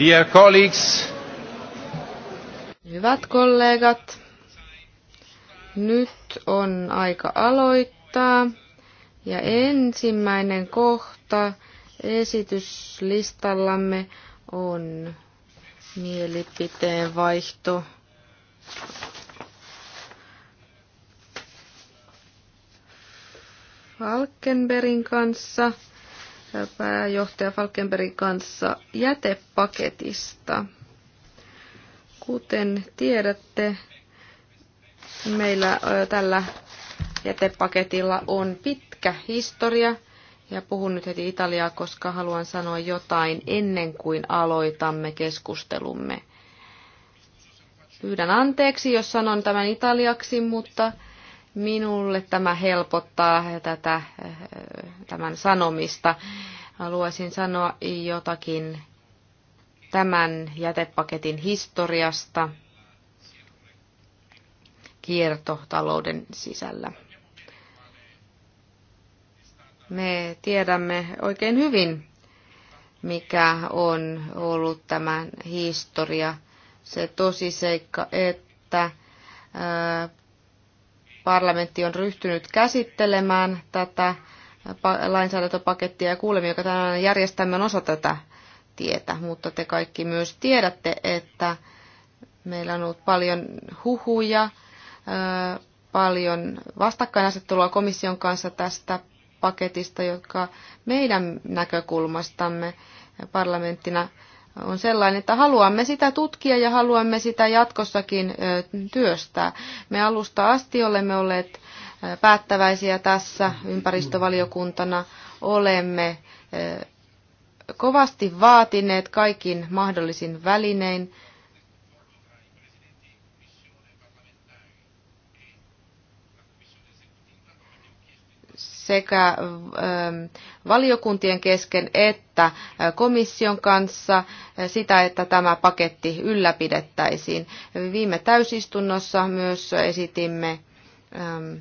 Dear colleagues. Hyvät kollegat, nyt on aika aloittaa. Ja ensimmäinen kohta esityslistallamme on mielipiteen vaihto Falkenbergin kanssa – pääjohtaja Falkenbergin kanssa jätepaketista. Kuten tiedätte, meillä tällä jätepaketilla on pitkä historia ja puhun nyt heti Italiaa, koska haluan sanoa jotain ennen kuin aloitamme keskustelumme. Pyydän anteeksi, jos sanon tämän italiaksi, mutta Minulle tämä helpottaa tätä, eh, tämän sanomista. Haluaisin sanoa jotakin tämän jätepaketin historiasta kiertotalouden sisällä. Me tiedämme oikein hyvin, mikä on ollut tämän historia. Se tosiseikka, että eh, parlamentti on ryhtynyt käsittelemään tätä lainsäädäntöpakettia ja kuulemme, joka tänään järjestämme on osa tätä tietä, mutta te kaikki myös tiedätte, että meillä on ollut paljon huhuja, paljon vastakkainasettelua komission kanssa tästä paketista, joka meidän näkökulmastamme parlamenttina on sellainen, että haluamme sitä tutkia ja haluamme sitä jatkossakin työstää. Me alusta asti olemme olleet päättäväisiä tässä ympäristövaliokuntana. Olemme kovasti vaatineet kaikin mahdollisin välinein sekä ähm, valiokuntien kesken että äh, komission kanssa äh, sitä, että tämä paketti ylläpidettäisiin. Viime täysistunnossa myös esitimme ähm,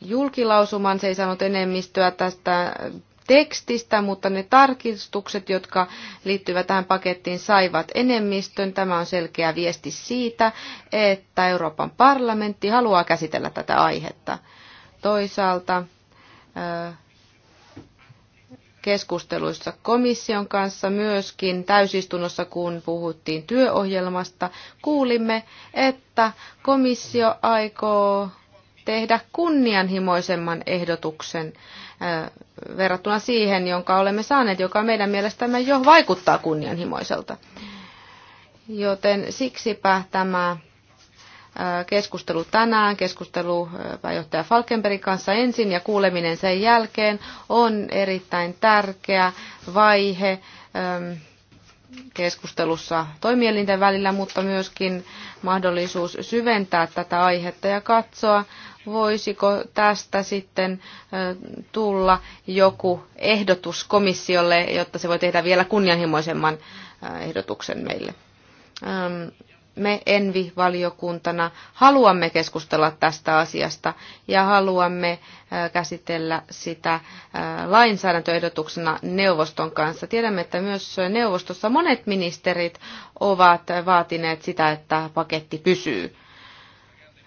julkilausuman, se ei sanonut enemmistöä tästä tekstistä, mutta ne tarkistukset, jotka liittyvät tähän pakettiin, saivat enemmistön. Tämä on selkeä viesti siitä, että Euroopan parlamentti haluaa käsitellä tätä aihetta. Toisaalta keskusteluissa komission kanssa myöskin täysistunnossa, kun puhuttiin työohjelmasta, kuulimme, että komissio aikoo tehdä kunnianhimoisemman ehdotuksen verrattuna siihen, jonka olemme saaneet, joka meidän mielestämme jo vaikuttaa kunnianhimoiselta. Joten siksipä tämä Äh, keskustelu tänään, keskustelu äh, pääjohtaja Falkenbergin kanssa ensin ja kuuleminen sen jälkeen on erittäin tärkeä vaihe ähm, keskustelussa toimielinten välillä, mutta myöskin mahdollisuus syventää tätä aihetta ja katsoa, voisiko tästä sitten äh, tulla joku ehdotus komissiolle, jotta se voi tehdä vielä kunnianhimoisemman ehdotuksen meille. Ähm, me Envi-valiokuntana haluamme keskustella tästä asiasta ja haluamme äh, käsitellä sitä äh, lainsäädäntöehdotuksena neuvoston kanssa. Tiedämme, että myös neuvostossa monet ministerit ovat vaatineet sitä, että paketti pysyy.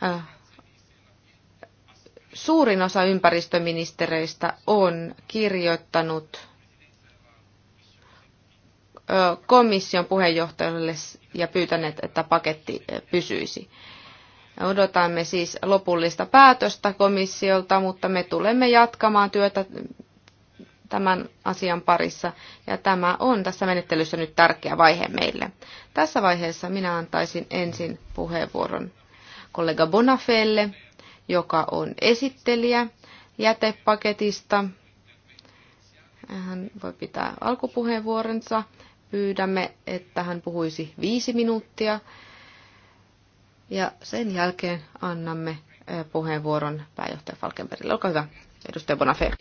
Äh, suurin osa ympäristöministereistä on kirjoittanut komission puheenjohtajalle ja pyytäneet, että paketti eh, pysyisi. Odotamme siis lopullista päätöstä komissiolta, mutta me tulemme jatkamaan työtä tämän asian parissa, ja tämä on tässä menettelyssä nyt tärkeä vaihe meille. Tässä vaiheessa minä antaisin ensin puheenvuoron kollega Bonafelle, joka on esittelijä jätepaketista. Hän voi pitää alkupuheenvuoronsa pyydämme, että hän puhuisi viisi minuuttia. Ja sen jälkeen annamme puheenvuoron pääjohtaja Falkenbergille. Olkaa hyvä. Edustaja Bonafé.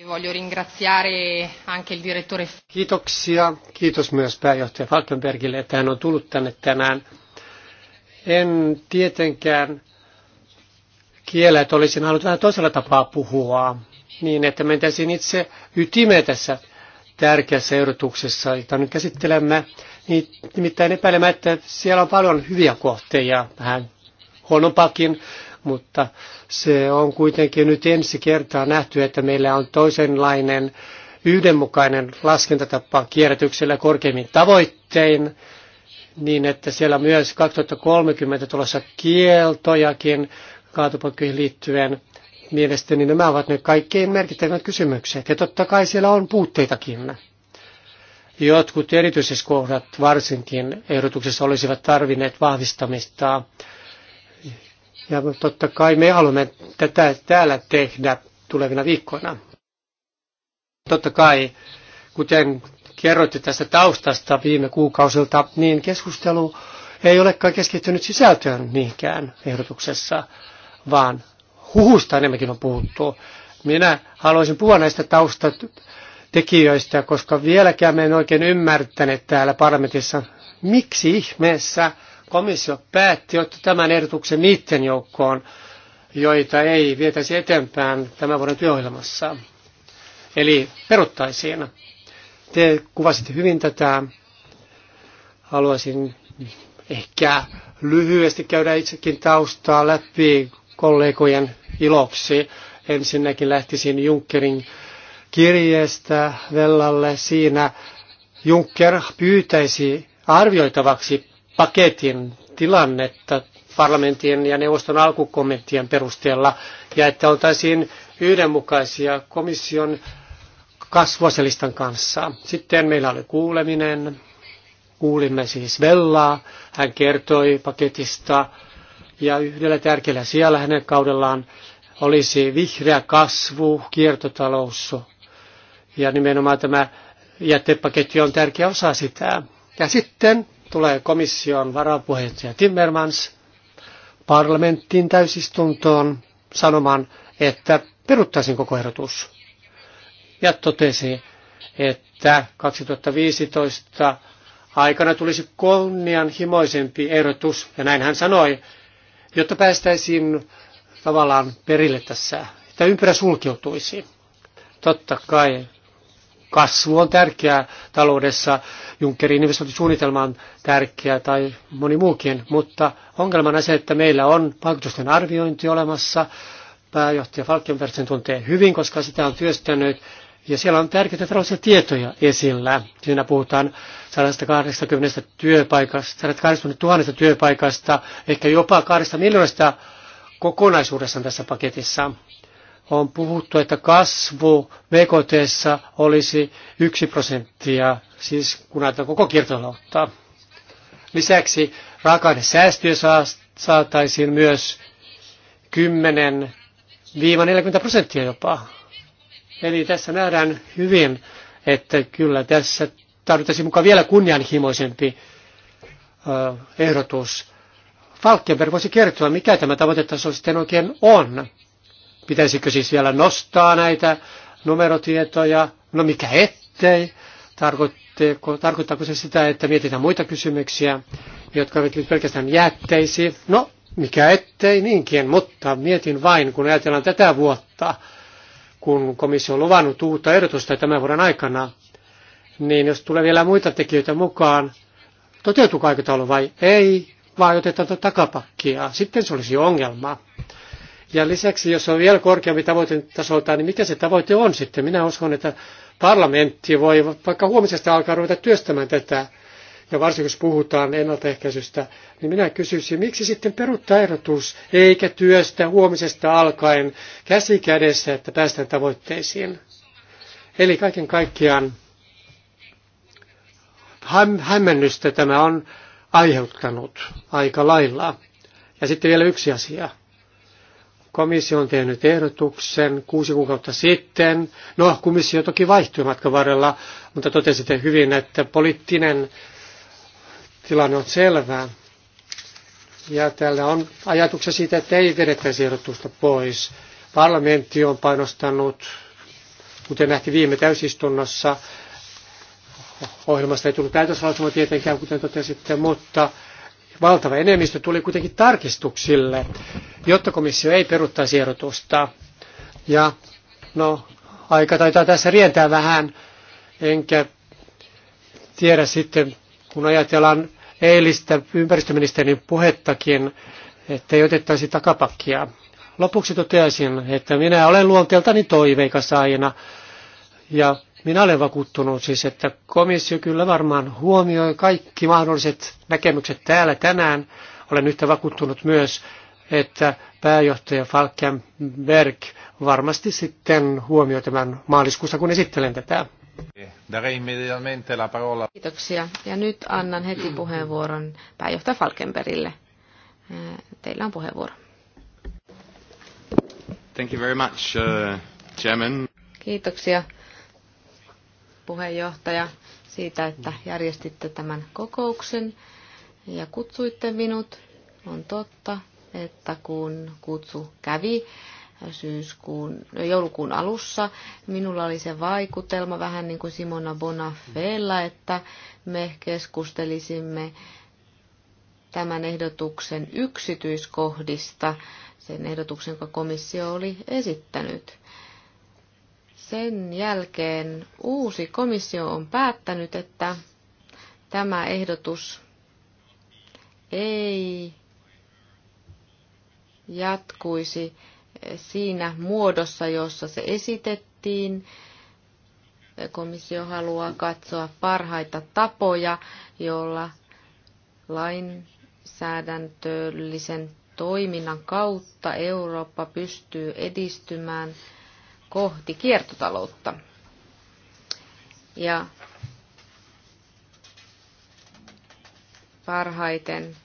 Kiitoksia. Kiitos myös pääjohtaja Falkenbergille, että hän on tullut tänne tänään. En tietenkään kiellä, että olisin halunnut vähän toisella tapaa puhua, niin että mentäisin itse ytimeen tässä tärkeässä ehdotuksessa, jota nyt käsittelemme. Niin, nimittäin epäilemättä, että siellä on paljon hyviä kohteja, vähän huonompakin, mutta se on kuitenkin nyt ensi kertaa nähty, että meillä on toisenlainen yhdenmukainen laskentatapa kierrätyksellä korkeimmin tavoittein, niin että siellä myös 2030 tulossa kieltojakin kaatopotkuihin liittyen. Mielestäni nämä ovat ne kaikkein merkittävimmät kysymykset. Ja totta kai siellä on puutteitakin. Jotkut erityiskohdat varsinkin ehdotuksessa olisivat tarvinneet vahvistamista. Ja totta kai me haluamme tätä täällä tehdä tulevina viikkoina. Totta kai, kuten kerroitte tästä taustasta viime kuukausilta, niin keskustelu ei olekaan keskittynyt sisältöön niinkään ehdotuksessa, vaan huhusta enemmänkin on puhuttu. Minä haluaisin puhua näistä taustatekijöistä, koska vieläkään me en oikein ymmärtänyt täällä parlamentissa, miksi ihmeessä komissio päätti ottaa tämän ehdotuksen niiden joukkoon, joita ei vietäisi eteenpäin tämän vuoden työohjelmassa. Eli peruttaisiin. Te kuvasitte hyvin tätä. Haluaisin ehkä lyhyesti käydä itsekin taustaa läpi, kollegojen iloksi. Ensinnäkin lähtisin Junckerin kirjeestä Vellalle. Siinä Juncker pyytäisi arvioitavaksi paketin tilannetta parlamentin ja neuvoston alkukommenttien perusteella ja että oltaisiin yhdenmukaisia komission kasvuaselistan kanssa. Sitten meillä oli kuuleminen. Kuulimme siis Vellaa. Hän kertoi paketista ja yhdellä tärkeällä siellä hänen kaudellaan olisi vihreä kasvu, kiertotalous. Ja nimenomaan tämä jätepaketti on tärkeä osa sitä. Ja sitten tulee komission varapuheenjohtaja Timmermans parlamenttiin täysistuntoon sanomaan, että peruttaisin koko ehdotus. Ja totesi, että 2015 aikana tulisi kunnianhimoisempi ehdotus, ja näin hän sanoi, jotta päästäisiin tavallaan perille tässä, että ympyrä sulkeutuisi. Totta kai kasvu on tärkeää taloudessa, Junckerin investointisuunnitelma on tärkeää tai moni muukin, mutta ongelmana se, että meillä on vaikutusten arviointi olemassa, pääjohtaja Falkenberg sen tuntee hyvin, koska sitä on työstänyt ja siellä on tärkeitä tällaisia tietoja esillä. Siinä puhutaan 180 työpaikasta, 180 000 työpaikasta, ehkä jopa 2 miljoonasta kokonaisuudessaan tässä paketissa. On puhuttu, että kasvu BKT olisi 1 prosenttia, siis kun ajatellaan koko kiertotaloutta. Lisäksi raaka-ainesäästöjä saataisiin myös 10-40 prosenttia jopa Eli tässä nähdään hyvin, että kyllä tässä tarvittaisiin mukaan vielä kunnianhimoisempi ehdotus. Falkenberg voisi kertoa, mikä tämä tavoitetaso sitten oikein on. Pitäisikö siis vielä nostaa näitä numerotietoja? No mikä ettei? Tarkoittaako, tarkoittaako se sitä, että mietitään muita kysymyksiä, jotka ovat nyt pelkästään jätteisiin? No, mikä ettei niinkin, mutta mietin vain, kun ajatellaan tätä vuotta, kun komissio on luvannut uutta ehdotusta tämän vuoden aikana, niin jos tulee vielä muita tekijöitä mukaan, toteutuuko aikataulu vai ei, vai otetaan takapakkia, sitten se olisi ongelma. Ja lisäksi, jos on vielä korkeampi tavoite tasolta, niin mikä se tavoite on sitten? Minä uskon, että parlamentti voi vaikka huomisesta alkaa ruveta työstämään tätä ja varsinkin jos puhutaan ennaltaehkäisystä, niin minä kysyisin, miksi sitten peruuttaa ehdotus, eikä työstä huomisesta alkaen käsi kädessä, että päästään tavoitteisiin. Eli kaiken kaikkiaan hämmennystä tämä on aiheuttanut aika lailla. Ja sitten vielä yksi asia. Komissio on tehnyt ehdotuksen kuusi kuukautta sitten. No, komissio toki vaihtui matkan varrella, mutta totesitte hyvin, että poliittinen tilanne on selvää. Ja täällä on ajatuksia siitä, että ei vedettäisi ehdotusta pois. Parlamentti on painostanut, kuten nähtiin viime täysistunnossa, ohjelmasta ei tullut päätöslausuma tietenkään, kuten totesitte, mutta valtava enemmistö tuli kuitenkin tarkistuksille, jotta komissio ei peruttaisi ehdotusta. Ja no, aika taitaa tässä rientää vähän, enkä tiedä sitten, kun ajatellaan eilistä ympäristöministerin puhettakin, ettei otettaisi takapakkia. Lopuksi toteaisin, että minä olen luonteeltani toiveikas aina ja minä olen vakuuttunut siis, että komissio kyllä varmaan huomioi kaikki mahdolliset näkemykset täällä tänään. Olen yhtä vakuuttunut myös, että pääjohtaja Falkenberg varmasti sitten huomioi tämän maaliskuussa, kun esittelen tätä. Kiitoksia. Ja nyt annan heti puheenvuoron pääjohtaja Falkenbergille. Äh, teillä on puheenvuoro. Thank you very much, uh, Chairman. Kiitoksia puheenjohtaja siitä, että järjestitte tämän kokouksen ja kutsuitte minut. On totta, että kun kutsu kävi, syyskuun, joulukuun alussa. Minulla oli se vaikutelma, vähän niin kuin Simona Bonafella, että me keskustelisimme tämän ehdotuksen yksityiskohdista, sen ehdotuksen, jonka komissio oli esittänyt. Sen jälkeen uusi komissio on päättänyt, että tämä ehdotus ei jatkuisi siinä muodossa, jossa se esitettiin. Komissio haluaa katsoa parhaita tapoja, joilla lainsäädäntöllisen toiminnan kautta Eurooppa pystyy edistymään kohti kiertotaloutta. Ja parhaiten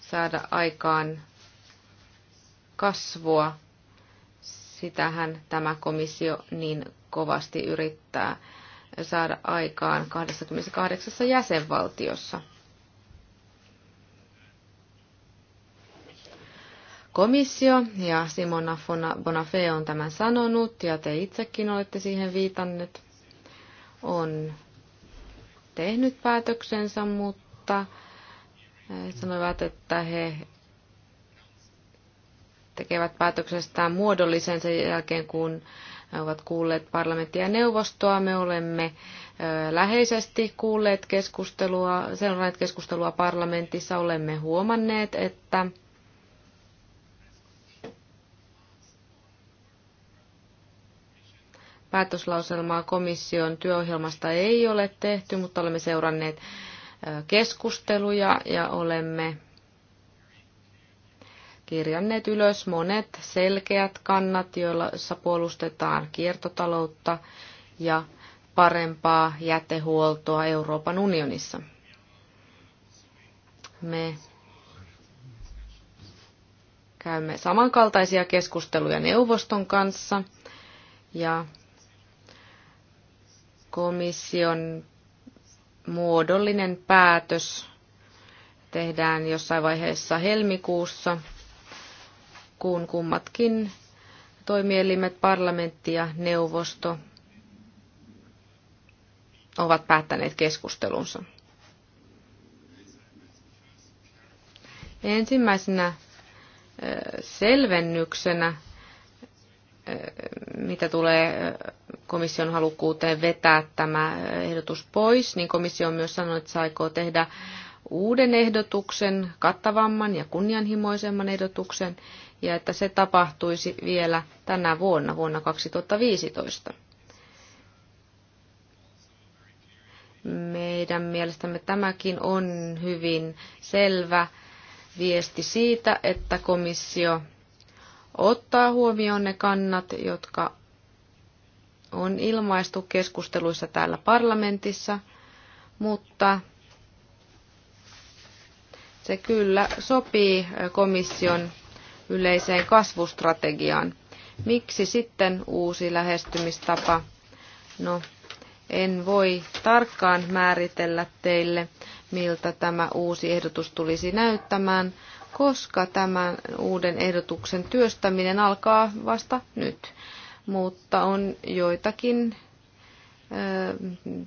saada aikaan kasvua Sitähän tämä komissio niin kovasti yrittää saada aikaan 28 jäsenvaltiossa. komissio, ja Simona Bonafé on tämän sanonut, ja te itsekin olette siihen viitanneet, on tehnyt päätöksensä, mutta sanovat, eh, sanoivat, että he tekevät päätöksestään muodollisen sen jälkeen, kun ovat kuulleet parlamenttia ja neuvostoa. Me olemme läheisesti kuulleet keskustelua, seuranneet keskustelua parlamentissa. Olemme huomanneet, että päätöslauselmaa komission työohjelmasta ei ole tehty, mutta olemme seuranneet keskusteluja ja olemme kirjanneet ylös monet selkeät kannat, joilla puolustetaan kiertotaloutta ja parempaa jätehuoltoa Euroopan unionissa. Me käymme samankaltaisia keskusteluja neuvoston kanssa ja komission muodollinen päätös tehdään jossain vaiheessa helmikuussa – kuin kummatkin toimielimet, parlamentti ja neuvosto ovat päättäneet keskustelunsa. Ensimmäisenä selvennyksenä, mitä tulee komission halukkuuteen vetää tämä ehdotus pois, niin komissio on myös sanonut, että se aikoo tehdä uuden ehdotuksen, kattavamman ja kunnianhimoisemman ehdotuksen, ja että se tapahtuisi vielä tänä vuonna, vuonna 2015. Meidän mielestämme tämäkin on hyvin selvä viesti siitä, että komissio ottaa huomioon ne kannat, jotka on ilmaistu keskusteluissa täällä parlamentissa, mutta se kyllä sopii komission yleiseen kasvustrategiaan. Miksi sitten uusi lähestymistapa? No, en voi tarkkaan määritellä teille, miltä tämä uusi ehdotus tulisi näyttämään, koska tämän uuden ehdotuksen työstäminen alkaa vasta nyt. Mutta on joitakin ö,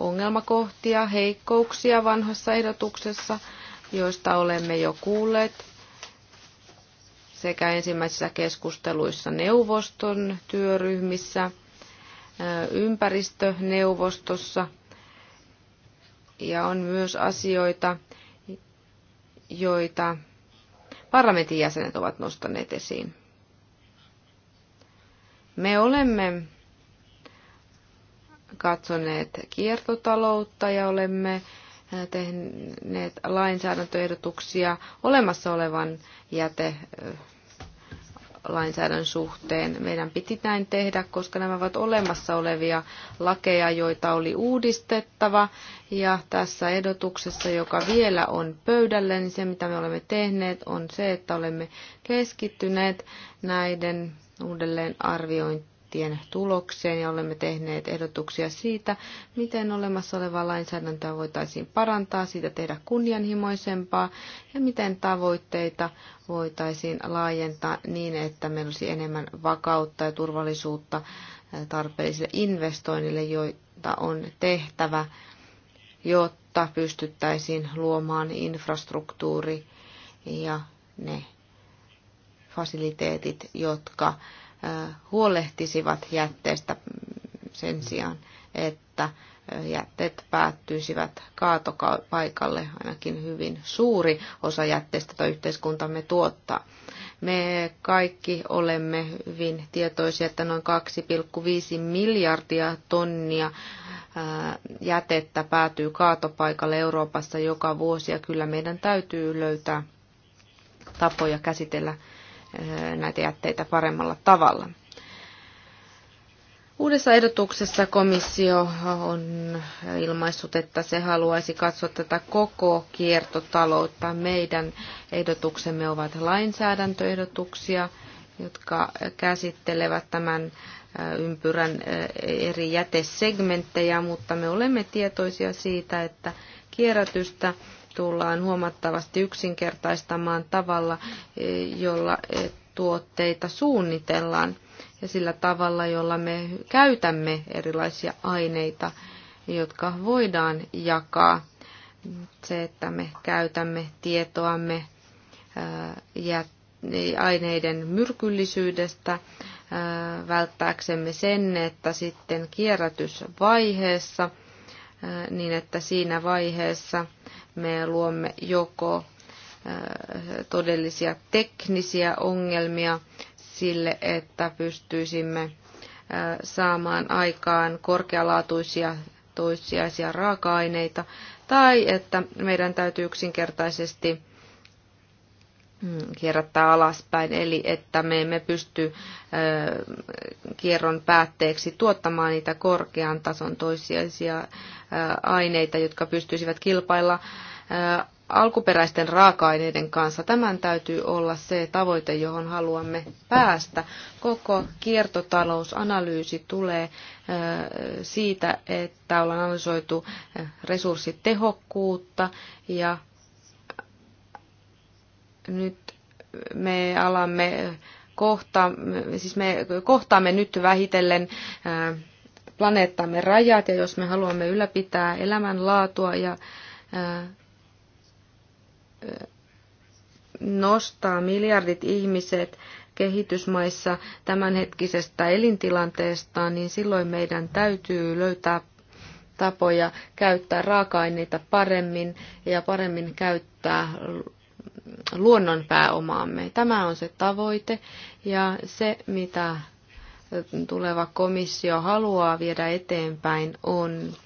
ongelmakohtia, heikkouksia vanhassa ehdotuksessa, joista olemme jo kuulleet sekä ensimmäisissä keskusteluissa neuvoston työryhmissä, ympäristöneuvostossa ja on myös asioita, joita parlamentin jäsenet ovat nostaneet esiin. Me olemme katsoneet kiertotaloutta ja olemme tehneet lainsäädäntöehdotuksia olemassa olevan jäte lainsäädännön suhteen. Meidän piti näin tehdä, koska nämä ovat olemassa olevia lakeja, joita oli uudistettava. Ja tässä ehdotuksessa, joka vielä on pöydällä, niin se mitä me olemme tehneet on se, että olemme keskittyneet näiden uudelleen arviointiin debattien tulokseen ja olemme tehneet ehdotuksia siitä, miten olemassa olevaa lainsäädäntöä voitaisiin parantaa, siitä tehdä kunnianhimoisempaa ja miten tavoitteita voitaisiin laajentaa niin, että meillä olisi enemmän vakautta ja turvallisuutta tarpeellisille investoinnille, joita on tehtävä, jotta pystyttäisiin luomaan infrastruktuuri ja ne fasiliteetit, jotka huolehtisivat jätteestä sen sijaan, että jätteet päättyisivät kaatopaikalle, ainakin hyvin suuri osa jätteestä tai yhteiskuntamme tuottaa. Me kaikki olemme hyvin tietoisia, että noin 2,5 miljardia tonnia jätettä päätyy kaatopaikalle Euroopassa joka vuosi ja kyllä meidän täytyy löytää tapoja käsitellä Eh, näitä jätteitä paremmalla tavalla. Uudessa ehdotuksessa komissio on ilmaissut, että se haluaisi katsoa tätä koko kiertotaloutta. Meidän ehdotuksemme ovat lainsäädäntöehdotuksia, jotka käsittelevät tämän eh, ympyrän eh, eri jätesegmenttejä, mutta me olemme tietoisia siitä, että kierrätystä tullaan huomattavasti yksinkertaistamaan tavalla, eh, jolla eh, tuotteita suunnitellaan ja sillä tavalla, jolla me käytämme erilaisia aineita, jotka voidaan jakaa. Se, että me käytämme tietoamme eh, ja aineiden myrkyllisyydestä välttääksemme sen, että sitten kierrätysvaiheessa – niin että siinä vaiheessa me luomme joko todellisia teknisiä ongelmia sille, että pystyisimme saamaan aikaan korkealaatuisia toissijaisia raaka-aineita, tai että meidän täytyy yksinkertaisesti mm, kierrättää alaspäin, eli että me emme pysty kierron päätteeksi tuottamaan niitä korkean tason toissijaisia aineita, jotka pystyisivät kilpailla alkuperäisten raaka-aineiden kanssa. Tämän täytyy olla se tavoite, johon haluamme päästä. Koko kiertotalousanalyysi tulee siitä, että ollaan analysoitu resurssitehokkuutta ja nyt me alamme kohta, siis me kohtaamme nyt vähitellen planeettamme rajat ja jos me haluamme ylläpitää elämänlaatua ja nostaa miljardit ihmiset kehitysmaissa tämänhetkisestä elintilanteesta, niin silloin meidän täytyy löytää tapoja käyttää raaka-aineita paremmin ja paremmin käyttää luonnon pääomaamme. Tämä on se tavoite ja se, mitä tuleva komissio haluaa viedä eteenpäin, on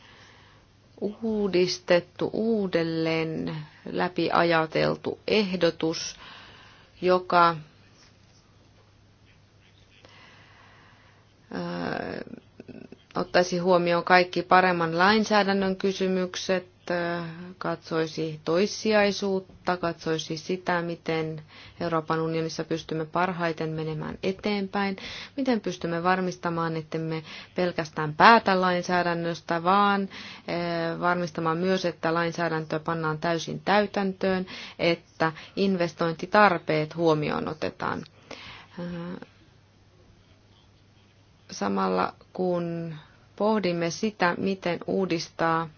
uudistettu, uudelleen läpi ajateltu ehdotus, joka ottaisi huomioon kaikki paremman lainsäädännön kysymykset, katsoisi toissijaisuutta, katsoisi sitä, miten Euroopan unionissa pystymme parhaiten menemään eteenpäin, miten pystymme varmistamaan, että me pelkästään päätä lainsäädännöstä, vaan eh, varmistamaan myös, että lainsäädäntö pannaan täysin täytäntöön, että investointitarpeet huomioon otetaan. Samalla kun pohdimme sitä, miten uudistaa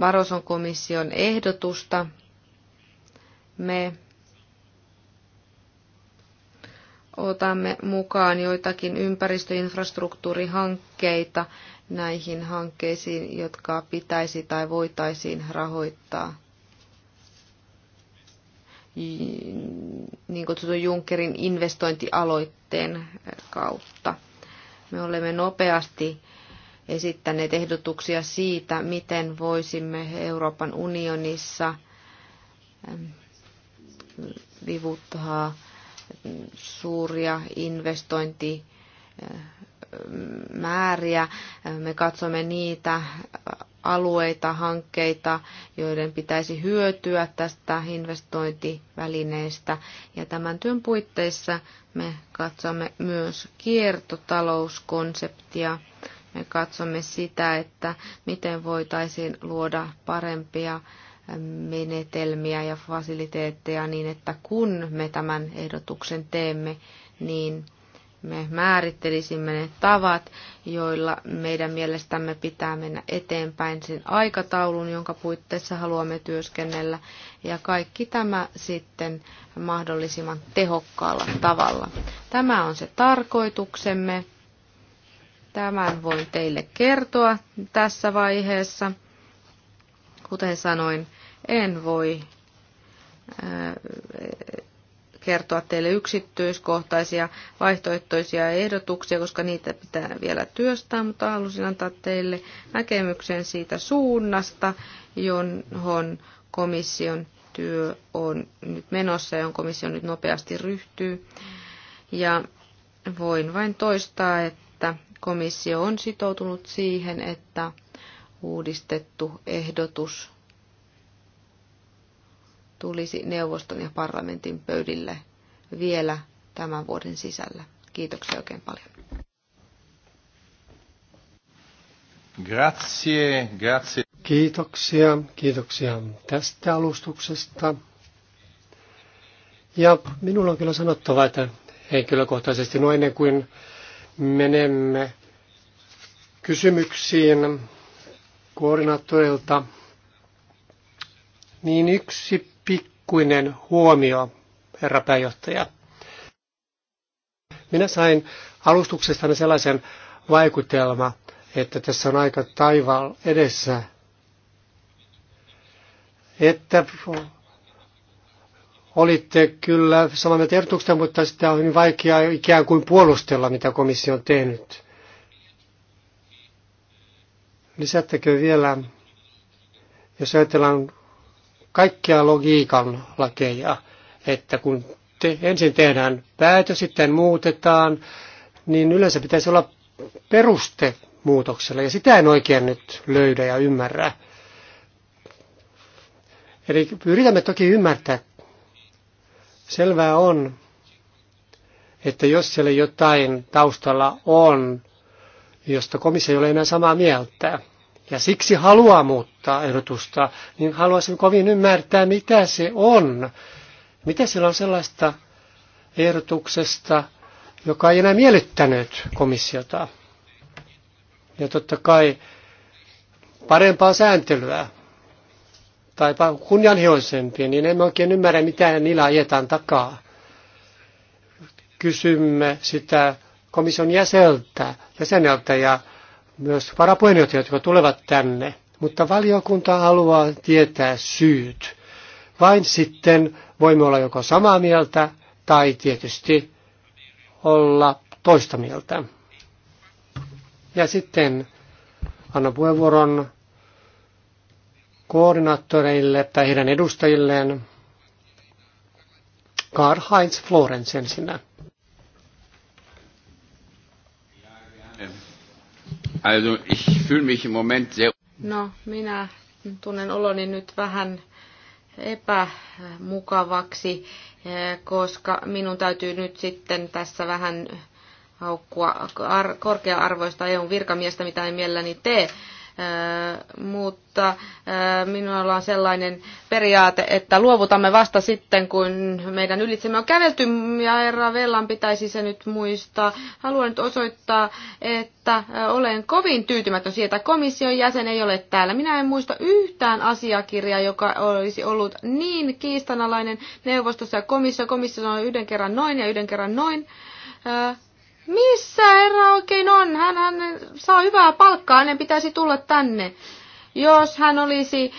Baroson komission ehdotusta. Me otamme mukaan joitakin ympäristöinfrastruktuurihankkeita näihin hankkeisiin, jotka pitäisi tai voitaisiin rahoittaa niin kutsutun Junckerin investointialoitteen kautta. Me olemme nopeasti esittäneet ehdotuksia siitä, miten voisimme Euroopan unionissa ähm, vivuttaa suuria investointi määriä. Me katsomme niitä alueita, hankkeita, joiden pitäisi hyötyä tästä investointivälineestä. Ja tämän työn puitteissa me katsomme myös kiertotalouskonseptia me katsomme sitä, että miten voitaisiin luoda parempia menetelmiä ja fasiliteetteja niin, että kun me tämän ehdotuksen teemme, niin me määrittelisimme ne tavat, joilla meidän mielestämme pitää mennä eteenpäin sen aikataulun, jonka puitteissa haluamme työskennellä, ja kaikki tämä sitten mahdollisimman tehokkaalla tavalla. Tämä on se tarkoituksemme. Tämän voin teille kertoa tässä vaiheessa. Kuten sanoin, en voi äh, kertoa teille yksityiskohtaisia vaihtoehtoisia ehdotuksia, koska niitä pitää vielä työstää, mutta halusin antaa teille näkemyksen siitä suunnasta, johon komission työ on nyt menossa ja johon komissio nyt nopeasti ryhtyy. Ja voin vain toistaa, että Komissio on sitoutunut siihen, että uudistettu ehdotus tulisi neuvoston ja parlamentin pöydille vielä tämän vuoden sisällä. Kiitoksia oikein paljon. Grazie, grazie. Kiitoksia, kiitoksia tästä alustuksesta. Ja minulla on kyllä sanottava, että henkilökohtaisesti, no ennen kuin menemme kysymyksiin koordinaattorilta, niin yksi pikkuinen huomio, herra pääjohtaja. Minä sain alustuksestani sellaisen vaikutelma, että tässä on aika taival edessä, että olitte kyllä samaa mieltä ehdotuksesta, mutta sitä on hyvin vaikea ikään kuin puolustella, mitä komissio on tehnyt. Lisättäkö vielä, jos ajatellaan kaikkia logiikan lakeja, että kun te, ensin tehdään päätös, sitten muutetaan, niin yleensä pitäisi olla peruste muutokselle, ja sitä en oikein nyt löydä ja ymmärrä. Eli yritämme toki ymmärtää Selvää on, että jos siellä jotain taustalla on, josta komissio ei ole enää samaa mieltä, ja siksi haluaa muuttaa ehdotusta, niin haluaisin kovin ymmärtää, mitä se on. Mitä siellä on sellaista ehdotuksesta, joka ei enää miellyttänyt komissiota. Ja totta kai parempaa sääntelyä tai kunnianhimoisempia, niin emme oikein ymmärrä, mitä niillä ajetaan takaa. Kysymme sitä komission jäseltä, jäseneltä ja myös varapuheenjohtajat, jotka tulevat tänne. Mutta valiokunta haluaa tietää syyt. Vain sitten voimme olla joko samaa mieltä tai tietysti olla toista mieltä. Ja sitten anna puheenvuoron koordinaattoreille tai heidän edustajilleen. Karl-Heinz Florens ensinnä. Also ich fühle mich im Moment sehr No, minä tunnen oloni nyt vähän epämukavaksi, eh, koska minun täytyy nyt sitten tässä vähän haukkua korkea-arvoista eu virkamiestä, mitä en mielelläni tee mutta minulla on sellainen periaate, että luovutamme vasta sitten, kun meidän ylitsemme on kävelty, ja herra Vellan pitäisi se nyt muistaa. Haluan nyt osoittaa, että olen kovin tyytymätön siitä, että komission jäsen ei ole täällä. Minä en muista yhtään asiakirjaa, joka olisi ollut niin kiistanalainen neuvostossa ja komissio. Komissio on yhden kerran noin ja yhden kerran noin missä herra oikein on? Hän, hän saa hyvää palkkaa, hänen pitäisi tulla tänne. Jos hän olisi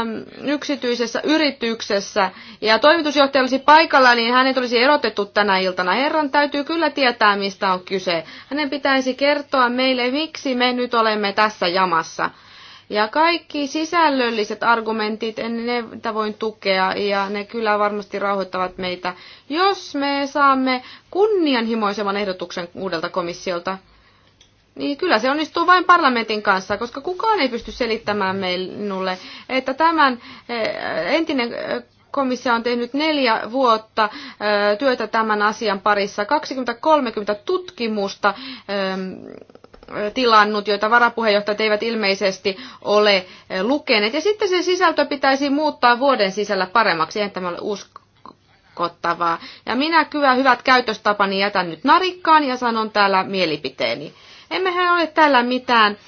äm, yksityisessä yrityksessä ja toimitusjohtaja olisi paikalla, niin hänet olisi erotettu tänä iltana. Herran täytyy kyllä tietää, mistä on kyse. Hänen pitäisi kertoa meille, miksi me nyt olemme tässä jamassa. Ja kaikki sisällölliset argumentit, en ne voin tukea ja ne kyllä varmasti rauhoittavat meitä. Jos me saamme kunnianhimoisemman ehdotuksen uudelta komissiolta, niin kyllä se onnistuu vain parlamentin kanssa, koska kukaan ei pysty selittämään minulle, että tämän eh, entinen eh, komissio on tehnyt neljä vuotta eh, työtä tämän asian parissa, 20-30 tutkimusta tilannut, joita varapuheenjohtajat eivät ilmeisesti ole lukeneet. Ja sitten se sisältö pitäisi muuttaa vuoden sisällä paremmaksi, en tämä ole uskottavaa. Ja minä kyllä hyvät käytöstapani jätän nyt narikkaan ja sanon täällä mielipiteeni. Emmehän ole täällä mitään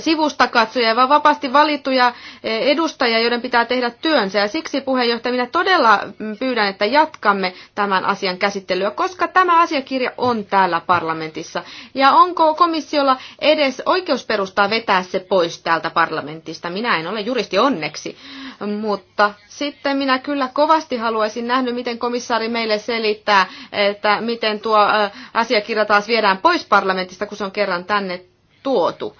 sivustakatsoja, vaan vapaasti valittuja edustajia, joiden pitää tehdä työnsä. Ja siksi puheenjohtaja, minä todella pyydän, että jatkamme tämän asian käsittelyä, koska tämä asiakirja on täällä parlamentissa. Ja onko komissiolla edes oikeusperustaa vetää se pois täältä parlamentista? Minä en ole juristi onneksi, mutta sitten minä kyllä kovasti haluaisin nähdä, miten komissaari meille selittää, että miten tuo asiakirja taas viedään pois parlamentista, kun se on kerran tänne tuotu.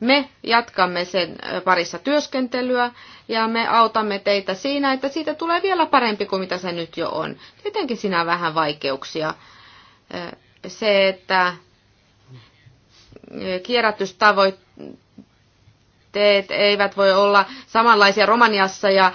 Me jatkamme sen parissa työskentelyä ja me autamme teitä siinä, että siitä tulee vielä parempi kuin mitä se nyt jo on. Tietenkin siinä on vähän vaikeuksia. Se, että kierrätystavoitteet eivät voi olla samanlaisia Romaniassa ja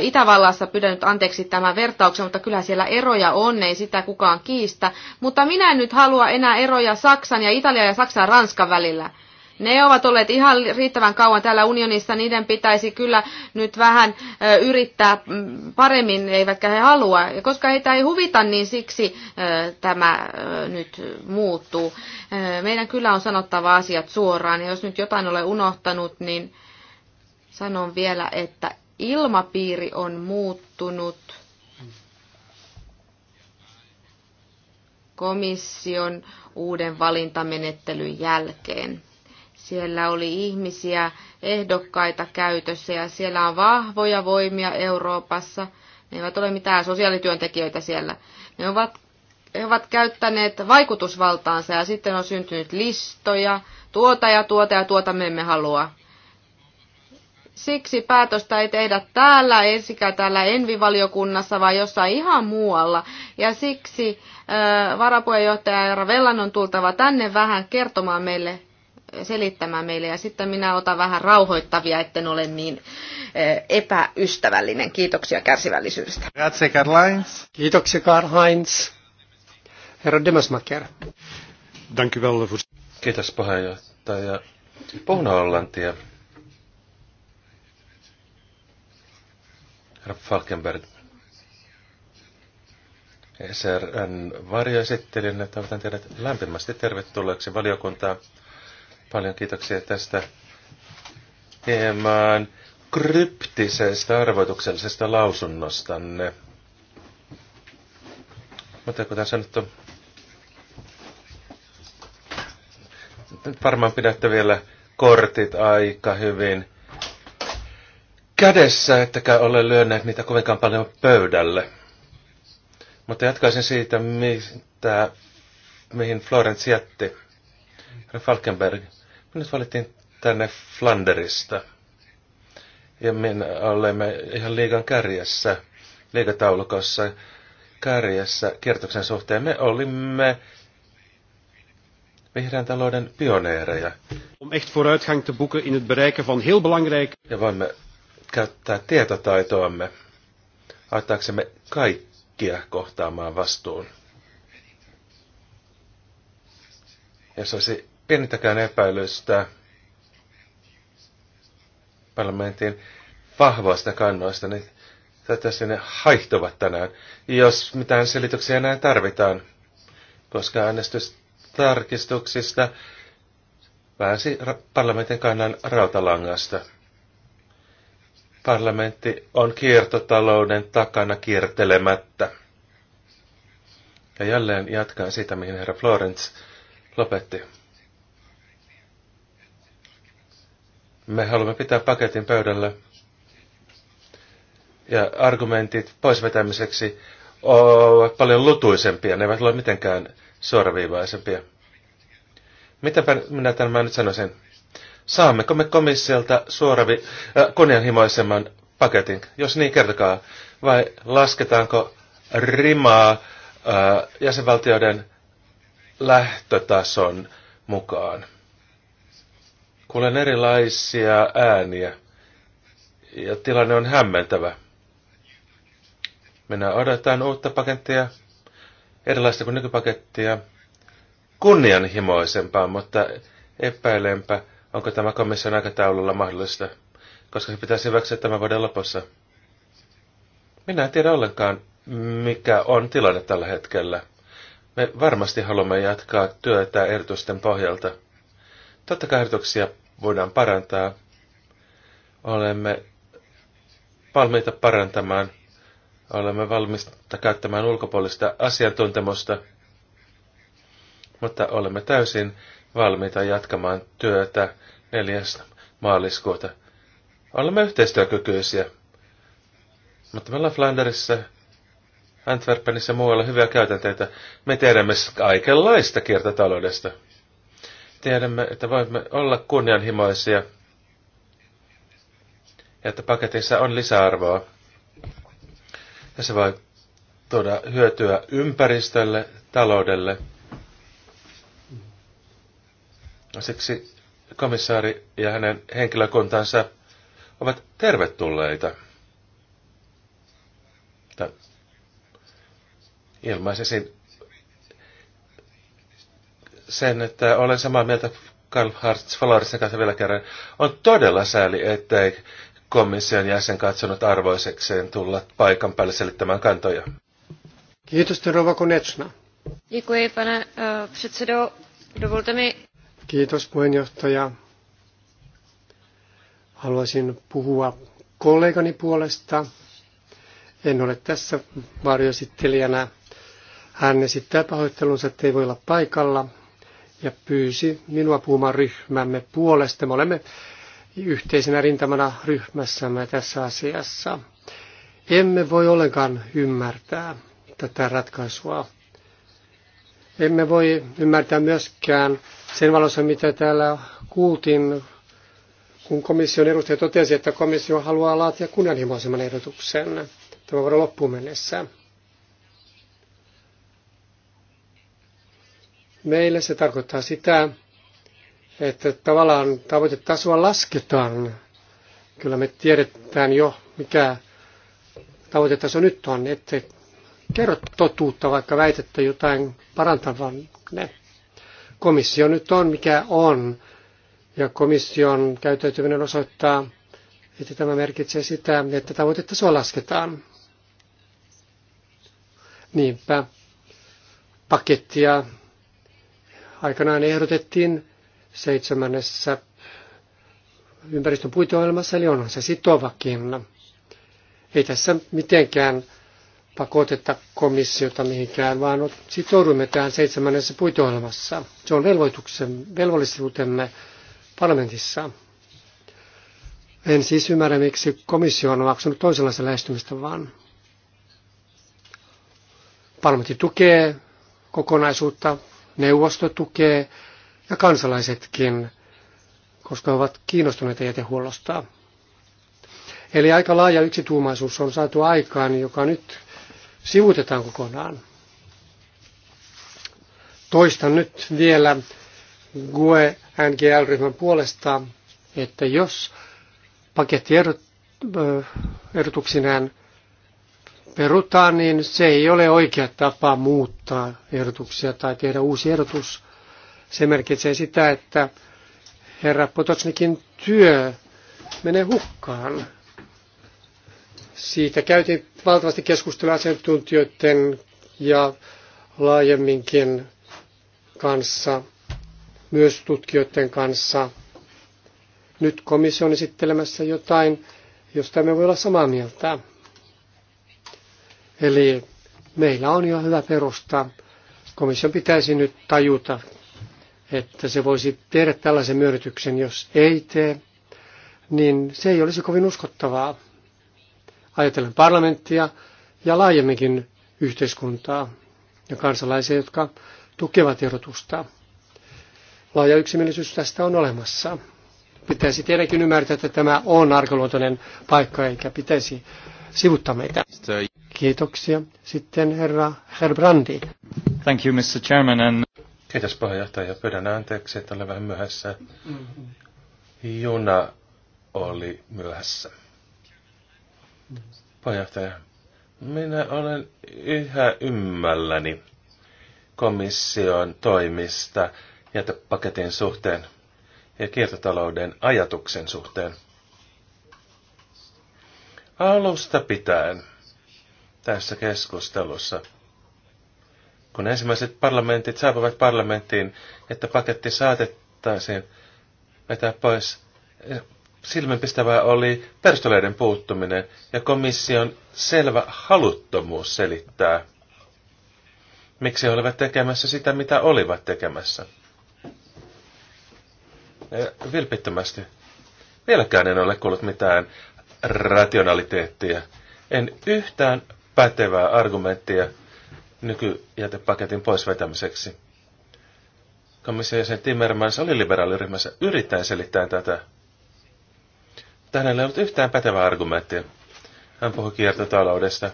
Itävallassa. Pyydän nyt anteeksi tämän vertauksen, mutta kyllä siellä eroja on, ei sitä kukaan kiistä. Mutta minä en nyt halua enää eroja Saksan ja Italian ja Saksan ja Ranskan välillä ne ovat olleet ihan riittävän kauan täällä unionissa, niiden pitäisi kyllä nyt vähän yrittää mm, paremmin, eivätkä he halua. Ja koska heitä ei huvita, niin siksi tämä nyt muuttuu. Meidän kyllä on sanottava asiat suoraan, ja jos nyt jotain olen unohtanut, niin sanon vielä, että ilmapiiri on muuttunut. komission uuden valintamenettelyn jälkeen. Siellä oli ihmisiä, ehdokkaita käytössä ja siellä on vahvoja voimia Euroopassa. Ne eivät ole mitään sosiaalityöntekijöitä siellä. Ne ovat, he ovat käyttäneet vaikutusvaltaansa ja sitten on syntynyt listoja. Tuota ja tuota ja tuota me emme halua. Siksi päätöstä ei tehdä täällä, ensikään täällä Envivaliokunnassa, vaan jossain ihan muualla. Ja siksi äh, varapuheenjohtaja Ravellan on tultava tänne vähän kertomaan meille selittämään meille. Ja sitten minä otan vähän rauhoittavia, etten ole niin epäystävällinen. Kiitoksia kärsivällisyydestä. Grazie Karl-Heinz. Kiitoksia Karl-Heinz. Herra Demasmaker. Dank u Kiitos puheenjohtaja. Puhun hollantia. Herra Falkenberg. SRN varjoesittelijänä toivotan teidät lämpimästi tervetulleeksi valiokuntaan. Paljon kiitoksia tästä hieman kryptisestä arvoituksellisesta lausunnostanne. Mutta kuten sanottu, nyt varmaan pidätte vielä kortit aika hyvin kädessä, ettekä ole lyöneet niitä kovinkaan paljon pöydälle. Mutta jatkaisin siitä, mitä, mihin Florence jätti. Falkenberg Minut valittiin tänne Flanderista. Ja me olemme ihan liigan kärjessä, liigataulukossa kärjessä kiertoksen suhteen. Me olimme vihreän talouden pioneereja. Om echt vooruitgang te boeken in het bereiken van heel belangrijk... Ja voimme käyttää tietotaitoamme auttaaksemme kaikkia kohtaamaan vastuun. Ja se olisi pienintäkään epäilystä parlamentin vahvoista kannoista, niin tätä sinne haihtuvat tänään, jos mitään selityksiä enää tarvitaan, koska äänestystarkistuksista pääsi parlamentin kannan rautalangasta. Parlamentti on kiertotalouden takana kiertelemättä. Ja jälleen jatkaa siitä, mihin herra Florence lopetti. Me haluamme pitää paketin pöydällä ja argumentit poisvetämiseksi ovat paljon lutuisempia, ne eivät ole mitenkään suoraviivaisempia. Mitä minä tämän nyt sanoisin? Saammeko me komissiolta suoravi, äh, kunnianhimoisemman paketin? Jos niin, kertokaa. Vai lasketaanko rimaa äh, jäsenvaltioiden lähtötason mukaan? Kuulen erilaisia ääniä ja tilanne on hämmentävä. Minä odotan uutta pakettia, erilaista kuin nykypakettia, kunnianhimoisempaa, mutta epäilenpä, onko tämä komission aikataululla mahdollista, koska se pitäisi hyväksyä tämän vuoden lopussa. Minä en tiedä ollenkaan, mikä on tilanne tällä hetkellä. Me varmasti haluamme jatkaa työtä ehdotusten pohjalta – Totta kai ehdotuksia voidaan parantaa. Olemme valmiita parantamaan. Olemme valmiita käyttämään ulkopuolista asiantuntemusta, mutta olemme täysin valmiita jatkamaan työtä 4. maaliskuuta. Olemme yhteistyökykyisiä, mutta me ollaan Flanderissa, Antwerpenissä ja muualla hyviä käytänteitä. Me tiedämme kaikenlaista kiertotaloudesta tiedämme, että voimme olla kunnianhimoisia ja että paketissa on lisäarvoa. Ja se voi tuoda hyötyä ympäristölle, taloudelle. Siksi komissaari ja hänen henkilökuntansa ovat tervetulleita. Ilmaisisin sen, että olen samaa mieltä Karl Hartz Falarisen kanssa vielä kerran. On todella sääli, ettei komission jäsen katsonut arvoisekseen tulla paikan päälle selittämään kantoja. Kiitos, Rova Konechna. pane eh, Kiitos, puheenjohtaja. Haluaisin puhua kollegani puolesta. En ole tässä varjoesittelijänä. Hän esittää pahoittelunsa, että ei voi olla paikalla ja pyysi minua puhumaan ryhmämme puolesta. Me olemme yhteisenä rintamana ryhmässämme tässä asiassa. Emme voi ollenkaan ymmärtää tätä ratkaisua. Emme voi ymmärtää myöskään sen valossa, mitä täällä kuultiin, kun komission edustaja totesi, että komissio haluaa laatia kunnianhimoisemman ehdotuksen tämän vuoden loppuun mennessä. Meille se tarkoittaa sitä, että tavallaan tavoitetasoa lasketaan. Kyllä me tiedetään jo, mikä tavoitetaso nyt on, että kerro totuutta, vaikka väitettä jotain Ne Komissio nyt on, mikä on, ja komission käyttäytyminen osoittaa, että tämä merkitsee sitä, että tavoitetasoa lasketaan. Niinpä pakettia aikanaan ehdotettiin seitsemännessä ympäristön puiteohjelmassa, eli onhan se sitovakin. Ei tässä mitenkään pakoteta komissiota mihinkään, vaan sitoudumme tähän seitsemännessä puiteohjelmassa. Se on velvoituksen, velvollisuutemme parlamentissa. En siis ymmärrä, miksi komissio on omaksunut toisenlaista lähestymistä, vaan parlamentti tukee kokonaisuutta neuvosto tukee ja kansalaisetkin, koska he ovat kiinnostuneita jätehuollosta. Eli aika laaja yksituumaisuus on saatu aikaan, joka nyt sivutetaan kokonaan. Toistan nyt vielä GUE NGL-ryhmän puolesta, että jos paketti pakettiehdotuksineen perutaan, niin se ei ole oikea tapa muuttaa ehdotuksia tai tehdä uusi ehdotus. Se merkitsee sitä, että herra Potosnikin työ menee hukkaan. Siitä käytiin valtavasti keskustelua asiantuntijoiden ja laajemminkin kanssa, myös tutkijoiden kanssa. Nyt komissio on esittelemässä jotain, josta me voi olla samaa mieltä. Eli meillä on jo hyvä perusta. Komission pitäisi nyt tajuta, että se voisi tehdä tällaisen myönnytyksen, jos ei tee, niin se ei olisi kovin uskottavaa. Ajatellen parlamenttia ja laajemminkin yhteiskuntaa ja kansalaisia, jotka tukevat erotusta. Laaja yksimielisyys tästä on olemassa. Pitäisi tietenkin ymmärtää, että tämä on arkaluontoinen paikka, eikä pitäisi sivuttaa meitä. Kiitoksia. Sitten herra Herbrandi. Thank you, Mr. Chairman. And... Kiitos puheenjohtaja. Pyydän anteeksi, että olen vähän myöhässä. Juna oli myöhässä. Puheenjohtaja, minä olen yhä ymmälläni komission toimista jätepaketin suhteen ja kiertotalouden ajatuksen suhteen alusta pitäen tässä keskustelussa, kun ensimmäiset parlamentit saapuvat parlamenttiin, että paketti saatettaisiin vetää pois. Silmänpistävää oli perustuleiden puuttuminen ja komission selvä haluttomuus selittää, miksi he olivat tekemässä sitä, mitä olivat tekemässä. Ja vilpittömästi. Vieläkään en ole kuullut mitään rationaliteettia. En yhtään pätevää argumenttia nykyjätepaketin vetämiseksi. Komission jäsen Timmermans oli liberaaliryhmässä yrittäen selittää tätä. Tänään ei ollut yhtään pätevää argumenttia. Hän puhui kiertotaloudesta,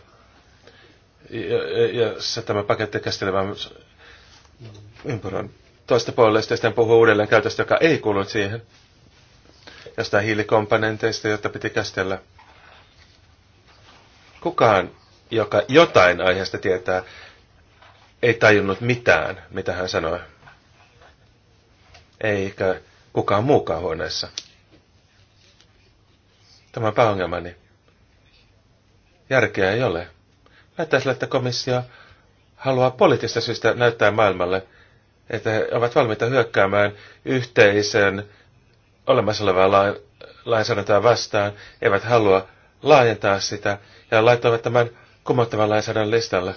ja tämä paketti käsittelevä ympyrän toista puolesta ja sitten puhui uudelleen käytöstä, joka ei kuulunut siihen tästä hiilikomponenteista, jota piti käsitellä. Kukaan, joka jotain aiheesta tietää, ei tajunnut mitään, mitä hän sanoi. Eikä kukaan muukaan huoneessa. Tämä on pääongelmani. Järkeä ei ole. Näyttää sillä, että komissio haluaa poliittista syystä näyttää maailmalle, että he ovat valmiita hyökkäämään yhteisen olemassa olevaa lainsäädäntöä vastaan, eivät halua laajentaa sitä ja laittavat tämän kumottavan lainsäädännön listalle,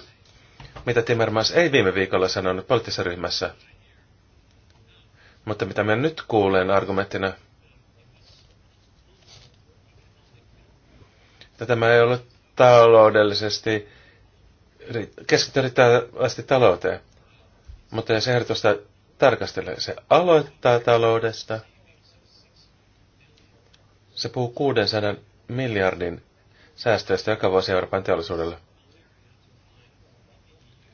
mitä Timmermans ei viime viikolla sanonut poliittisessa ryhmässä. Mutta mitä minä nyt kuulen argumenttina, että tämä ei ole taloudellisesti, keskittyy talouteen. Mutta jos ehdotusta tarkastelee, se aloittaa taloudesta – se puhuu 600 miljardin säästöistä joka vuosi Euroopan teollisuudelle.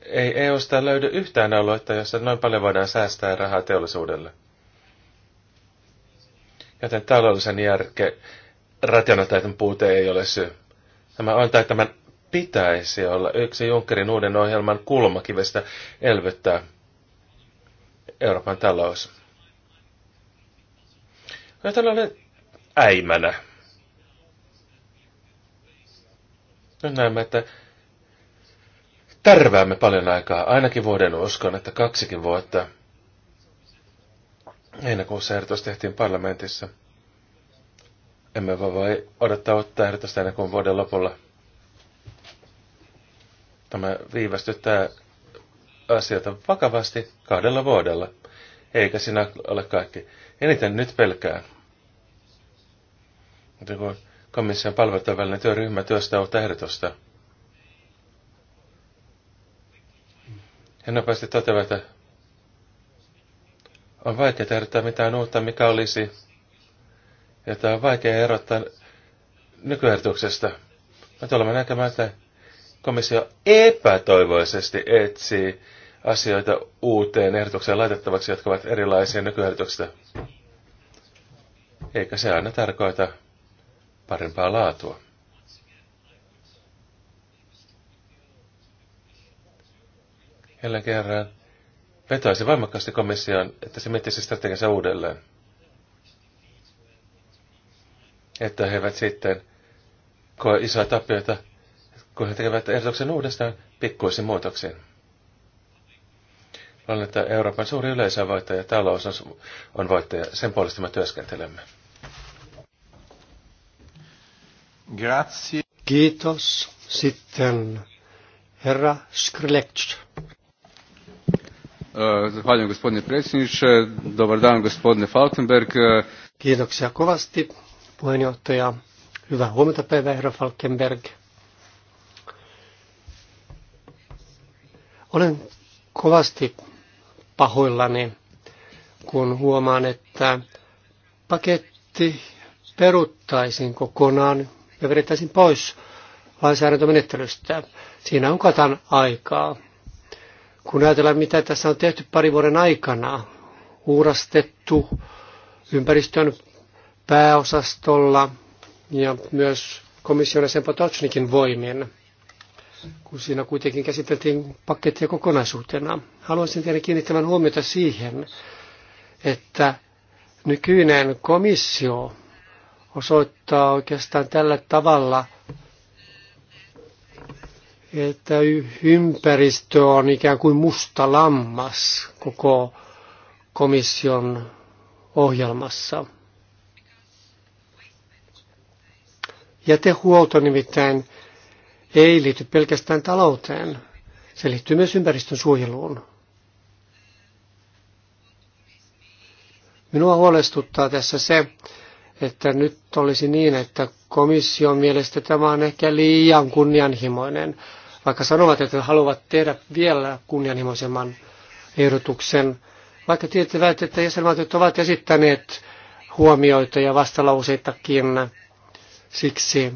Ei EUsta löydy yhtään aluetta, jossa noin paljon voidaan säästää rahaa teollisuudelle. Joten taloudellisen järke, rationaalitaiton puute ei ole syy. Tämä on tai tämän pitäisi olla yksi Junckerin uuden ohjelman kulmakivestä elvyttää Euroopan talous. Joten olen äimänä. Nyt näemme, että tärväämme paljon aikaa, ainakin vuoden uskon, että kaksikin vuotta. Heinäkuussa ehdotus tehtiin parlamentissa. Emme voi odottaa ottaa ehdotusta ennen kuin vuoden lopulla. Tämä viivästyttää asioita vakavasti kahdella vuodella. Eikä sinä ole kaikki. Eniten nyt pelkää, mutta kun komission palveluiden välinen työryhmä työstä on tähdetosta. Hän nopeasti toteavat, että on vaikea tehdä mitään uutta, mikä olisi, ja tämä on vaikea erottaa nykyehdotuksesta. Me tulemme näkemään, että komissio epätoivoisesti etsii asioita uuteen ehdotukseen laitettavaksi, jotka ovat erilaisia nykyehdotuksista. Eikä se aina tarkoita, parempaa laatua. Jälleen kerran vetoaisin voimakkaasti komissioon, että se miettisi strategiansa uudelleen. Että he eivät sitten koe isoja tapioita, kun he tekevät ehdotuksen uudestaan pikkuisin muutoksiin. Luulen, että Euroopan suuri yleisövoittaja on talous on, on voittaja, sen puolesta me työskentelemme. Grazie. Kiitos. Sitten herra Skrilec. Eh, zahvaljujem gospodine predsjedniče. Dobar dan gospodine Falkenberg. Kiitoksia kovasti puheenjohtaja. Hyvää huomenta päivää herra Falkenberg. Olen kovasti pahoillani, kun huomaan, että paketti peruttaisiin kokonaan ja vedettäisiin pois lainsäädäntömenettelystä. Siinä on katan aikaa. Kun ajatellaan, mitä tässä on tehty pari vuoden aikana, uurastettu ympäristön pääosastolla ja myös komission jäsen Potocnikin voimien, kun siinä kuitenkin käsiteltiin pakettia kokonaisuutena. Haluaisin teidän kiinnittämään huomiota siihen, että nykyinen komissio osoittaa oikeastaan tällä tavalla, että ympäristö on ikään kuin musta lammas koko komission ohjelmassa. Jätehuolto nimittäin ei liity pelkästään talouteen, se liittyy myös ympäristön suojeluun. Minua huolestuttaa tässä se, että nyt olisi niin, että komission mielestä tämä on ehkä liian kunnianhimoinen, vaikka sanovat, että haluavat tehdä vielä kunnianhimoisemman ehdotuksen, vaikka tietävät, että jäsenvaltiot ovat esittäneet huomioita ja vastalauseitakin siksi,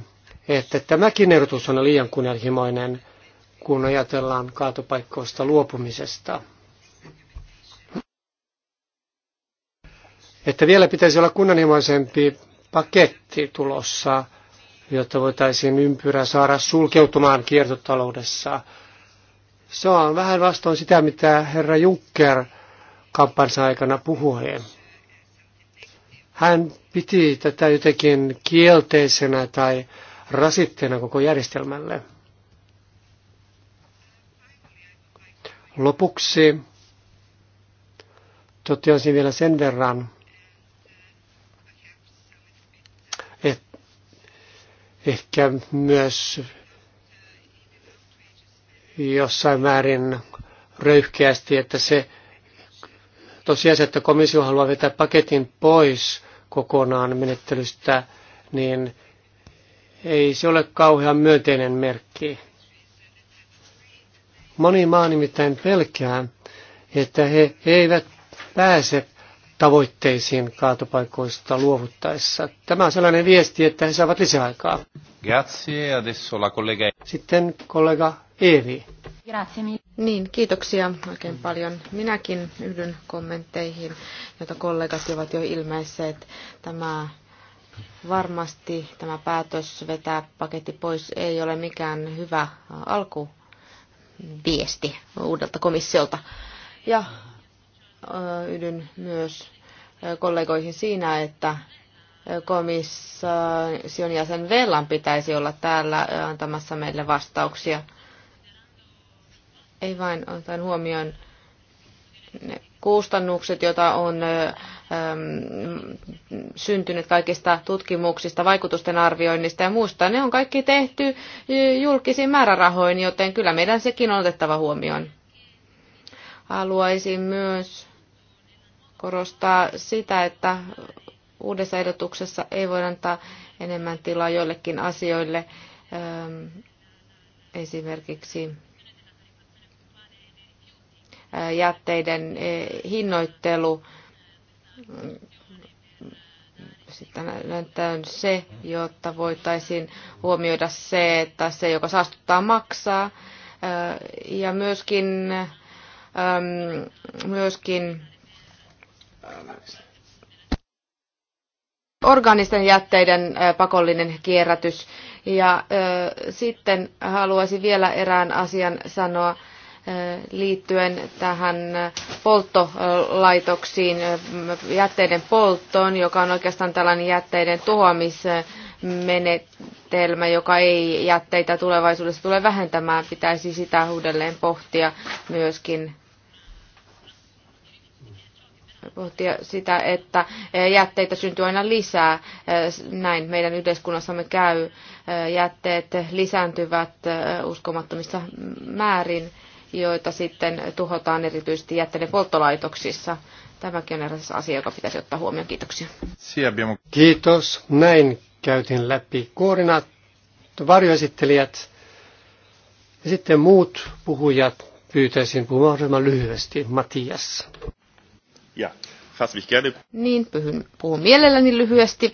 että tämäkin ehdotus on liian kunnianhimoinen, kun ajatellaan kaatopaikkoista luopumisesta. että vielä pitäisi olla kunnianhimoisempi paketti tulossa, jotta voitaisiin ympyrä saada sulkeutumaan kiertotaloudessa. Se on vähän vastoin sitä, mitä herra Juncker kampansa aikana puhui. Hän piti tätä jotenkin kielteisenä tai rasitteena koko järjestelmälle. Lopuksi toteaisin vielä sen verran, ehkä myös jossain määrin röyhkeästi, että se tosiaan, että komissio haluaa vetää paketin pois kokonaan menettelystä, niin ei se ole kauhean myönteinen merkki. Moni maa nimittäin pelkää, että he eivät pääse tavoitteisiin kaatopaikoista luovuttaessa. Tämä on sellainen viesti, että he saavat lisäaikaa. Grazie, adesso la collega... Sitten kollega Eevi. Grazie. Niin, kiitoksia oikein paljon. Minäkin yhdyn kommentteihin, joita kollegat ovat jo ilmeisseet. Tämä varmasti tämä päätös vetää paketti pois ei ole mikään hyvä alkuviesti uudelta komissiolta. Ja yhdyn myös kollegoihin siinä, että komission jäsen Vellan pitäisi olla täällä antamassa meille vastauksia. Ei vain ottaen huomioon ne kustannukset, joita on syntynyt kaikista tutkimuksista, vaikutusten arvioinnista ja muusta. Ne on kaikki tehty julkisiin määrärahoin, joten kyllä meidän sekin on otettava huomioon. Haluaisin myös korostaa sitä, että uudessa ehdotuksessa ei voida antaa enemmän tilaa joillekin asioille, esimerkiksi jätteiden e, hinnoittelu. Sitten on se, jotta voitaisiin huomioida se, että se, joka saastuttaa, maksaa. Ja myöskin, myöskin organisten jätteiden pakollinen kierrätys. Ja sitten haluaisin vielä erään asian sanoa liittyen tähän polttolaitoksiin, jätteiden polttoon, joka on oikeastaan tällainen jätteiden tuhoamismenetelmä, joka ei jätteitä tulevaisuudessa tule vähentämään. Pitäisi sitä uudelleen pohtia myöskin pohtia sitä, että e, jätteitä syntyy aina lisää. E, näin meidän yhteiskunnassamme käy. E, jätteet lisääntyvät uskomattomissa määrin, joita sitten tuhotaan erityisesti jätteiden polttolaitoksissa. Tämäkin on eräs asia, joka pitäisi ottaa huomioon. Kiitoksia. Kiitos. Näin käytiin läpi koordinaat, varjoesittelijät ja sitten muut puhujat pyytäisin puhumaan lyhyesti. Matias. Ja, gerne. Niin, puhun, puhun mielelläni lyhyesti.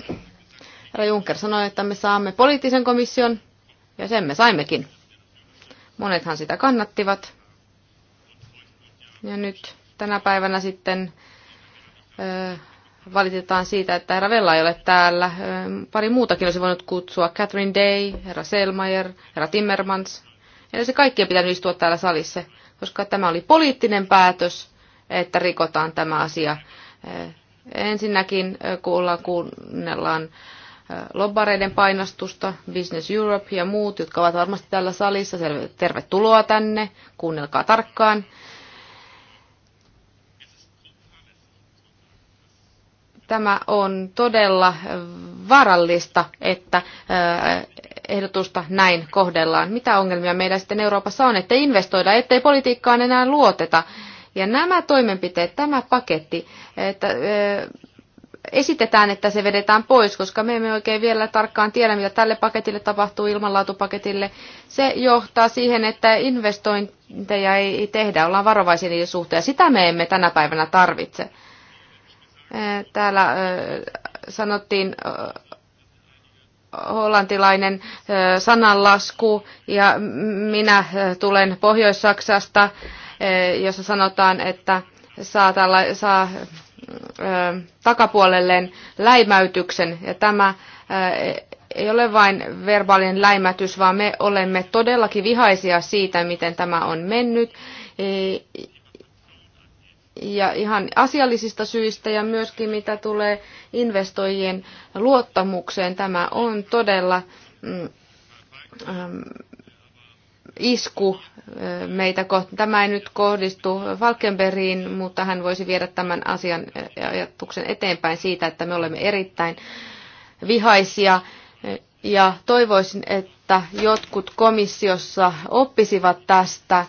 Herra Juncker sanoi, että me saamme poliittisen komission, ja sen me saimmekin. Monethan sitä kannattivat. Ja nyt tänä päivänä sitten ö, valitetaan siitä, että herra Vella ei ole täällä. Pari muutakin olisi voinut kutsua. Catherine Day, herra Selmayer, herra Timmermans. Ja se kaikkien pitänyt istua täällä salissa, koska tämä oli poliittinen päätös, että rikotaan tämä asia. Ensinnäkin kuullaan, kuunnellaan lobbareiden painostusta, Business Europe ja muut, jotka ovat varmasti täällä salissa. Tervetuloa tänne, kuunnelkaa tarkkaan. Tämä on todella vaarallista, että ehdotusta näin kohdellaan. Mitä ongelmia meillä sitten Euroopassa on, ettei investoida, ettei politiikkaan enää luoteta? Ja nämä toimenpiteet, tämä paketti, että esitetään, että se vedetään pois, koska me emme oikein vielä tarkkaan tiedä, mitä tälle paketille tapahtuu, ilmanlaatupaketille. Se johtaa siihen, että investointeja ei tehdä, ollaan varovaisia niiden suhteen. Sitä me emme tänä päivänä tarvitse. Täällä sanottiin hollantilainen sananlasku ja minä tulen Pohjois-Saksasta Eh, jossa sanotaan, että saa, tällä, saa eh, takapuolelleen läimäytyksen. Ja tämä eh, ei ole vain verbaalinen läimätys, vaan me olemme todellakin vihaisia siitä, miten tämä on mennyt. Ja ihan asiallisista syistä ja myöskin mitä tulee investoijien luottamukseen, tämä on todella mm, isku meitä kohtaan. Tämä ei nyt kohdistu Falkenberiin, mutta hän voisi viedä tämän asian ajatuksen eteenpäin siitä, että me olemme erittäin vihaisia. Ja toivoisin, että jotkut komissiossa oppisivat tästä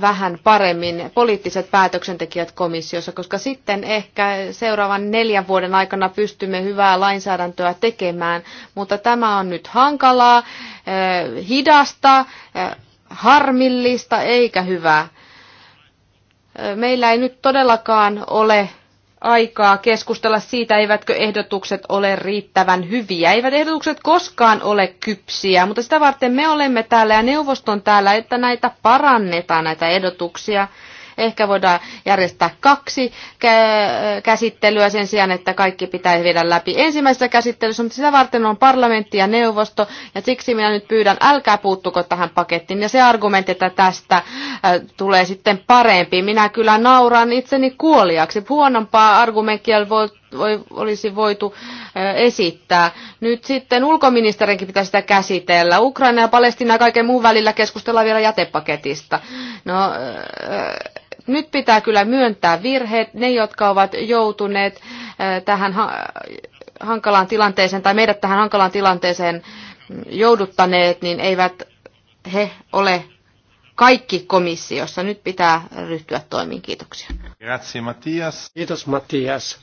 vähän paremmin poliittiset päätöksentekijät komissiossa, koska sitten ehkä seuraavan neljän vuoden aikana pystymme hyvää lainsäädäntöä tekemään, mutta tämä on nyt hankalaa Eh, hidasta, eh, harmillista eikä hyvää. Eh, meillä ei nyt todellakaan ole aikaa keskustella siitä, eivätkö ehdotukset ole riittävän hyviä. Eivät ehdotukset koskaan ole kypsiä, mutta sitä varten me olemme täällä ja neuvoston täällä, että näitä parannetaan, näitä ehdotuksia. Ehkä voidaan järjestää kaksi käsittelyä sen sijaan, että kaikki pitää viedä läpi ensimmäisessä käsittelyssä, mutta sitä varten on parlamentti ja neuvosto, ja siksi minä nyt pyydän, älkää puuttuko tähän pakettiin. Ja se argumentti, että tästä äh, tulee sitten parempi, minä kyllä nauran itseni kuoliaksi. Huonompaa argumenttia voi voi, olisi voitu äh, esittää. Nyt sitten ulkoministerinkin pitäisi sitä käsitellä. Ukraina ja Palestina ja kaiken muun välillä keskustellaan vielä jätepaketista. No, äh, nyt pitää kyllä myöntää virheet, ne jotka ovat joutuneet äh, tähän hankalaan tilanteeseen tai meidät tähän hankalaan tilanteeseen mm, jouduttaneet, niin eivät he ole kaikki komissiossa. Nyt pitää ryhtyä toimiin. Kiitoksia. Grazie, Mattias. Kiitos Mattias.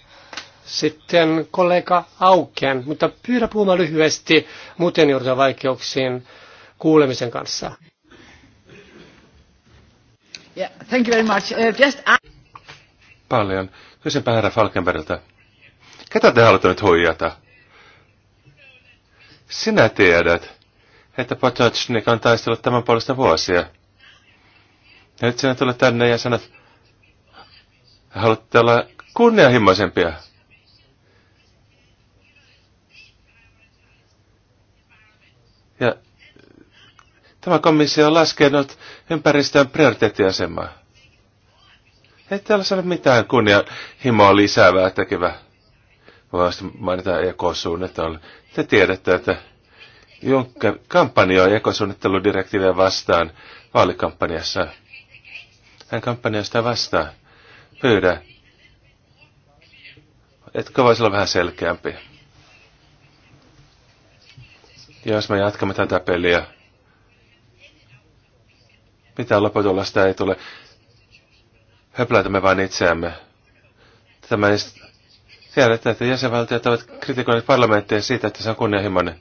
Sitten kollega Auken, mutta pyydä puhumaan lyhyesti, muuten joudutaan vaikeuksiin kuulemisen kanssa. Yeah, thank you very much. Uh, just... Paljon. Kysypä herra Falkenbergiltä. Ketä te haluatte nyt huijata? Sinä tiedät, että Potocnik on taistellut tämän puolesta vuosia. Ja nyt sinä tulet tänne ja sanot, haluatte olla kunnianhimoisempia. Tämä komissio on laskenut ympäristön prioriteettiasemaa. Ei tällaista ole mitään kunnianhimoa lisäävää tekevä. Voisi mainita ekosuunnitelma. Te tiedätte, että Juncker kampanjoi ekosuunnitteludirektiiviä vastaan vaalikampanjassa. Hän kampanjoi sitä vastaan. Pyydä. Etkö voisi olla vähän selkeämpi? Jos me jatkamme tätä peliä, mitä sitä ei tule? Höpläytämme vain itseämme. Tämä tiedä, että jäsenvaltiot ovat kritikoineet parlamenttia siitä, että se on kunnianhimoinen.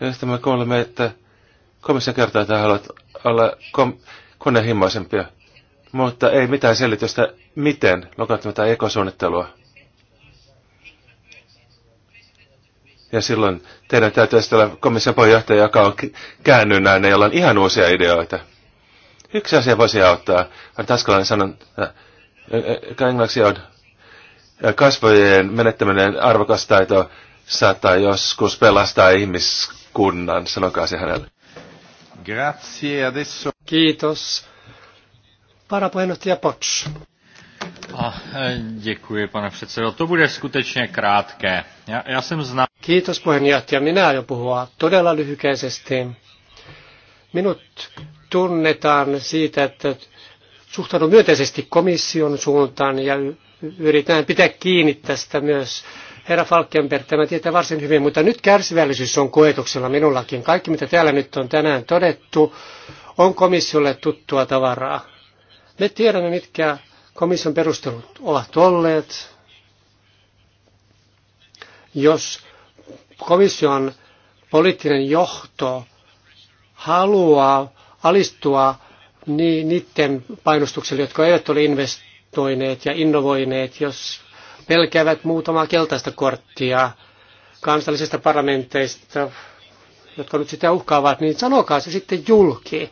Ja sitten me kuulemme, että komissio kertoo, että haluat olla kom- kunnianhimoisempia. Mutta ei mitään selitystä, miten lokattamme ekosuunnittelua. Ja silloin teidän täytyy olla komission puheenjohtaja, joka on käännynäinen, jolla on ihan uusia ideoita. Yksi asia voisi auttaa. taskalainen sanon, että äh, äh, englanniksi on äh, kasvojen menettäminen arvokas taito saattaa joskus pelastaa ihmiskunnan. Sanokaa se hänelle. Grazie adesso. Kiitos. Varapuheenjohtaja Pots. A, eh, děkuji, pane předsedo. To bude skutečně krátké. Já, já jsem zna... Kiitos puheenjohtaja. Minä aion puhua todella lyhykäisesti. Minut tunnetaan siitä, että suhtaudun myönteisesti komission suuntaan ja yritetään pitää kiinni tästä myös. Herra Falkenberg, tämä tietää varsin hyvin, mutta nyt kärsivällisyys on koetuksella minullakin. Kaikki, mitä täällä nyt on tänään todettu, on komissiolle tuttua tavaraa. Me tiedämme, mitkä komission perustelut ovat olleet. Jos komission poliittinen johto haluaa alistua niiden painostukselle, jotka eivät ole investoineet ja innovoineet, jos pelkäävät muutamaa keltaista korttia kansallisista parlamenteista, jotka nyt sitä uhkaavat, niin sanokaa se sitten julki,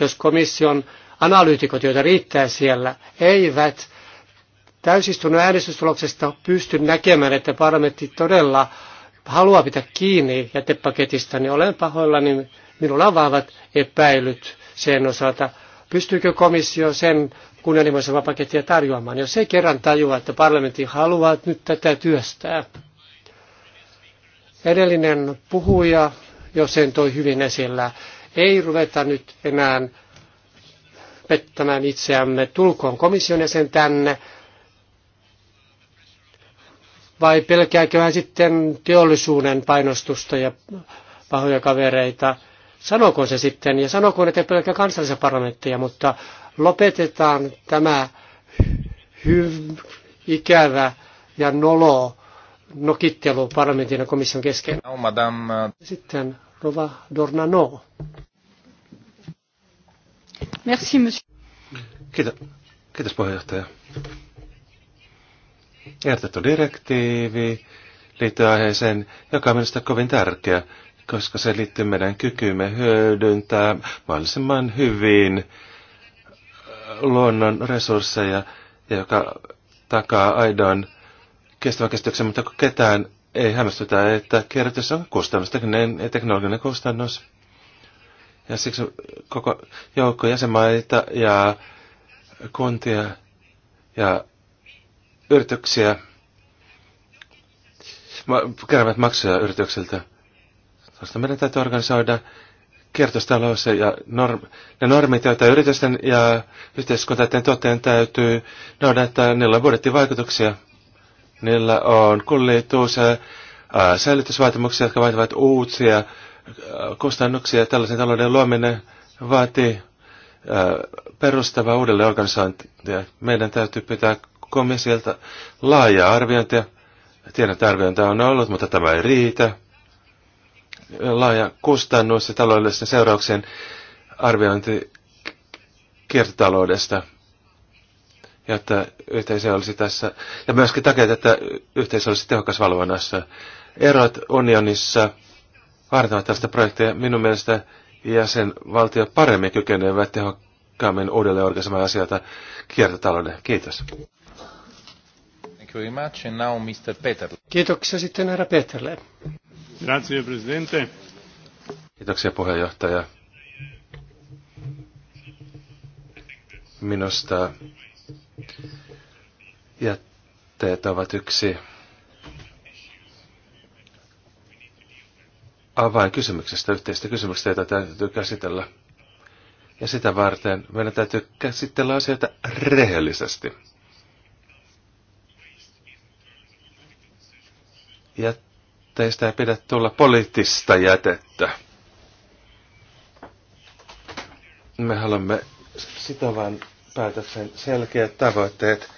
jos komission analyytikot, joita riittää siellä, eivät täysistunut äänestystuloksesta pysty näkemään, että parlamentti todella haluaa pitää kiinni jätepaketista, niin olen pahoillani, niin Minulla on vahvat epäilyt sen osalta, pystyykö komissio sen kunnianhimoisempaa pakettia tarjoamaan. Jos se kerran tajua, että parlamentti haluaa nyt tätä työstää. Edellinen puhuja, jos sen toi hyvin esillä, ei ruveta nyt enää pettämään itseämme. Tulkoon komission sen tänne. Vai pelkääkö hän sitten teollisuuden painostusta ja pahoja kavereita? Sanokoon se sitten, ja sanokoon, että pelkkä kansallisia parlamentteja, mutta lopetetaan tämä hyv- ikävä ja nolo nokittelu parlamentin ja komission kesken. No, madame. Äh, sitten Rova Dornano. Merci, monsieur. Kiitos, Kiitos puheenjohtaja. Ehdotettu direktiivi liittyy aiheeseen, joka on minusta kovin tärkeä, koska se liittyy meidän kykyymme hyödyntää mahdollisimman hyvin äh, luonnon resursseja, joka takaa aidon kestävän kestyksen, mutta ketään ei hämmästytä, että kierrätys on kustannus, teknologinen kustannus. Ja siksi koko joukko jäsenmaita ja kuntia ja yrityksiä keräävät maksuja yrityksiltä koska meidän täytyy organisoida kiertostalous ja norm, ne normit, joita yritysten ja yhteiskuntaiden tuotteen täytyy noudattaa, niillä on budjettivaikutuksia. Niillä on kullitus ja säilytysvaatimuksia, jotka vaativat uusia kustannuksia. Tällaisen talouden luominen vaatii perustavaa organisointia. Meidän täytyy pitää komissiolta laajaa arviointia. Tiedän, että arviointia on ollut, mutta tämä ei riitä laaja kustannus- ja taloudellisten seurauksien arviointi kiertotaloudesta, jotta yhteisö olisi tässä, ja myöskin takia, että yhteisö olisi tehokas valvonnassa. Erot unionissa vaarantavat tästä projektia. Minun mielestä jäsenvaltiot paremmin kykenevät tehokkaammin uudelleen organisoimaan asioita kiertotalouden. Kiitos. Kiitoksia sitten herra Peterle. Grazie, presidente. Kiitoksia puheenjohtaja. Minusta jätteet ovat yksi kysymyksestä yhteistä kysymyksestä, jota täytyy käsitellä. Ja sitä varten meidän täytyy käsitellä asioita rehellisesti. Jätteet teistä ei pidä tulla poliittista jätettä. Me haluamme sitovan päätöksen selkeät tavoitteet,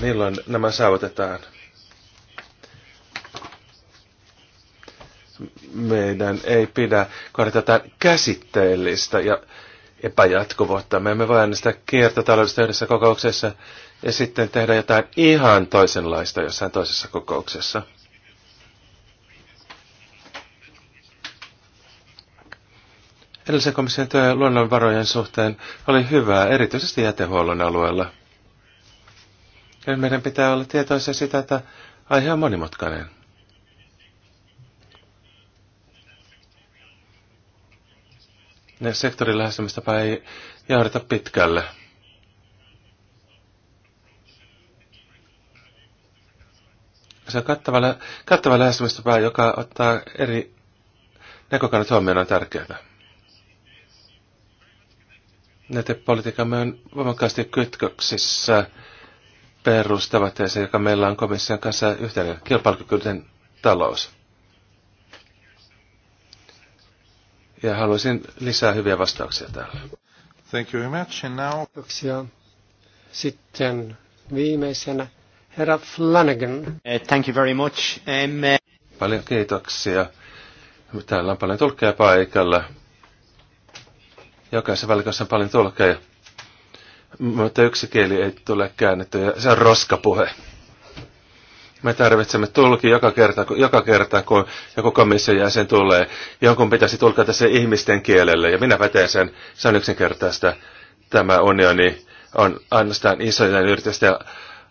milloin nämä saavutetaan. Meidän ei pidä korjata käsitteellistä ja epäjatkuvuutta. Me emme voi äänestää kiertotaloudesta yhdessä kokouksessa ja sitten tehdä jotain ihan toisenlaista jossain toisessa kokouksessa. Edellisen komission työ luonnonvarojen suhteen oli hyvää, erityisesti jätehuollon alueella. Ja meidän pitää olla tietoisia sitä, että aihe on monimutkainen. Ne sektorin lähestymistapa ei jahdita pitkälle. Se on kattava, kattava lähestymistapa, joka ottaa eri näkökannat huomioon on tärkeää. Netepolitiikamme on voimakkaasti kytköksissä perustavoitteeseen, joka meillä on komission kanssa yhteinen kilpailukykyinen talous. Ja haluaisin lisää hyviä vastauksia täällä. Thank you very much. And now... Kiitoksia. Sitten viimeisenä herra Flanagan. Uh, thank you very much. Um, uh- Paljon kiitoksia. Täällä on paljon tulkkeja paikalla. Jokaisen välikössä on paljon tulkeja. Mutta yksi kieli ei tule käännetty ja se on roskapuhe. Me tarvitsemme tulki joka kerta, joka kerta, kun joku komission jäsen tulee. Jonkun pitäisi tulkata se ihmisten kielelle, ja minä väteen sen. Se on yksinkertaista. Tämä unioni on ainoastaan isojen yritysten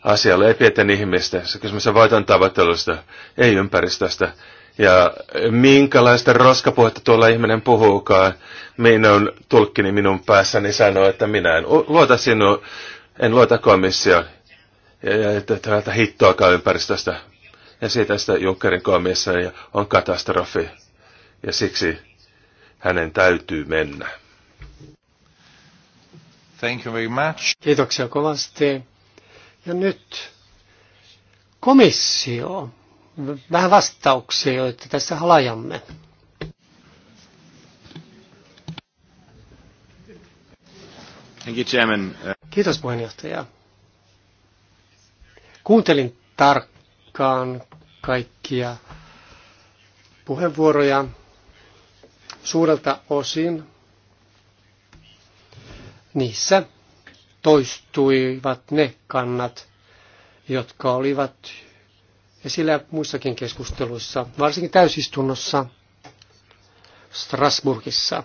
asialla, ei pienten ihmisten. Se kysymys on voiton tavoittelusta, ei ympäristöstä. Ja minkälaista roskapuhetta tuolla ihminen puhuukaan, minun tulkkini minun päässäni sanoo, että minä en luota sinua, en luota komissioon. Ja, ja että hittoakaan ympäristöstä. Ja siitä sitä Junckerin komissio on katastrofi. Ja siksi hänen täytyy mennä. Thank you very much. Kiitoksia kovasti. Ja nyt komissio vähän vastauksia, joita tässä halajamme. Kiitos puheenjohtaja. Kuuntelin tarkkaan kaikkia puheenvuoroja suurelta osin. Niissä toistuivat ne kannat, jotka olivat esillä muissakin keskusteluissa, varsinkin täysistunnossa Strasburgissa.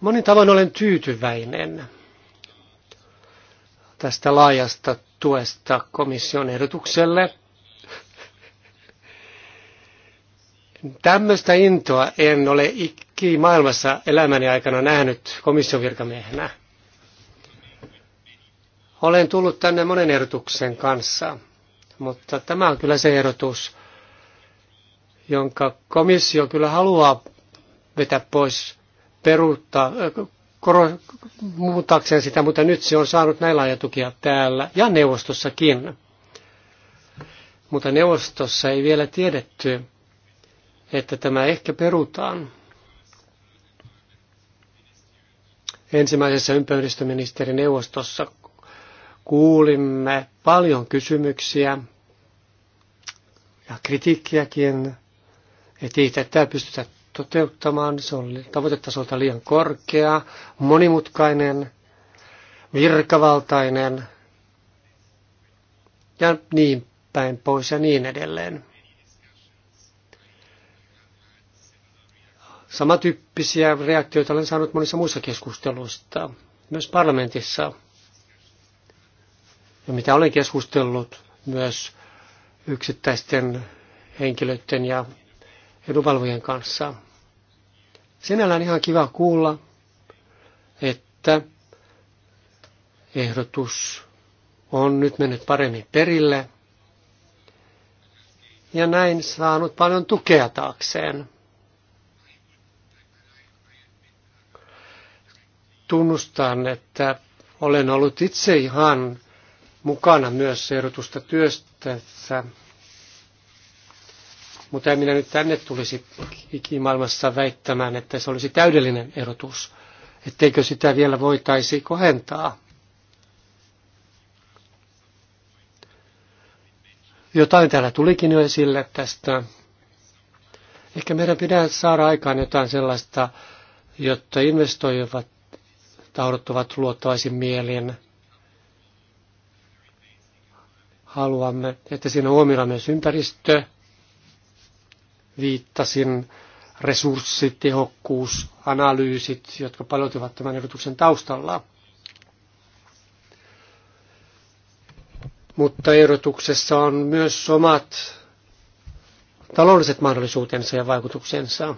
Monin tavoin olen tyytyväinen tästä laajasta tuesta komission ehdotukselle. Tämmöistä intoa en ole ikki maailmassa elämäni aikana nähnyt komission virkamiehenä. Olen tullut tänne monen ehdotuksen kanssa, mutta tämä on kyllä se ehdotus, jonka komissio kyllä haluaa vetää pois peruutta, koro, muuttaakseen sitä, mutta nyt se on saanut näillä ajatukia täällä ja neuvostossakin. Mutta neuvostossa ei vielä tiedetty, että tämä ehkä perutaan. Ensimmäisessä ympäristöministerineuvostossa Kuulimme paljon kysymyksiä ja kritiikkiäkin, että ei tätä pystytä toteuttamaan. Se on tavoitetasolta liian korkea, monimutkainen, virkavaltainen ja niin päin pois ja niin edelleen. Samantyyppisiä reaktioita olen saanut monissa muissa keskusteluissa, myös parlamentissa – ja mitä olen keskustellut myös yksittäisten henkilöiden ja edunvalvojen kanssa. Sinällään ihan kiva kuulla, että ehdotus on nyt mennyt paremmin perille ja näin saanut paljon tukea taakseen. Tunnustan, että olen ollut itse ihan mukana myös ehdotusta työstä. Mutta en minä nyt tänne tulisi ikimaailmassa väittämään, että se olisi täydellinen erotus, etteikö sitä vielä voitaisi kohentaa. Jotain täällä tulikin jo esille tästä. Ehkä meidän pitää saada aikaan jotain sellaista, jotta investoivat tahdot luottavaisin mielin – Haluamme, että siinä huomioidaan myös ympäristö, viittasin resurssit, tehokkuus, analyysit, jotka paljon ovat tämän ehdotuksen taustalla. Mutta ehdotuksessa on myös omat taloudelliset mahdollisuutensa ja vaikutuksensa.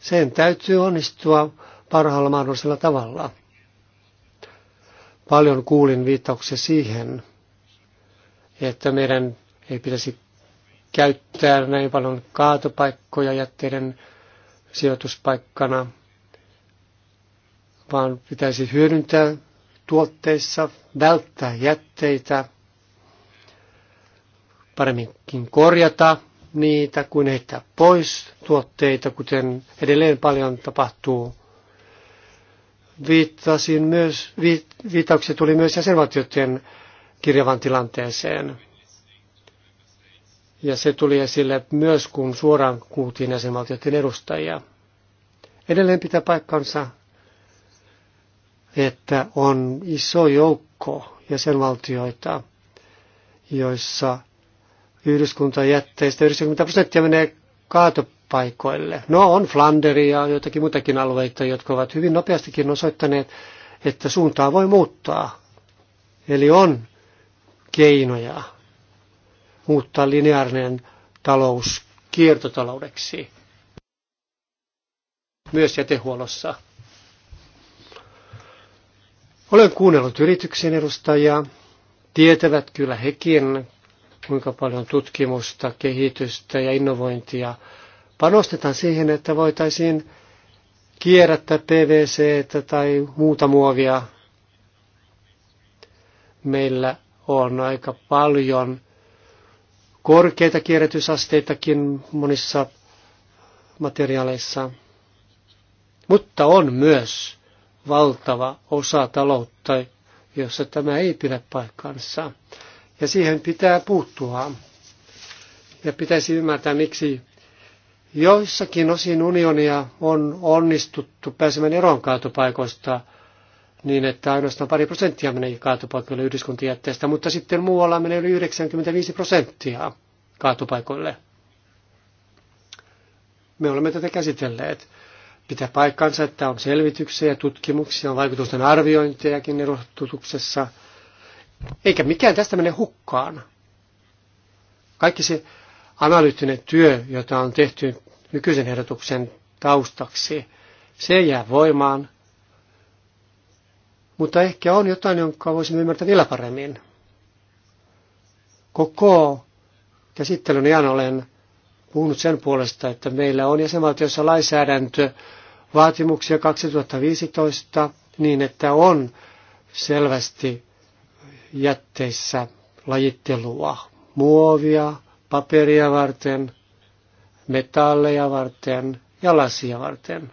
Sen täytyy onnistua parhaalla mahdollisella tavalla. Paljon kuulin viittauksia siihen, että meidän ei pitäisi käyttää näin paljon kaatopaikkoja jätteiden sijoituspaikkana, vaan pitäisi hyödyntää tuotteissa, välttää jätteitä, paremminkin korjata niitä kuin heittää pois tuotteita, kuten edelleen paljon tapahtuu. Viittasin myös, viit, viittaukset tuli myös jäsenvaltioiden kirjavan tilanteeseen. Ja se tuli esille myös, kun suoraan kuultiin jäsenvaltioiden edustajia. Edelleen pitää paikkansa, että on iso joukko jäsenvaltioita, joissa yhdyskuntajätteistä 90 prosenttia menee kaatopaikoille. No on Flanderia ja joitakin muitakin alueita, jotka ovat hyvin nopeastikin osoittaneet, että suuntaa voi muuttaa. Eli on keinoja muuttaa lineaarinen talous kiertotaloudeksi myös jätehuollossa. Olen kuunnellut yrityksen edustajia. Tietävät kyllä hekin, kuinka paljon tutkimusta, kehitystä ja innovointia panostetaan siihen, että voitaisiin kierrättää PVC tai muuta muovia. Meillä on aika paljon korkeita kierrätysasteitakin monissa materiaaleissa. Mutta on myös valtava osa taloutta, jossa tämä ei pidä paikkansa. Ja siihen pitää puuttua. Ja pitäisi ymmärtää, miksi joissakin osin unionia on onnistuttu pääsemään eroon kaatopaikoista – niin että ainoastaan pari prosenttia menee kaatopaikoille yhdyskuntajätteestä, mutta sitten muualla menee yli 95 prosenttia kaatopaikoille. Me olemme tätä käsitelleet. Pitää paikkansa, että on selvityksiä ja tutkimuksia, on vaikutusten arviointejakin erotutuksessa. Eikä mikään tästä mene hukkaan. Kaikki se analyyttinen työ, jota on tehty nykyisen ehdotuksen taustaksi, se jää voimaan – mutta ehkä on jotain, jonka voisimme ymmärtää vielä paremmin. Koko käsittelyn ajan olen puhunut sen puolesta, että meillä on jäsenvaltiossa lainsäädäntö vaatimuksia 2015 niin, että on selvästi jätteissä lajittelua muovia, paperia varten, metalleja varten ja lasia varten.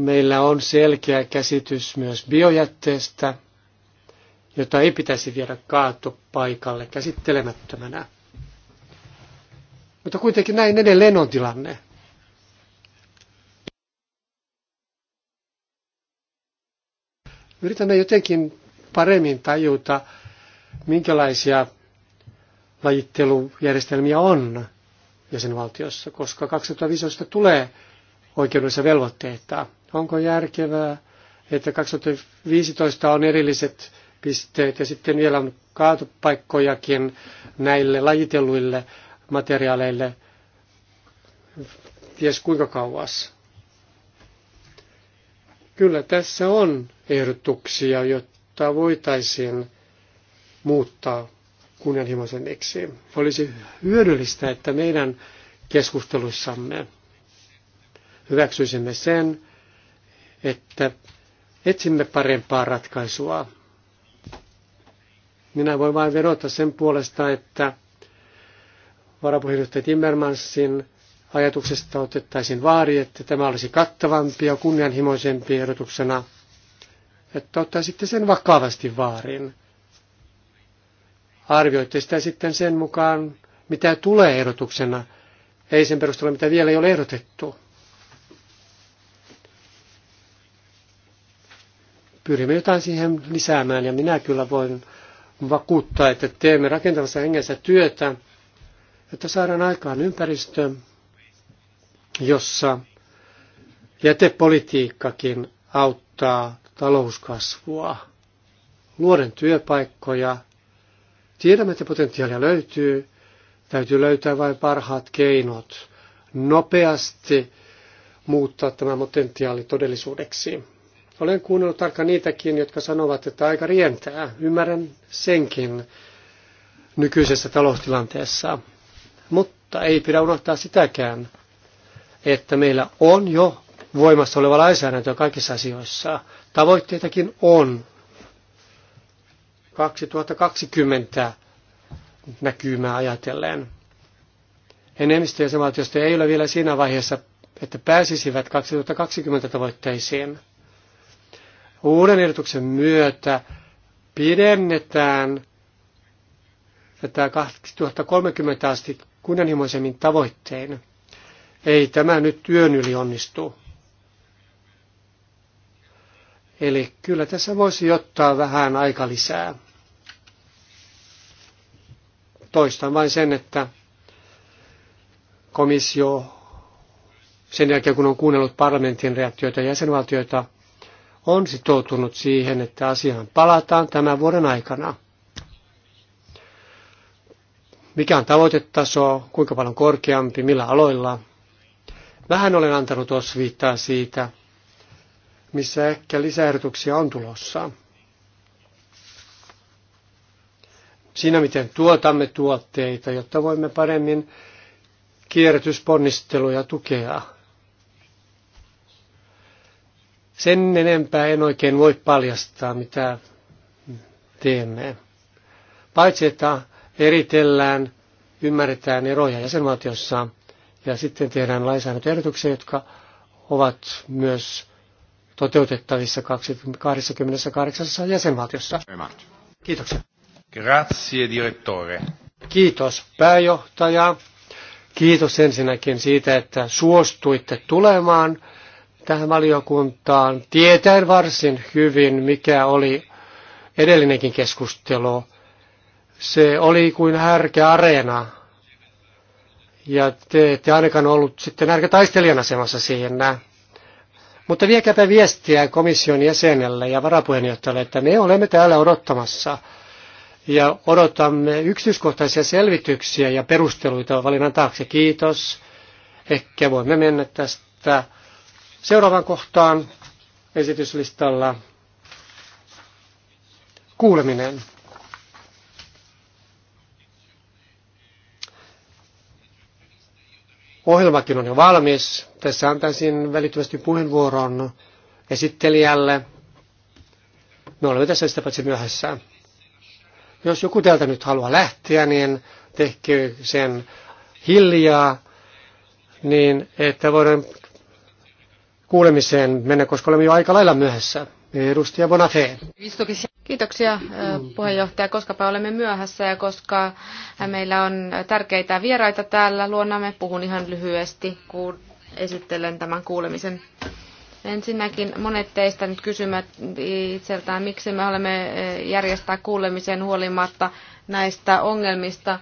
Meillä on selkeä käsitys myös biojätteestä, jota ei pitäisi viedä kaatopaikalle käsittelemättömänä. Mutta kuitenkin näin edelleen on tilanne. Yritämme jotenkin paremmin tajuta, minkälaisia lajittelujärjestelmiä on jäsenvaltiossa, koska 2015 tulee oikeudellisia velvoitteita. Onko järkevää, että 2015 on erilliset pisteet ja sitten vielä on kaatupaikkojakin näille lajitelluille materiaaleille ties kuinka kauas. Kyllä tässä on ehdotuksia, jotta voitaisiin muuttaa kunnianhimoisemmiksi. Olisi hyödyllistä, että meidän keskustelussamme hyväksyisimme sen, että etsimme parempaa ratkaisua. Minä voin vain vedota sen puolesta, että varapuheenjohtaja Timmermansin ajatuksesta otettaisiin vaari, että tämä olisi kattavampi ja kunnianhimoisempi ehdotuksena, että ottaisitte sen vakavasti vaarin. Arvioitte sitä sitten sen mukaan, mitä tulee ehdotuksena, ei sen perusteella, mitä vielä ei ole ehdotettu. pyrimme jotain siihen lisäämään ja minä kyllä voin vakuuttaa, että teemme rakentavassa hengessä työtä, että saadaan aikaan ympäristö, jossa jätepolitiikkakin auttaa talouskasvua, luoden työpaikkoja. Tiedämme, että potentiaalia löytyy, täytyy löytää vain parhaat keinot nopeasti muuttaa tämä potentiaali todellisuudeksi. Olen kuunnellut tarkkaan niitäkin, jotka sanovat, että aika rientää. Ymmärrän senkin nykyisessä taloustilanteessa. Mutta ei pidä unohtaa sitäkään, että meillä on jo voimassa oleva lainsäädäntö kaikissa asioissa. Tavoitteitakin on. 2020 näkymää ajatellen. Enemmistö jäsenvaltioista ei ole vielä siinä vaiheessa, että pääsisivät 2020 tavoitteisiin. Uuden ehdotuksen myötä pidennetään tätä 2030 asti kunnianhimoisemmin tavoitteen. Ei tämä nyt työn yli onnistu. Eli kyllä tässä voisi ottaa vähän aika lisää. Toistan vain sen, että komissio sen jälkeen kun on kuunnellut parlamentin reaktioita ja jäsenvaltioita, on sitoutunut siihen, että asiaan palataan tämän vuoden aikana. Mikä on tavoitetaso, kuinka paljon korkeampi, millä aloilla. Vähän olen antanut osviittaa siitä, missä ehkä lisäehdotuksia on tulossa. Siinä, miten tuotamme tuotteita, jotta voimme paremmin kierrätysponnisteluja tukea sen enempää en oikein voi paljastaa, mitä teemme. Paitsi, että eritellään, ymmärretään eroja jäsenvaltiossa ja sitten tehdään lainsäädäntöehdotuksia, jotka ovat myös toteutettavissa 28 jäsenvaltiossa. Kiitoksia. Grazie, direttore. Kiitos pääjohtaja. Kiitos ensinnäkin siitä, että suostuitte tulemaan tähän valiokuntaan, tietäen varsin hyvin, mikä oli edellinenkin keskustelu. Se oli kuin härkä areena. Ja te ette ainakaan ollut sitten härkä taistelijan asemassa siinä. Mutta viekääpä viestiä komission jäsenelle ja varapuheenjohtajalle, että me olemme täällä odottamassa ja odotamme yksityiskohtaisia selvityksiä ja perusteluita valinnan taakse. Kiitos. Ehkä voimme mennä tästä Seuraavaan kohtaan esityslistalla kuuleminen. Ohjelmakin on jo valmis. Tässä antaisin välittömästi puheenvuoron esittelijälle. Me olemme tässä sitä paitsi myöhässä. Jos joku täältä nyt haluaa lähteä, niin tehkö sen hiljaa, niin että voidaan kuulemiseen mennä, koska olemme jo aika lailla myöhässä. Edustaja Bonafé. Kiitoksia puheenjohtaja, koska olemme myöhässä ja koska meillä on tärkeitä vieraita täällä luonamme, puhun ihan lyhyesti, kun esittelen tämän kuulemisen. Ensinnäkin monet teistä nyt kysymät itseltään, miksi me olemme järjestää kuulemisen huolimatta näistä ongelmista,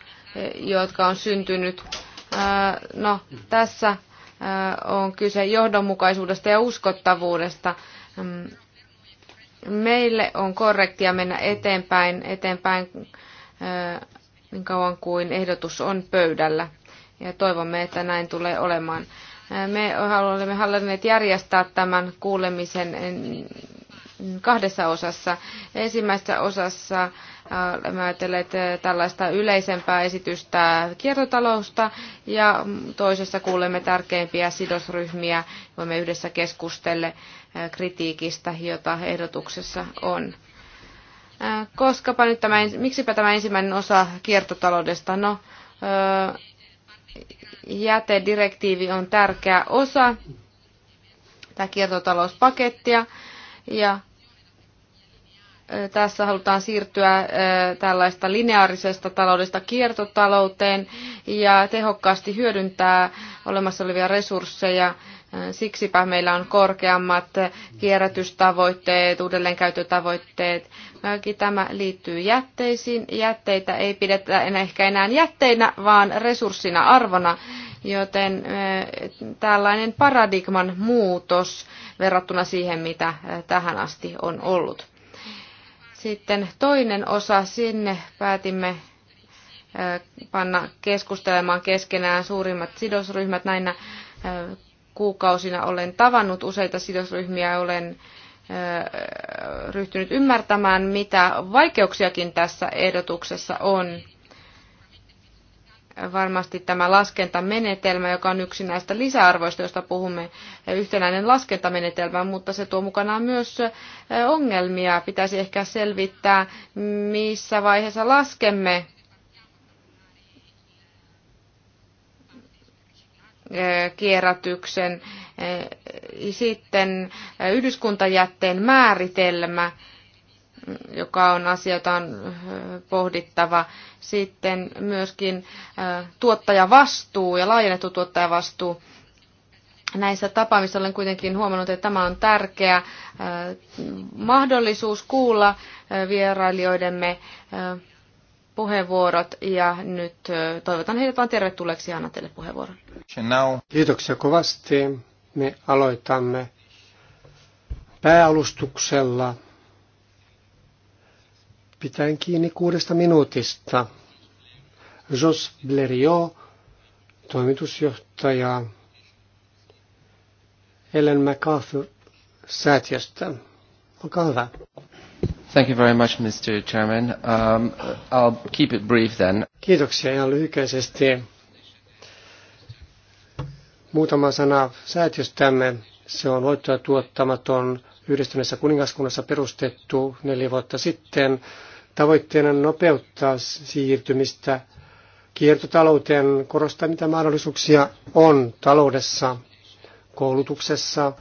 jotka on syntynyt. No, tässä on kyse johdonmukaisuudesta ja uskottavuudesta. Mm, meille on korrektia mennä eteenpäin, eteenpäin niin kauan kuin ehdotus on pöydällä. Ja toivomme, että näin tulee olemaan. Me olemme halunneet järjestää tämän kuulemisen kahdessa osassa. Ensimmäisessä osassa äh, olemme ajatelleet äh, tällaista yleisempää esitystä kiertotalousta ja mm, toisessa kuulemme tärkeimpiä sidosryhmiä. Voimme yhdessä keskustella äh, kritiikistä, jota ehdotuksessa on. Koskapa nyt tämä, miksipä tämä ensimmäinen osa kiertotaloudesta? No, jätedirektiivi on tärkeä osa tätä kiertotalouspakettia ja tässä halutaan siirtyä tällaista lineaarisesta taloudesta kiertotalouteen ja tehokkaasti hyödyntää olemassa olevia resursseja. Siksipä meillä on korkeammat kierrätystavoitteet, uudelleenkäyttötavoitteet. Kaikki tämä liittyy jätteisiin. Jätteitä ei pidetä enää ehkä enää jätteinä, vaan resurssina arvona. Joten tällainen paradigman muutos verrattuna siihen, mitä tähän asti on ollut. Sitten toinen osa, sinne päätimme panna keskustelemaan keskenään suurimmat sidosryhmät. Näinä kuukausina olen tavannut useita sidosryhmiä ja olen ryhtynyt ymmärtämään, mitä vaikeuksiakin tässä ehdotuksessa on varmasti tämä laskentamenetelmä, joka on yksi näistä lisäarvoista, joista puhumme, yhtenäinen laskentamenetelmä, mutta se tuo mukanaan myös ongelmia. Pitäisi ehkä selvittää, missä vaiheessa laskemme kierrätyksen, sitten yhdyskuntajätteen määritelmä, joka on asia, jota on pohdittava. Sitten myöskin tuottajavastuu ja laajennettu tuottajavastuu. Näissä tapaamissa olen kuitenkin huomannut, että tämä on tärkeä mahdollisuus kuulla vierailijoidemme puheenvuorot ja nyt toivotan heidät vain tervetulleeksi ja annan teille puheenvuoron. Kiitoksia kovasti. Me aloitamme pääalustuksella Pitäen kiinni kuudesta minuutista. Jos Blériot, toimitusjohtaja Ellen MacArthur säätiöstä. Olkaa hyvä. Thank you very much, Mr. Chairman. Um, I'll keep it brief then. Kiitoksia ihan lyhykäisesti. Muutama sana säätiöstämme. Se on voittoa tuottamaton yhdistyneessä kuningaskunnassa perustettu neljä vuotta sitten Tavoitteena on nopeuttaa siirtymistä kiertotalouteen, korostaa mitä mahdollisuuksia on taloudessa, koulutuksessa,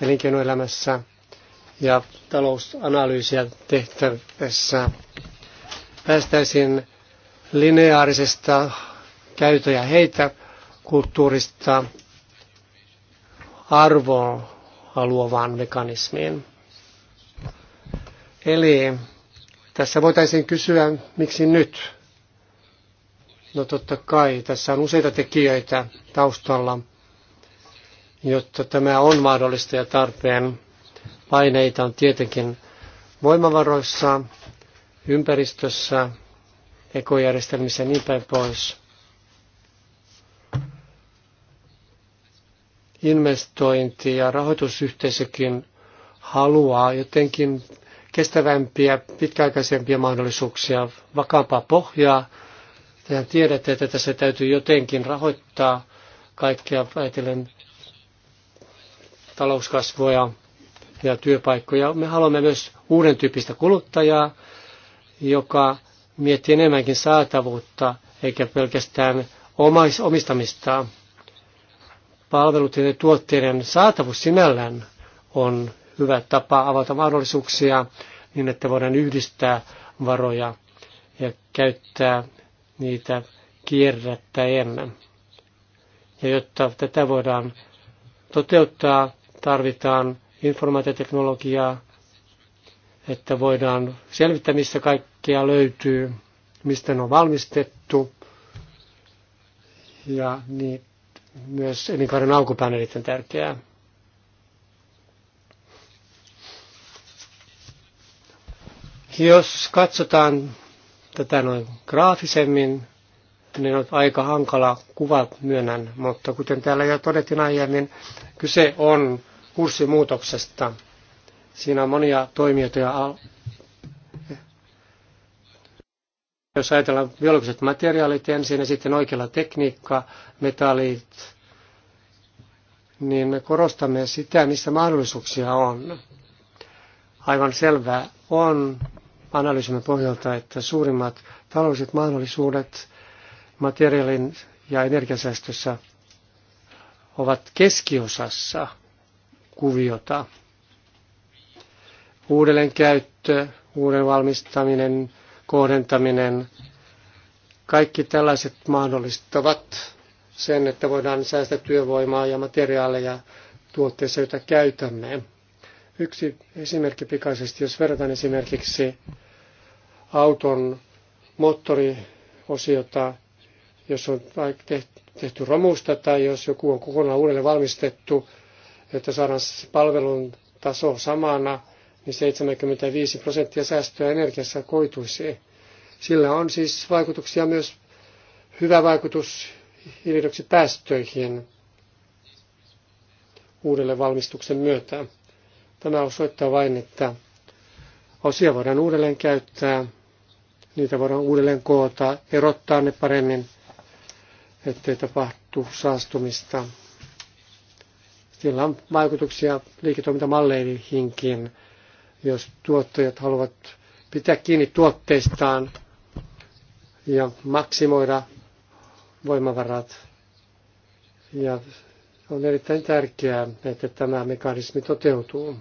elinkeinoelämässä ja talousanalyysiä tehtävässä. Päästäisiin lineaarisesta käytö ja heitä kulttuurista arvoa luovaan mekanismiin. Eli tässä voitaisiin kysyä, miksi nyt? No totta kai, tässä on useita tekijöitä taustalla, jotta tämä on mahdollista ja tarpeen. Paineita on tietenkin voimavaroissa, ympäristössä, ekojärjestelmissä ja niin päin pois. Investointi ja rahoitusyhteisökin haluaa jotenkin kestävämpiä, pitkäaikaisempia mahdollisuuksia, vakaampaa pohjaa. Tehän tiedätte, että tässä täytyy jotenkin rahoittaa kaikkea ajatellen talouskasvua ja, työpaikkoja. Me haluamme myös uuden tyyppistä kuluttajaa, joka miettii enemmänkin saatavuutta eikä pelkästään omais, omistamista. Palvelut ja tuotteiden saatavuus sinällään on hyvä tapa avata mahdollisuuksia niin, että voidaan yhdistää varoja ja käyttää niitä kierrättäen. Ja jotta tätä voidaan toteuttaa, tarvitaan informaatioteknologiaa, että voidaan selvittää, missä kaikkea löytyy, mistä ne on valmistettu. Ja niin, myös elinkaaren alkupäin erittäin tärkeää. Jos katsotaan tätä noin graafisemmin, niin on aika hankala kuvat myönnän, mutta kuten täällä jo todettiin aiemmin, kyse on kurssimuutoksesta. Siinä on monia toimijoita ja jos ajatellaan biologiset materiaalit ensin ja sitten oikealla tekniikka, metallit, niin me korostamme sitä, missä mahdollisuuksia on. Aivan selvää on, analyysimme pohjalta, että suurimmat taloudelliset mahdollisuudet materiaalin ja energiasäästössä ovat keskiosassa kuviota. Uudelleen käyttö, uuden valmistaminen, kohdentaminen, kaikki tällaiset mahdollistavat sen, että voidaan säästää työvoimaa ja materiaaleja tuotteissa, joita käytämme. Yksi esimerkki pikaisesti, jos verrataan esimerkiksi auton moottoriosiota, jos on tehty romusta tai jos joku on kokonaan uudelleen valmistettu, että saadaan palvelun taso samana, niin 75 prosenttia säästöä energiassa koituisi. Sillä on siis vaikutuksia myös hyvä vaikutus hiilidioksidipäästöihin uudelle valmistuksen myötä. Tämä osoittaa vain, että osia voidaan uudelleen käyttää, niitä voidaan uudelleen koota, erottaa ne paremmin, ettei tapahtu saastumista. Sillä on vaikutuksia liiketoimintamalleihinkin, jos tuottajat haluavat pitää kiinni tuotteistaan ja maksimoida voimavarat ja on erittäin tärkeää, että tämä mekanismi toteutuu.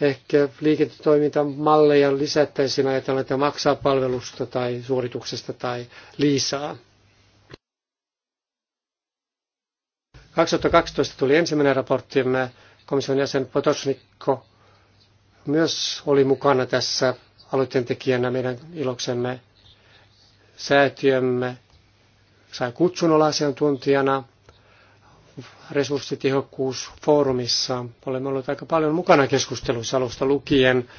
Ehkä liiketoimintamalleja lisättäisiin ajatella, että maksaa palvelusta tai suorituksesta tai liisaa. 2012 tuli ensimmäinen raporttimme, komission jäsen Potosnikko myös oli mukana tässä aloitteen tekijänä meidän iloksemme säätiömme Sain kutsun olla asiantuntijana resurssitehokkuusfoorumissa. Olemme olleet aika paljon mukana keskusteluissa alusta lukien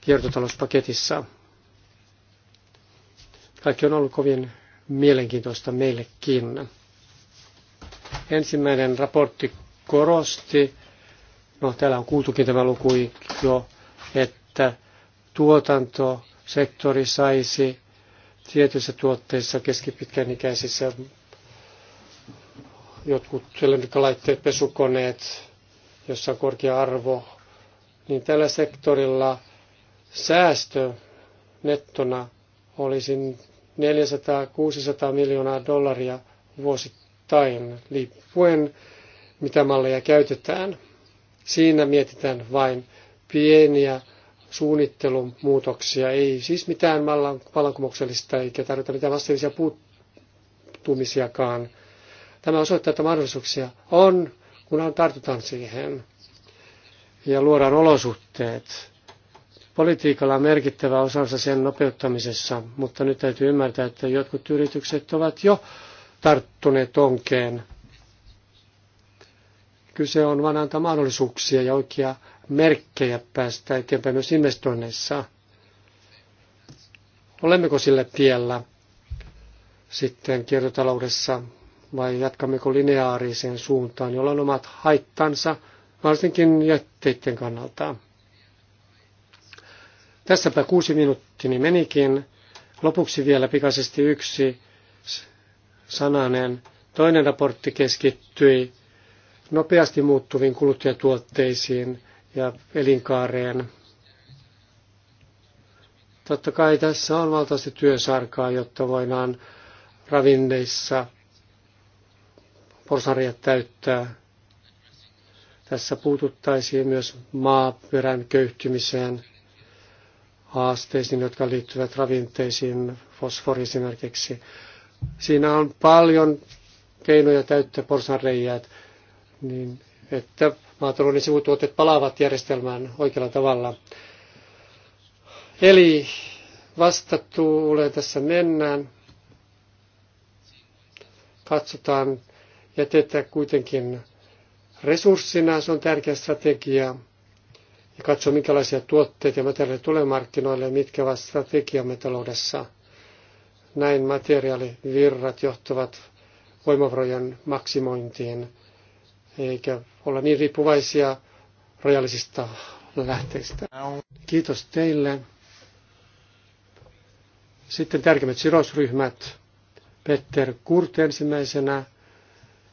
kiertotalouspaketissa. Kaikki on ollut kovin mielenkiintoista meillekin. Ensimmäinen raportti korosti, no täällä on kuultukin tämä luku jo, että tuotantosektori saisi tietyissä tuotteissa keskipitkän ikäisissä jotkut laitteet pesukoneet, jossa on korkea arvo, niin tällä sektorilla säästö nettona olisi 400-600 miljoonaa dollaria vuosittain, liippuen mitä malleja käytetään. Siinä mietitään vain pieniä suunnittelun muutoksia. Ei siis mitään vallankumouksellista eikä tarvita mitään massiivisia puuttumisiakaan. Tämä osoittaa, että mahdollisuuksia on, kunhan tartutaan siihen ja luodaan olosuhteet. Politiikalla on merkittävä osansa sen nopeuttamisessa, mutta nyt täytyy ymmärtää, että jotkut yritykset ovat jo tarttuneet onkeen. Kyse on vain antaa mahdollisuuksia ja oikea merkkejä päästä eteenpäin myös investoinneissa. Olemmeko sillä tiellä sitten kiertotaloudessa vai jatkammeko lineaariseen suuntaan, jolla on omat haittansa, varsinkin jätteiden kannalta. Tässäpä kuusi minuuttini menikin. Lopuksi vielä pikaisesti yksi sananen. Toinen raportti keskittyi nopeasti muuttuviin kuluttajatuotteisiin – ja elinkaareen. Totta kai tässä on valtaista työsarkaa, jotta voidaan ravinneissa porsareet täyttää. Tässä puututtaisiin myös maaperän köyhtymiseen, haasteisiin, jotka liittyvät ravinteisiin, fosfori esimerkiksi. Siinä on paljon keinoja täyttää porsanreijät, niin että maatalouden sivutuotteet palaavat järjestelmään oikealla tavalla. Eli vastatuuleen tässä mennään. Katsotaan jätettä kuitenkin resurssina, se on tärkeä strategia. Ja katsoa, minkälaisia tuotteita ja materiaaleja tulee markkinoille, mitkä ovat strategiamme taloudessa. Näin materiaalivirrat johtavat voimavarojen maksimointiin, eikä olla niin riippuvaisia rajallisista lähteistä. Kiitos teille. Sitten tärkeimmät sidosryhmät. Peter Kurt ensimmäisenä.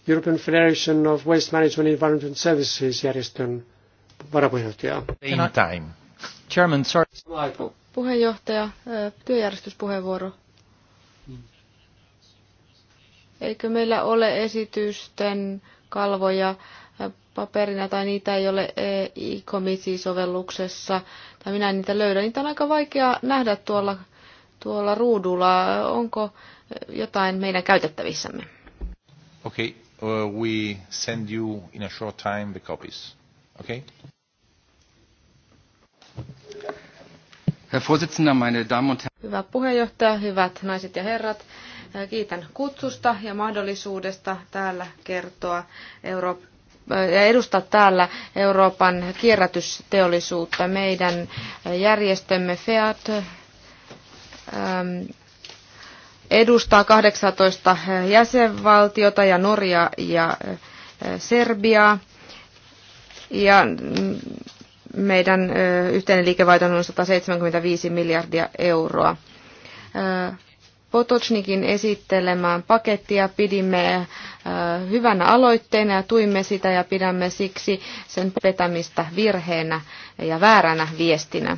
European Federation of Waste Management and Environment Services järjestön varapuheenjohtaja. Same time. Chairman, sorry. Puheenjohtaja, työjärjestyspuheenvuoro. Eikö meillä ole esitysten kalvoja paperina tai niitä ei ole e-committee-sovelluksessa tai minä en niitä löydä. Niitä on aika vaikea nähdä tuolla, tuolla ruudulla. Onko jotain meidän käytettävissämme? Okay, uh, we send you in a short time the copies. Okay? Herr Vorsitzender, meine Damen und Herren. Hyvä puheenjohtaja, hyvät naiset ja herrat. Kiitän kutsusta ja mahdollisuudesta täällä kertoa Euroopan ja edustaa täällä Euroopan kierrätysteollisuutta. Meidän järjestömme FEAT ähm, edustaa 18 jäsenvaltiota ja Norja ja äh, Serbia Ja mm, meidän äh, yhteinen liikevaihto on 175 miljardia euroa. Äh, Potocnikin esittelemään pakettia pidimme äh, hyvänä aloitteena ja tuimme sitä ja pidämme siksi sen petämistä virheenä ja vääränä viestinä.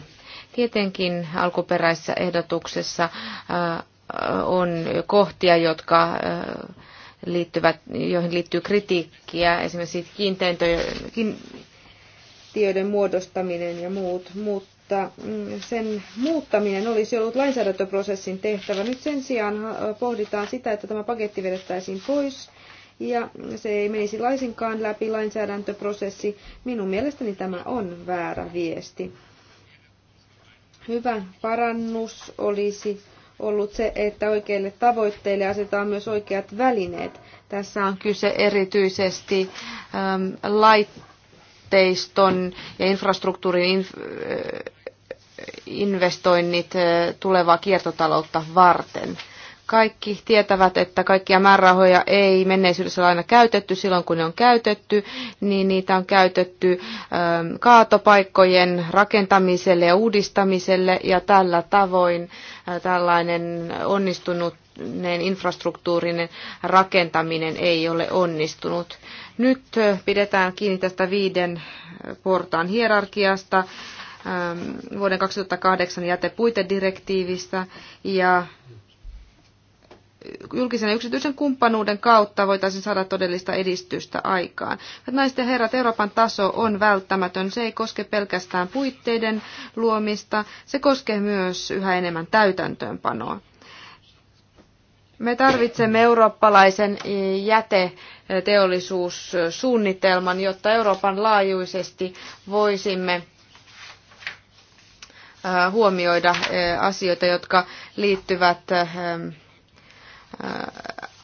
Tietenkin alkuperäisessä ehdotuksessa äh, on kohtia, jotka äh, liittyvät, joihin liittyy kritiikkiä, esimerkiksi kiinteistöjen muodostaminen ja muut, muut mutta mm, sen muuttaminen olisi ollut lainsäädäntöprosessin tehtävä. Nyt sen sijaan äh, pohditaan sitä, että tämä paketti vedettäisiin pois ja se ei menisi laisinkaan läpi lainsäädäntöprosessi. Minun mielestäni tämä on väärä viesti. Hyvä parannus olisi ollut se, että oikeille tavoitteille asetetaan myös oikeat välineet. Tässä on kyse erityisesti ähm, laitteista laitteiston ja infrastruktuurin investoinnit tulevaa kiertotaloutta varten. Kaikki tietävät, että kaikkia määrärahoja ei menneisyydessä ole aina käytetty silloin, kun ne on käytetty, niin niitä on käytetty kaatopaikkojen rakentamiselle ja uudistamiselle, ja tällä tavoin tällainen onnistunut infrastruktuurinen rakentaminen ei ole onnistunut. Nyt pidetään kiinni tästä viiden portaan hierarkiasta. Ähm, vuoden 2008 jätepuitedirektiivistä ja julkisen ja yksityisen kumppanuuden kautta voitaisiin saada todellista edistystä aikaan. naiset ja herrat, Euroopan taso on välttämätön. Se ei koske pelkästään puitteiden luomista, se koskee myös yhä enemmän täytäntöönpanoa. Me tarvitsemme eurooppalaisen jäteteollisuussuunnitelman, jotta Euroopan laajuisesti voisimme Äh, huomioida äh, asioita, jotka liittyvät äh,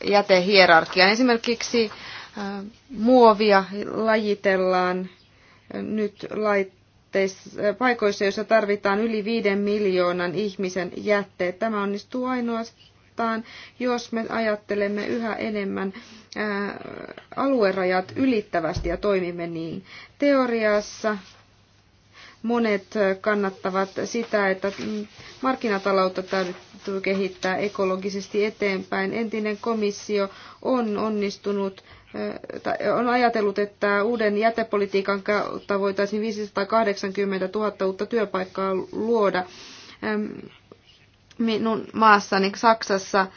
jätehierarkiaan. Esimerkiksi muovia lajitellaan nyt paikoissa, joissa tarvitaan yli viiden miljoonan ihmisen jätteet. Tämä onnistuu ainoastaan, jos me ajattelemme yhä enemmän aluerajat ylittävästi ja toimimme niin. Teoriassa Monet kannattavat sitä, että mm, markkinataloutta täytyy kehittää ekologisesti eteenpäin. Entinen komissio on onnistunut on ajatellut, että uuden jätepolitiikan kautta voitaisiin 580 000 uutta työpaikkaa luoda minun maassani Saksassa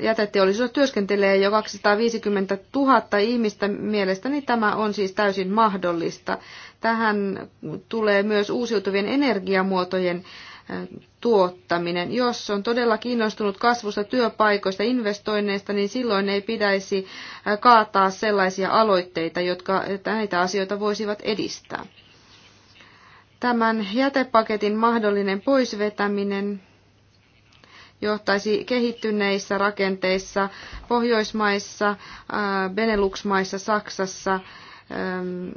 jäteteollisuudessa työskentelee jo 250 000 ihmistä. Mielestäni tämä on siis täysin mahdollista. Tähän tulee myös uusiutuvien energiamuotojen äh, tuottaminen. Jos on todella kiinnostunut kasvusta, työpaikoista, investoinneista, niin silloin ei pitäisi äh, kaataa sellaisia aloitteita, jotka näitä asioita voisivat edistää. Tämän jätepaketin mahdollinen poisvetäminen johtaisi kehittyneissä rakenteissa, Pohjoismaissa, äh, Benelux-maissa, Saksassa ähm,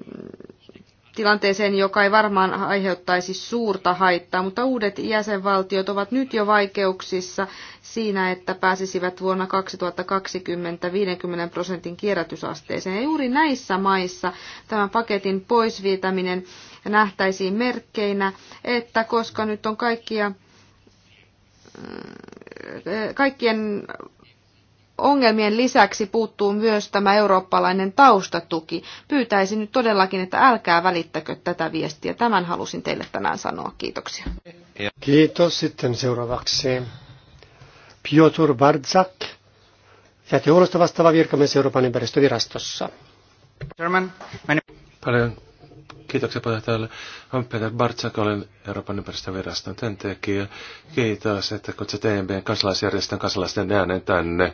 tilanteeseen, joka ei varmaan aiheuttaisi suurta haittaa, mutta uudet jäsenvaltiot ovat nyt jo vaikeuksissa siinä, että pääsisivät vuonna 2020 50 prosentin kierrätysasteeseen. Ja juuri näissä maissa tämän paketin poisviitäminen nähtäisiin merkkeinä, että koska nyt on kaikkia kaikkien ongelmien lisäksi puuttuu myös tämä eurooppalainen taustatuki. Pyytäisin nyt todellakin, että älkää välittäkö tätä viestiä. Tämän halusin teille tänään sanoa. Kiitoksia. Kiitos. Sitten seuraavaksi Piotr Bardzak, jätehuollosta vastaava virkamies Euroopan ympäristövirastossa. Paljon Kiitoksia puheenjohtajalle. Olen Peter Bartsak, olen Euroopan ympäristöviraston työntekijä. Kiitos, että kutsut EMBn kansalaisjärjestön kansalaisten äänen tänne.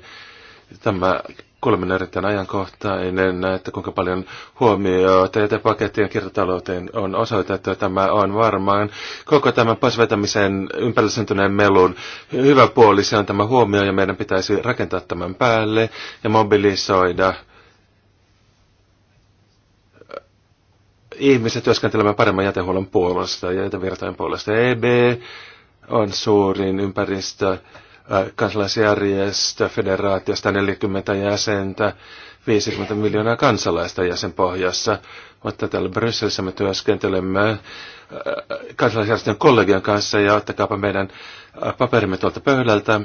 Tämä kuuleminen erittäin ajankohtainen, että kuinka paljon huomiota pakettien kiertotalouteen on osoitettu. Tämä on varmaan koko tämän poisvetämisen ympärillisentyneen melun hyvä puoli. Se on tämä huomio ja meidän pitäisi rakentaa tämän päälle ja mobilisoida ihmiset työskentelemään paremman jätehuollon puolesta ja jätevirtojen puolesta. EB on suurin ympäristö kansalaisjärjestö, federaatio, 40 jäsentä, 50 miljoonaa kansalaista jäsenpohjassa. Mutta täällä Brysselissä me työskentelemme kansalaisjärjestön kollegian kanssa ja ottakaapa meidän paperimme tuolta pöydältä.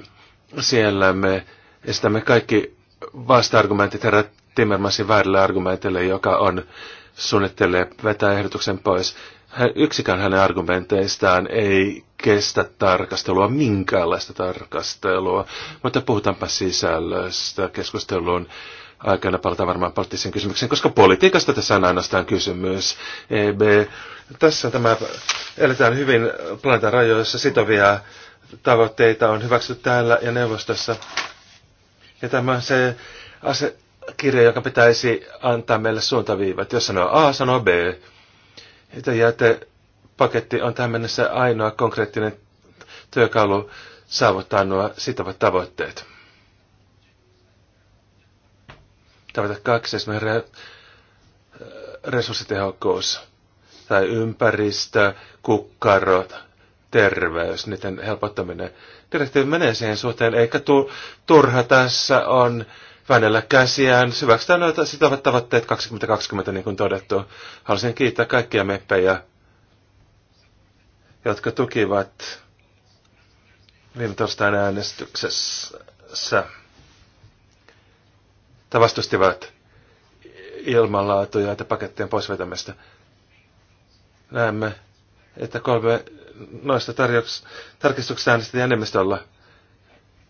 Siellä me esitämme kaikki vasta-argumentit herra Timmermansin väärille argumentille, joka on suunnittelee vetää ehdotuksen pois. Hän, yksikään hänen argumenteistaan ei kestä tarkastelua, minkäänlaista tarkastelua, mutta puhutaanpa sisällöstä keskustelun aikana palataan varmaan poliittiseen kysymykseen, koska politiikasta tässä on ainoastaan kysymys. EB. Tässä tämä, eletään hyvin planeetan rajoissa sitovia tavoitteita on hyväksytty täällä ja neuvostossa. Ja tämä se ase, kirja, joka pitäisi antaa meille suuntaviivat. Jos sanoo A, sanoo B. Jätepaketti on tähän mennessä ainoa konkreettinen työkalu saavuttaa nuo sitovat tavoitteet. Tavoite kaksi, esimerkiksi resurssitehokkuus tai ympäristö, kukkarot, terveys, niiden helpottaminen. Direktiivi menee siihen suhteen, eikä tu, turha tässä on väännellä käsiään, syväksytään noita sitovat tavoitteet 2020, niin kuin todettu. Haluaisin kiittää kaikkia meppejä, jotka tukivat viime torstaina äänestyksessä. Tai vastustivat ilmanlaatuja ja pakettien poisvetämistä. Näemme, että kolme noista tarjouks- tarkistuksista äänesti enemmistöllä,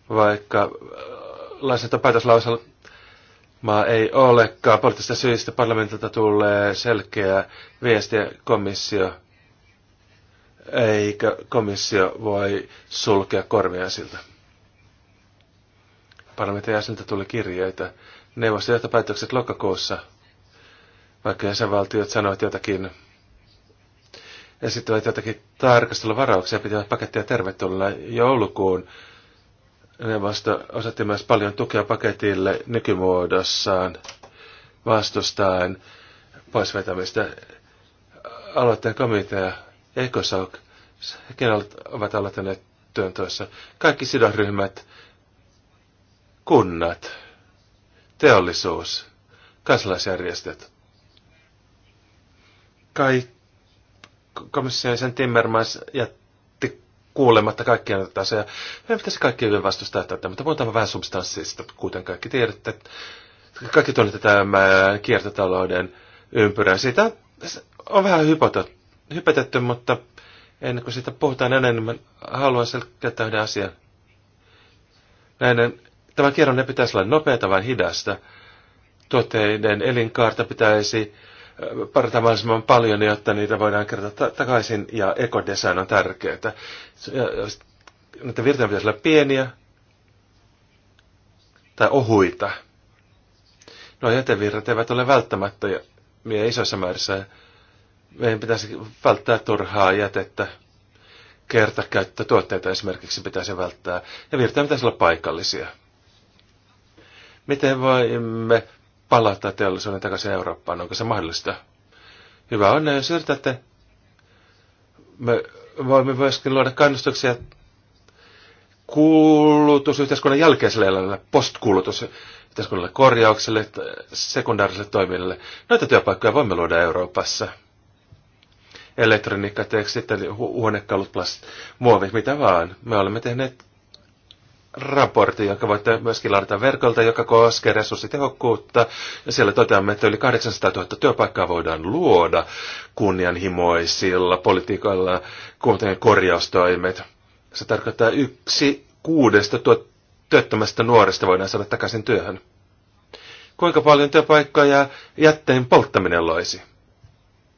vaikka lainsäädäntö päätöslauselmaa ei olekaan. Poliittisista syistä parlamentilta tulee selkeä viesti komissio. Eikä komissio voi sulkea korvia siltä. Parlamentin jäseniltä tuli kirjeitä. Neuvosto johtopäätökset lokakuussa, vaikka jäsenvaltiot sanoivat jotakin esittävät jotakin tarkasteluvarauksia, pitävät pakettia tervetuloa joulukuun vasta osatti myös paljon tukea paketille nykymuodossaan vastustaen poisvetämistä. Aloitteen komitea ECOSOC, hekin ovat aloittaneet työn tuossa. Kaikki sidosryhmät, kunnat, teollisuus, kansalaisjärjestöt. Kaikki komission sen Timmermans ja kuulematta kaikkia näitä asioita. Meidän pitäisi kaikki hyvin vastustaa tätä, mutta muutama vähän substanssista, kuten kaikki tiedätte. Kaikki tunnette tämän äh, kiertotalouden ympyrän. Siitä on vähän hypätetty, mutta ennen kuin siitä puhutaan enemmän, haluan selkeyttää yhden asian. Näiden, äh, tämän kierron ei pitäisi olla nopeata, vaan hidasta. Tuotteiden elinkaarta pitäisi parata mahdollisimman paljon, jotta niitä voidaan kerätä ta- takaisin, ja ekodesign on tärkeää. Näitä virtoja pitäisi olla pieniä tai ohuita. No jätevirrat eivät ole välttämättömiä isossa määrissä. Meidän pitäisi välttää turhaa jätettä. Kertakäyttötuotteita esimerkiksi pitäisi välttää. Ja virtoja pitäisi olla paikallisia. Miten voimme palata teollisuuden takaisin Eurooppaan? Onko se mahdollista? Hyvä on, jos yritätte. Me voimme myöskin luoda kannustuksia kulutusyhteiskunnan jälkeiselle elämälle, postkulutusyhteiskunnalle, korjaukselle, sekundaariselle toiminnalle. Noita työpaikkoja voimme luoda Euroopassa. Elektroniikka, tekstit, huonekalut, plast, muovit, mitä vaan. Me olemme tehneet raportin, jonka voitte myöskin ladata verkolta, joka koskee resurssitehokkuutta. Ja siellä toteamme, että yli 800 000 työpaikkaa voidaan luoda kunnianhimoisilla politiikoilla, kuten korjaustoimet. Se tarkoittaa yksi kuudesta työttömästä nuoresta voidaan saada takaisin työhön. Kuinka paljon työpaikkoja jätteen polttaminen loisi?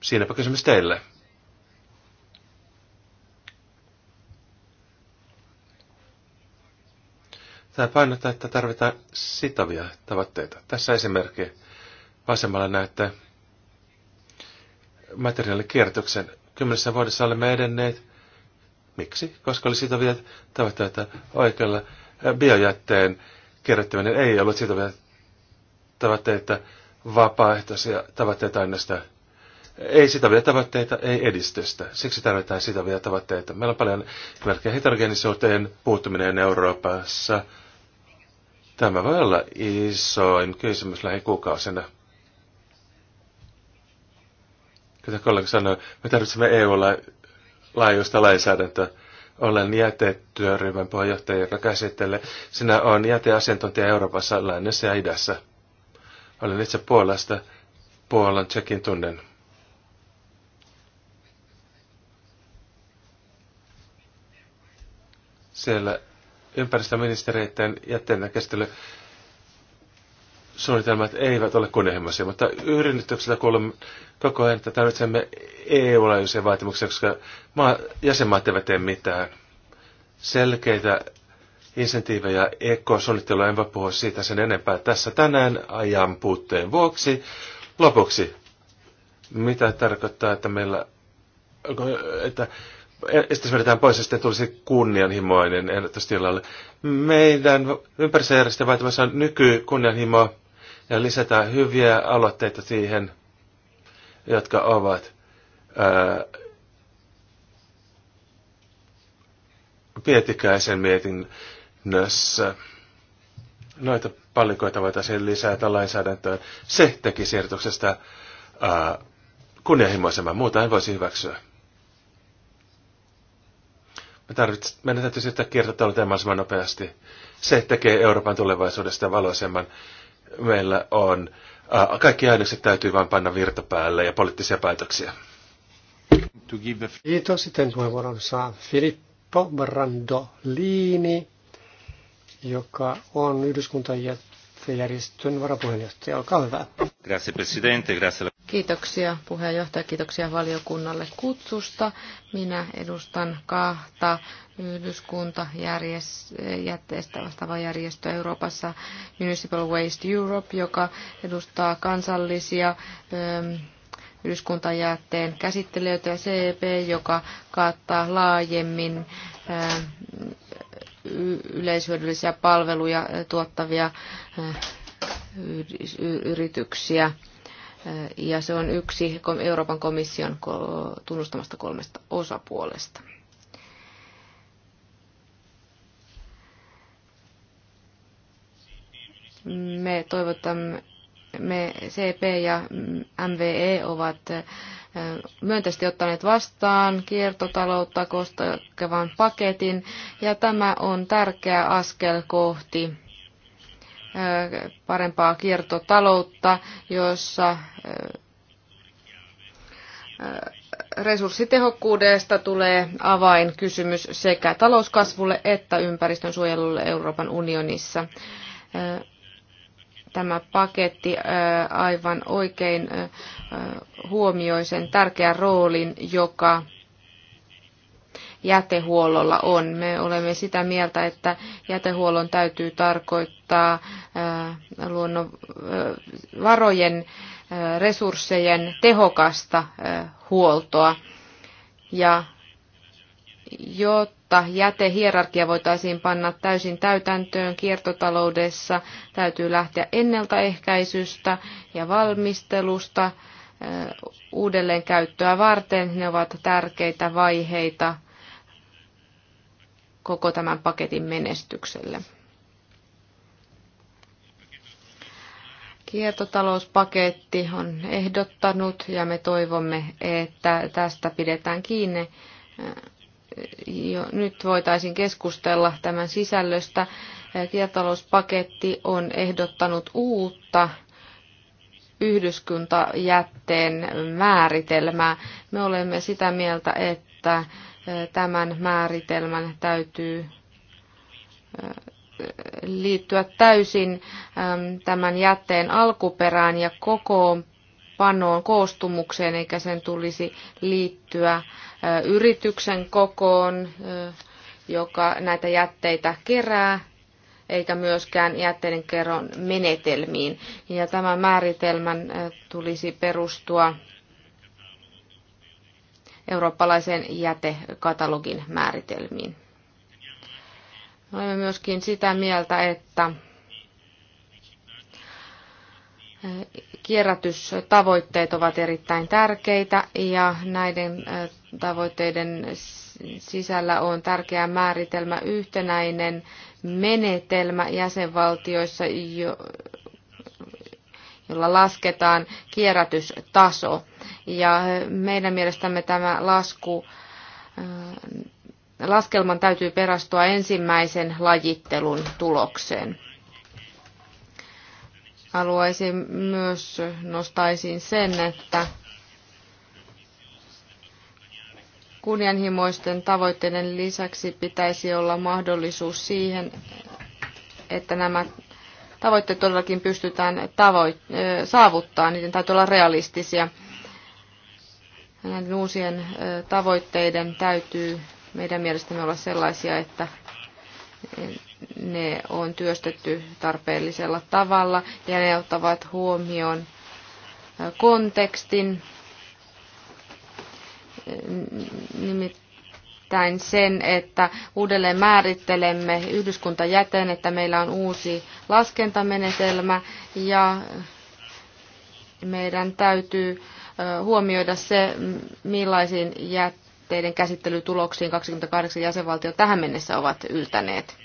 Siinäpä kysymys teille. Tämä painottaa, että tarvitaan sitovia tavoitteita. Tässä esimerkki vasemmalla näette materiaalikierrätyksen. Kymmenessä vuodessa olemme edenneet. Miksi? Koska oli sitovia tavoitteita oikealla. Biojätteen kierrättäminen ei ollut sitovia tavoitteita, vapaaehtoisia tavoitteita ainoastaan. Ei sitovia tavoitteita, ei edistystä. Siksi tarvitaan sitovia tavoitteita. Meillä on paljon esimerkkejä heterogeenisuuteen puuttuminen Euroopassa – Tämä voi olla isoin kysymys lähikuukausina. Kuten kollega sanoi, me tarvitsemme EU-laajuista lainsäädäntöä. Olen jätetyöryhmän puheenjohtaja, joka käsittelee. Sinä on jäteasiantuntija Euroopassa, lännessä ja idässä. Olen itse Puolasta. Puolan Tsekin tunnen. Siellä ympäristöministeriöiden jätteiden käsittely suunnitelmat eivät ole kunnianhimoisia, mutta yhdennytyksellä kuulemme koko ajan, että tarvitsemme EU-laajuisia vaatimuksia, koska maa, jäsenmaat eivät tee mitään. Selkeitä insentiivejä ekosuunnittelua, en voi puhua siitä sen enempää tässä tänään ajan puutteen vuoksi. Lopuksi, mitä tarkoittaa, että meillä, että se vedetään pois ja sitten tulisi kunnianhimoinen ehdotus tilalle. Meidän ympäristöjärjestön vaatimassa on nykykunnianhimo ja lisätään hyviä aloitteita siihen, jotka ovat ää, pietikäisen mietinnössä. Noita palikoita voitaisiin lisätä lainsäädäntöön. Se teki siirtoksesta kunnianhimoisemman. Muuta en voisi hyväksyä. Me tarvits, meidän täytyy siirtää kiertotalouteen mahdollisimman nopeasti. Se tekee Euroopan tulevaisuudesta valoisemman. Meillä on ää, kaikki äänekset täytyy vain panna virta päälle ja poliittisia päätöksiä. Kiitos. Sitten puheenvuoron saa Filippo Brandolini, joka on yhdyskuntajärjestön varapuheenjohtaja. Olkaa hyvä. Grazie Presidente, grazie Kiitoksia puheenjohtaja, kiitoksia valiokunnalle kutsusta. Minä edustan kahta yhdyskuntajätteestä vastaavaa järjestöä Euroopassa, Municipal Waste Europe, joka edustaa kansallisia ähm, yhdyskuntajätteen käsittelijöitä ja CEP, joka kattaa laajemmin ähm, yleishyödyllisiä palveluja äh, tuottavia äh, yrityksiä ja se on yksi Euroopan komission tunnustamasta kolmesta osapuolesta. Me toivotamme, me CP ja MVE ovat myönteisesti ottaneet vastaan kiertotaloutta koskevan paketin, ja tämä on tärkeä askel kohti parempaa kiertotaloutta, jossa resurssitehokkuudesta tulee avainkysymys sekä talouskasvulle että ympäristön suojelulle Euroopan unionissa. Tämä paketti aivan oikein huomioi sen tärkeän roolin, joka jätehuollolla on. Me olemme sitä mieltä, että jätehuollon täytyy tarkoittaa äh, äh, varojen äh, resurssejen tehokasta huoltoa. Ja jotta jätehierarkia voitaisiin panna täysin täytäntöön kiertotaloudessa, täytyy lähteä ennaltaehkäisystä ja valmistelusta uudelleenkäyttöä varten. Ne ovat tärkeitä vaiheita koko tämän paketin menestykselle. Kiertotalouspaketti on ehdottanut ja me toivomme, että tästä pidetään kiinni. Jo nyt voitaisiin keskustella tämän sisällöstä. Kiertotalouspaketti on ehdottanut uutta yhdyskuntajätteen määritelmää. Me olemme sitä mieltä, että tämän määritelmän täytyy liittyä täysin tämän jätteen alkuperään ja koko panoon koostumukseen, eikä sen tulisi liittyä yrityksen kokoon, joka näitä jätteitä kerää, eikä myöskään jätteiden kerron menetelmiin. Ja tämän määritelmän tulisi perustua eurooppalaisen jätekatalogin määritelmiin. Olemme myöskin sitä mieltä, että kierrätystavoitteet ovat erittäin tärkeitä ja näiden äh, tavoitteiden sisällä on tärkeä määritelmä yhtenäinen menetelmä jäsenvaltioissa, jolla lasketaan kierrätystaso. Ja meidän mielestämme tämä lasku, laskelman täytyy perastua ensimmäisen lajittelun tulokseen. Haluaisin myös nostaisin sen, että kunnianhimoisten tavoitteiden lisäksi pitäisi olla mahdollisuus siihen, että nämä tavoitteet todellakin pystytään tavoit- saavuttaa, niiden täytyy olla realistisia. Näiden uusien tavoitteiden täytyy meidän mielestämme olla sellaisia, että ne on työstetty tarpeellisella tavalla ja ne ottavat huomioon kontekstin, nimittäin nimittäin sen, että uudelleen määrittelemme yhdyskuntajäteen, että meillä on uusi laskentamenetelmä ja meidän täytyy huomioida se, millaisiin jätteiden käsittelytuloksiin 28 jäsenvaltio tähän mennessä ovat yltäneet.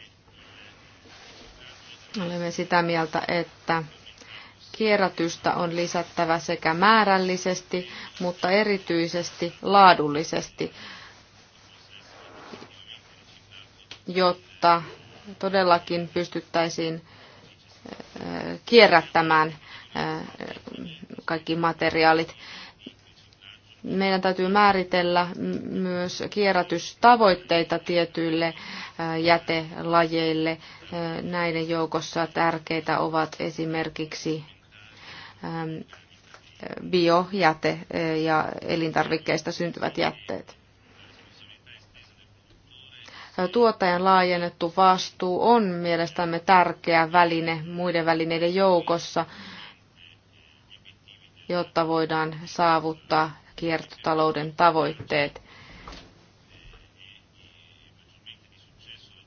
Olemme sitä mieltä, että kierrätystä on lisättävä sekä määrällisesti, mutta erityisesti laadullisesti. jotta todellakin pystyttäisiin kierrättämään kaikki materiaalit. Meidän täytyy määritellä myös kierrätystavoitteita tietyille jätelajeille. Näiden joukossa tärkeitä ovat esimerkiksi biojäte ja elintarvikkeista syntyvät jätteet tuottajan laajennettu vastuu on mielestämme tärkeä väline muiden välineiden joukossa, jotta voidaan saavuttaa kiertotalouden tavoitteet.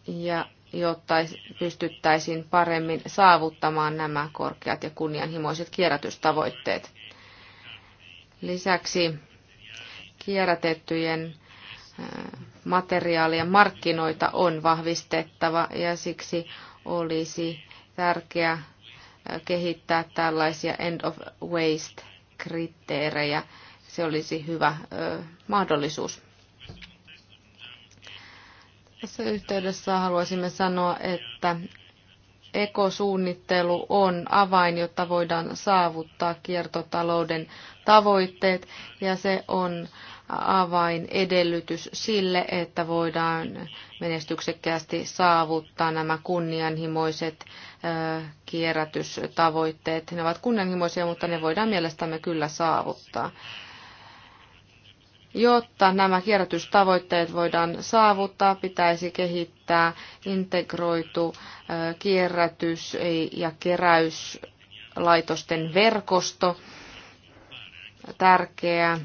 Ja jotta pystyttäisiin paremmin saavuttamaan nämä korkeat ja kunnianhimoiset kierrätystavoitteet. Lisäksi kierrätettyjen äh, materiaalien markkinoita on vahvistettava ja siksi olisi tärkeää äh, kehittää tällaisia end of waste kriteerejä. Se olisi hyvä ö, äh, mahdollisuus. Tässä yhteydessä haluaisimme sanoa, että ekosuunnittelu on avain, jotta voidaan saavuttaa kiertotalouden tavoitteet, ja se on avainedellytys sille, että voidaan menestyksekkäästi saavuttaa nämä kunnianhimoiset kierrätystavoitteet. Ne ovat kunnianhimoisia, mutta ne voidaan mielestämme kyllä saavuttaa. Jotta nämä kierrätystavoitteet voidaan saavuttaa, pitäisi kehittää integroitu kierrätys- ja keräyslaitosten verkosto. Tärkeä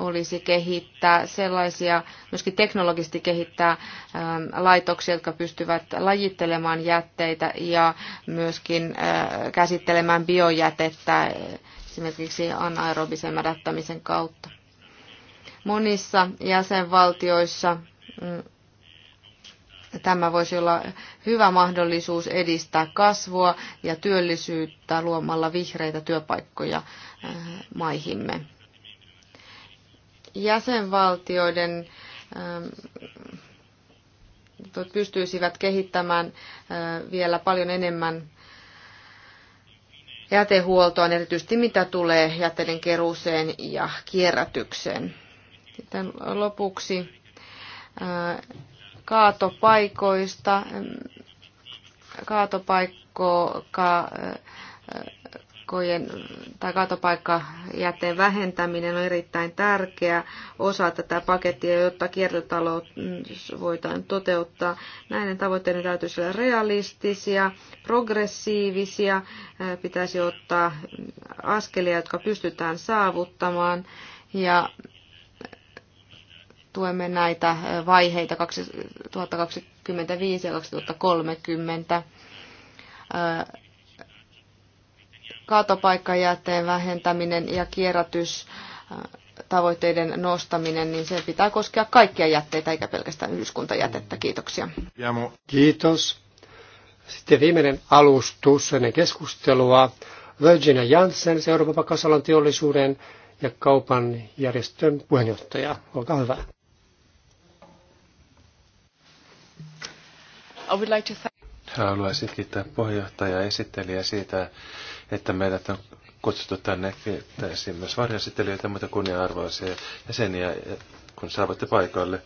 olisi kehittää sellaisia, myöskin teknologisesti kehittää ähm, laitoksia, jotka pystyvät lajittelemaan jätteitä ja myöskin äh, käsittelemään biojätettä esimerkiksi anaerobisen mädättämisen kautta. Monissa jäsenvaltioissa mm, tämä voisi olla hyvä mahdollisuus edistää kasvua ja työllisyyttä luomalla vihreitä työpaikkoja äh, maihimme jäsenvaltioiden ähm, pystyisivät kehittämään äh, vielä paljon enemmän jätehuoltoon, erityisesti mitä tulee jäteiden keruuseen ja kierrätykseen. Sitten lopuksi äh, kaatopaikoista. Ähm, kaatopaikkoa ka, äh, kaatopaikkojen tai kaatopaikkajätteen vähentäminen on erittäin tärkeä osa tätä pakettia, jotta kiertotalous voidaan toteuttaa. Näiden tavoitteiden täytyisi olla realistisia, progressiivisia, pitäisi ottaa askelia, jotka pystytään saavuttamaan ja tuemme näitä vaiheita 2025 ja 2030 kaatopaikkajätteen vähentäminen ja kierrätystavoitteiden tavoitteiden nostaminen, niin se pitää koskea kaikkia jätteitä, eikä pelkästään yhdyskuntajätettä. Kiitoksia. Kiitos. Sitten viimeinen alustus ennen keskustelua. Virginia Janssen, Euroopan pakkasalan teollisuuden ja kaupan järjestön puheenjohtaja. Olkaa hyvä. Haluaisin kiittää puheenjohtajaa esittelijä siitä, että meidät on kutsuttu tänne esiin myös varjasitelijöitä mutta kunnia-arvoisia jäseniä, kun saavutte paikalle.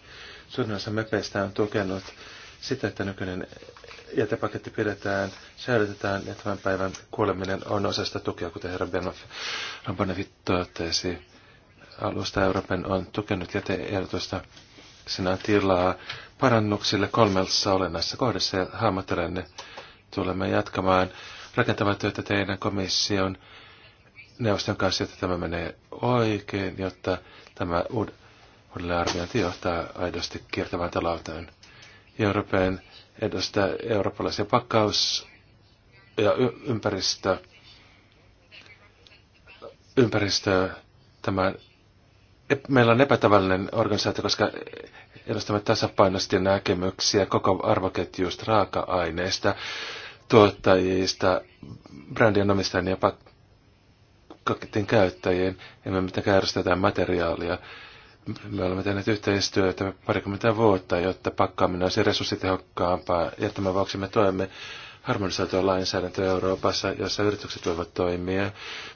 Suurin mepeistä on tukenut sitä, että nykyinen jätepaketti pidetään, säilytetään ja tämän päivän kuoleminen on sitä tukea, kuten herra Benoff Rambonevi totesi. Alusta Euroopan on tukenut jäteehdotusta. sinä tilaa parannuksille kolmessa olennaisessa kohdassa ja hahmotelen ne. Tulemme jatkamaan rakentavaa työtä teidän komission neuvoston kanssa, että tämä menee oikein, jotta tämä uud- uudelleenarviointi johtaa aidosti kiertävään talouteen. Euroopan edustaa eurooppalaisia pakkaus- ja y- ympäristö, ympäristö tämä meillä on epätavallinen organisaatio, koska edustamme tasapainoisesti näkemyksiä koko arvoketjuista, raaka-aineista, tuottajista brändien omistajien ja paketin käyttäjien. Emme mitenkään järjestetä materiaalia. Me olemme tehneet yhteistyötä parikymmentä vuotta, jotta pakkaaminen olisi resurssitehokkaampaa. Ja tämän vuoksi me toimme harmonisoitua lainsäädäntöä Euroopassa, jossa yritykset voivat toimia,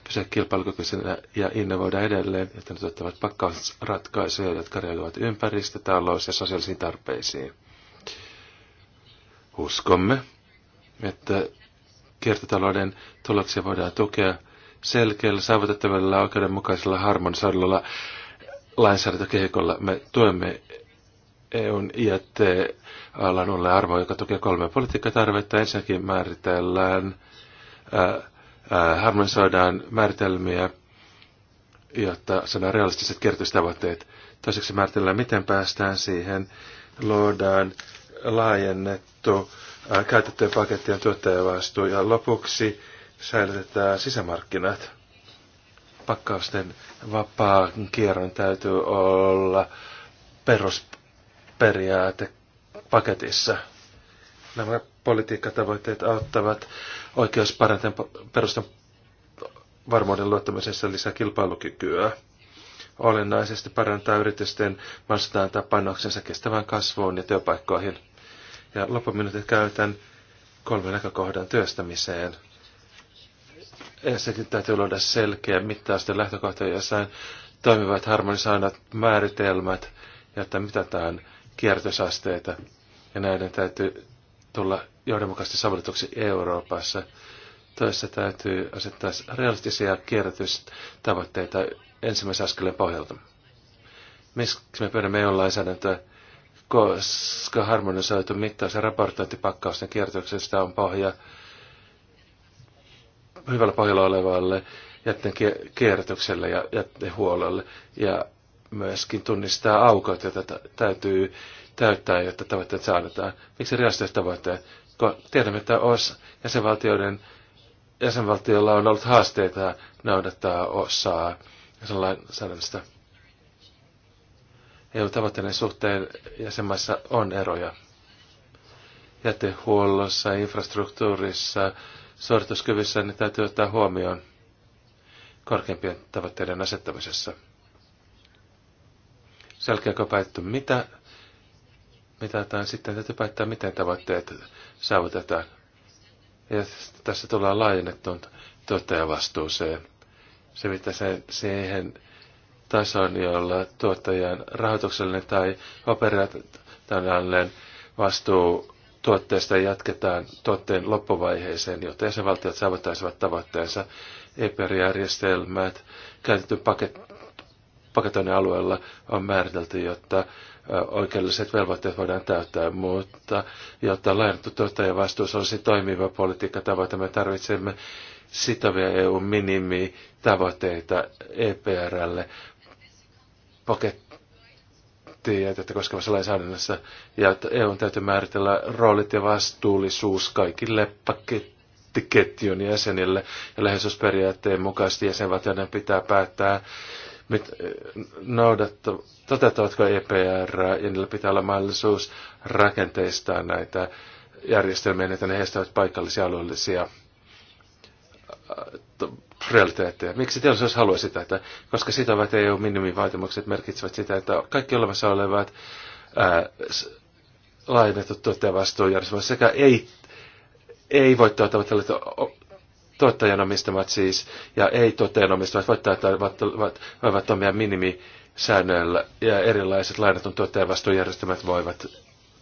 pysyä kilpailukykyisenä ja innovoida edelleen, että ne tuottavat pakkausratkaisuja, jotka reagoivat ympäristö-, talous- ja sosiaalisiin tarpeisiin. Uskomme, että kiertotalouden tuloksia voidaan tukea selkeällä, saavutettavalla, oikeudenmukaisella, harmonisoidulla lainsäädäntökehikolla. Me tuemme EUn iat alan uudelle arvoa, joka tukee kolme politiikkatarvetta. Ensinnäkin määritellään, ää, ää, harmonisoidaan määritelmiä, jotta saadaan realistiset kiertotavoitteet. Toiseksi määritellään, miten päästään siihen, luodaan laajennettu käytettyjen pakettien tuottajavastuu ja lopuksi säilytetään sisämarkkinat. Pakkausten vapaan kierron täytyy olla perusperiaate paketissa. Nämä politiikkatavoitteet auttavat oikeusparanten perustan varmuuden luottamisessa lisää kilpailukykyä. Olennaisesti parantaa yritysten vastaantaa panoksensa kestävään kasvuun ja työpaikkoihin ja loppuminuutit käytän kolmen näkökohdan työstämiseen. Ensinnäkin täytyy luoda selkeä mittausten lähtökohta jossain toimivat harmonisoinnat määritelmät, jotta mitataan kierrätysasteita. Ja näiden täytyy tulla johdonmukaisesti sovelletuksi Euroopassa. Toisessa täytyy asettaa realistisia kierrätystavoitteita ensimmäisen askeleen pohjalta. Miksi me pyydämme EU-lainsäädäntöä? koska harmonisoitu mittaus- ja raportointipakkausten kiertoksesta on pohja hyvällä pohjalla olevalle jätteen kierrätykselle ja jätehuollolle ja myöskin tunnistaa aukot, joita täytyy täyttää, jotta tavoitteet saadaan. Miksi tavoitteet? Kun tiedämme, että OS jäsenvaltioiden jäsenvaltiolla on ollut haasteita noudattaa osaa sellaista EU-tavoitteiden suhteen jäsenmaissa on eroja. Jätehuollossa, infrastruktuurissa, suorituskyvyssä ne täytyy ottaa huomioon korkeimpien tavoitteiden asettamisessa. Sen kun päätetty, mitä mitataan, sitten täytyy päättää, miten tavoitteet saavutetaan. Ja tässä tullaan laajennettuun tuottajavastuuseen. Se, mitä se, siihen tason, jolla tuottajan rahoituksellinen tai operationaalinen vastuu tuotteesta jatketaan tuotteen loppuvaiheeseen, jotta jäsenvaltiot saavuttaisivat tavoitteensa EPR-järjestelmät käytetty paket, paketoinnin alueella on määritelty, jotta oikeudelliset velvoitteet voidaan täyttää, mutta jotta lainattu tuottajan vastuus olisi toimiva tavoite, me tarvitsemme sitovia EU-minimitavoitteita EPRlle pakettia, että koskevassa lainsäädännössä, ja että EUn täytyy määritellä roolit ja vastuullisuus kaikille pakettiketjun jäsenille, ja läheisyysperiaatteen mukaisesti jäsenvaltioiden pitää päättää, mit, noudatta, toteuttavatko EPR, ja niillä pitää olla mahdollisuus rakenteistaa näitä järjestelmiä, että ne heistävät paikallisia alueellisia prioriteetteja. Miksi teollisuus haluaisi tätä? Koska sitovat EU-minimivaatimukset merkitsevät sitä, että kaikki olemassa olevat ää, laajennetut tuottajavastuujärjestelmät sekä ei, ei voi tuottajan omistamat siis ja ei tuottajan omistamat voivat, voivat toimia minimisäännöillä ja erilaiset lainatun tuottajan vastuujärjestelmät voivat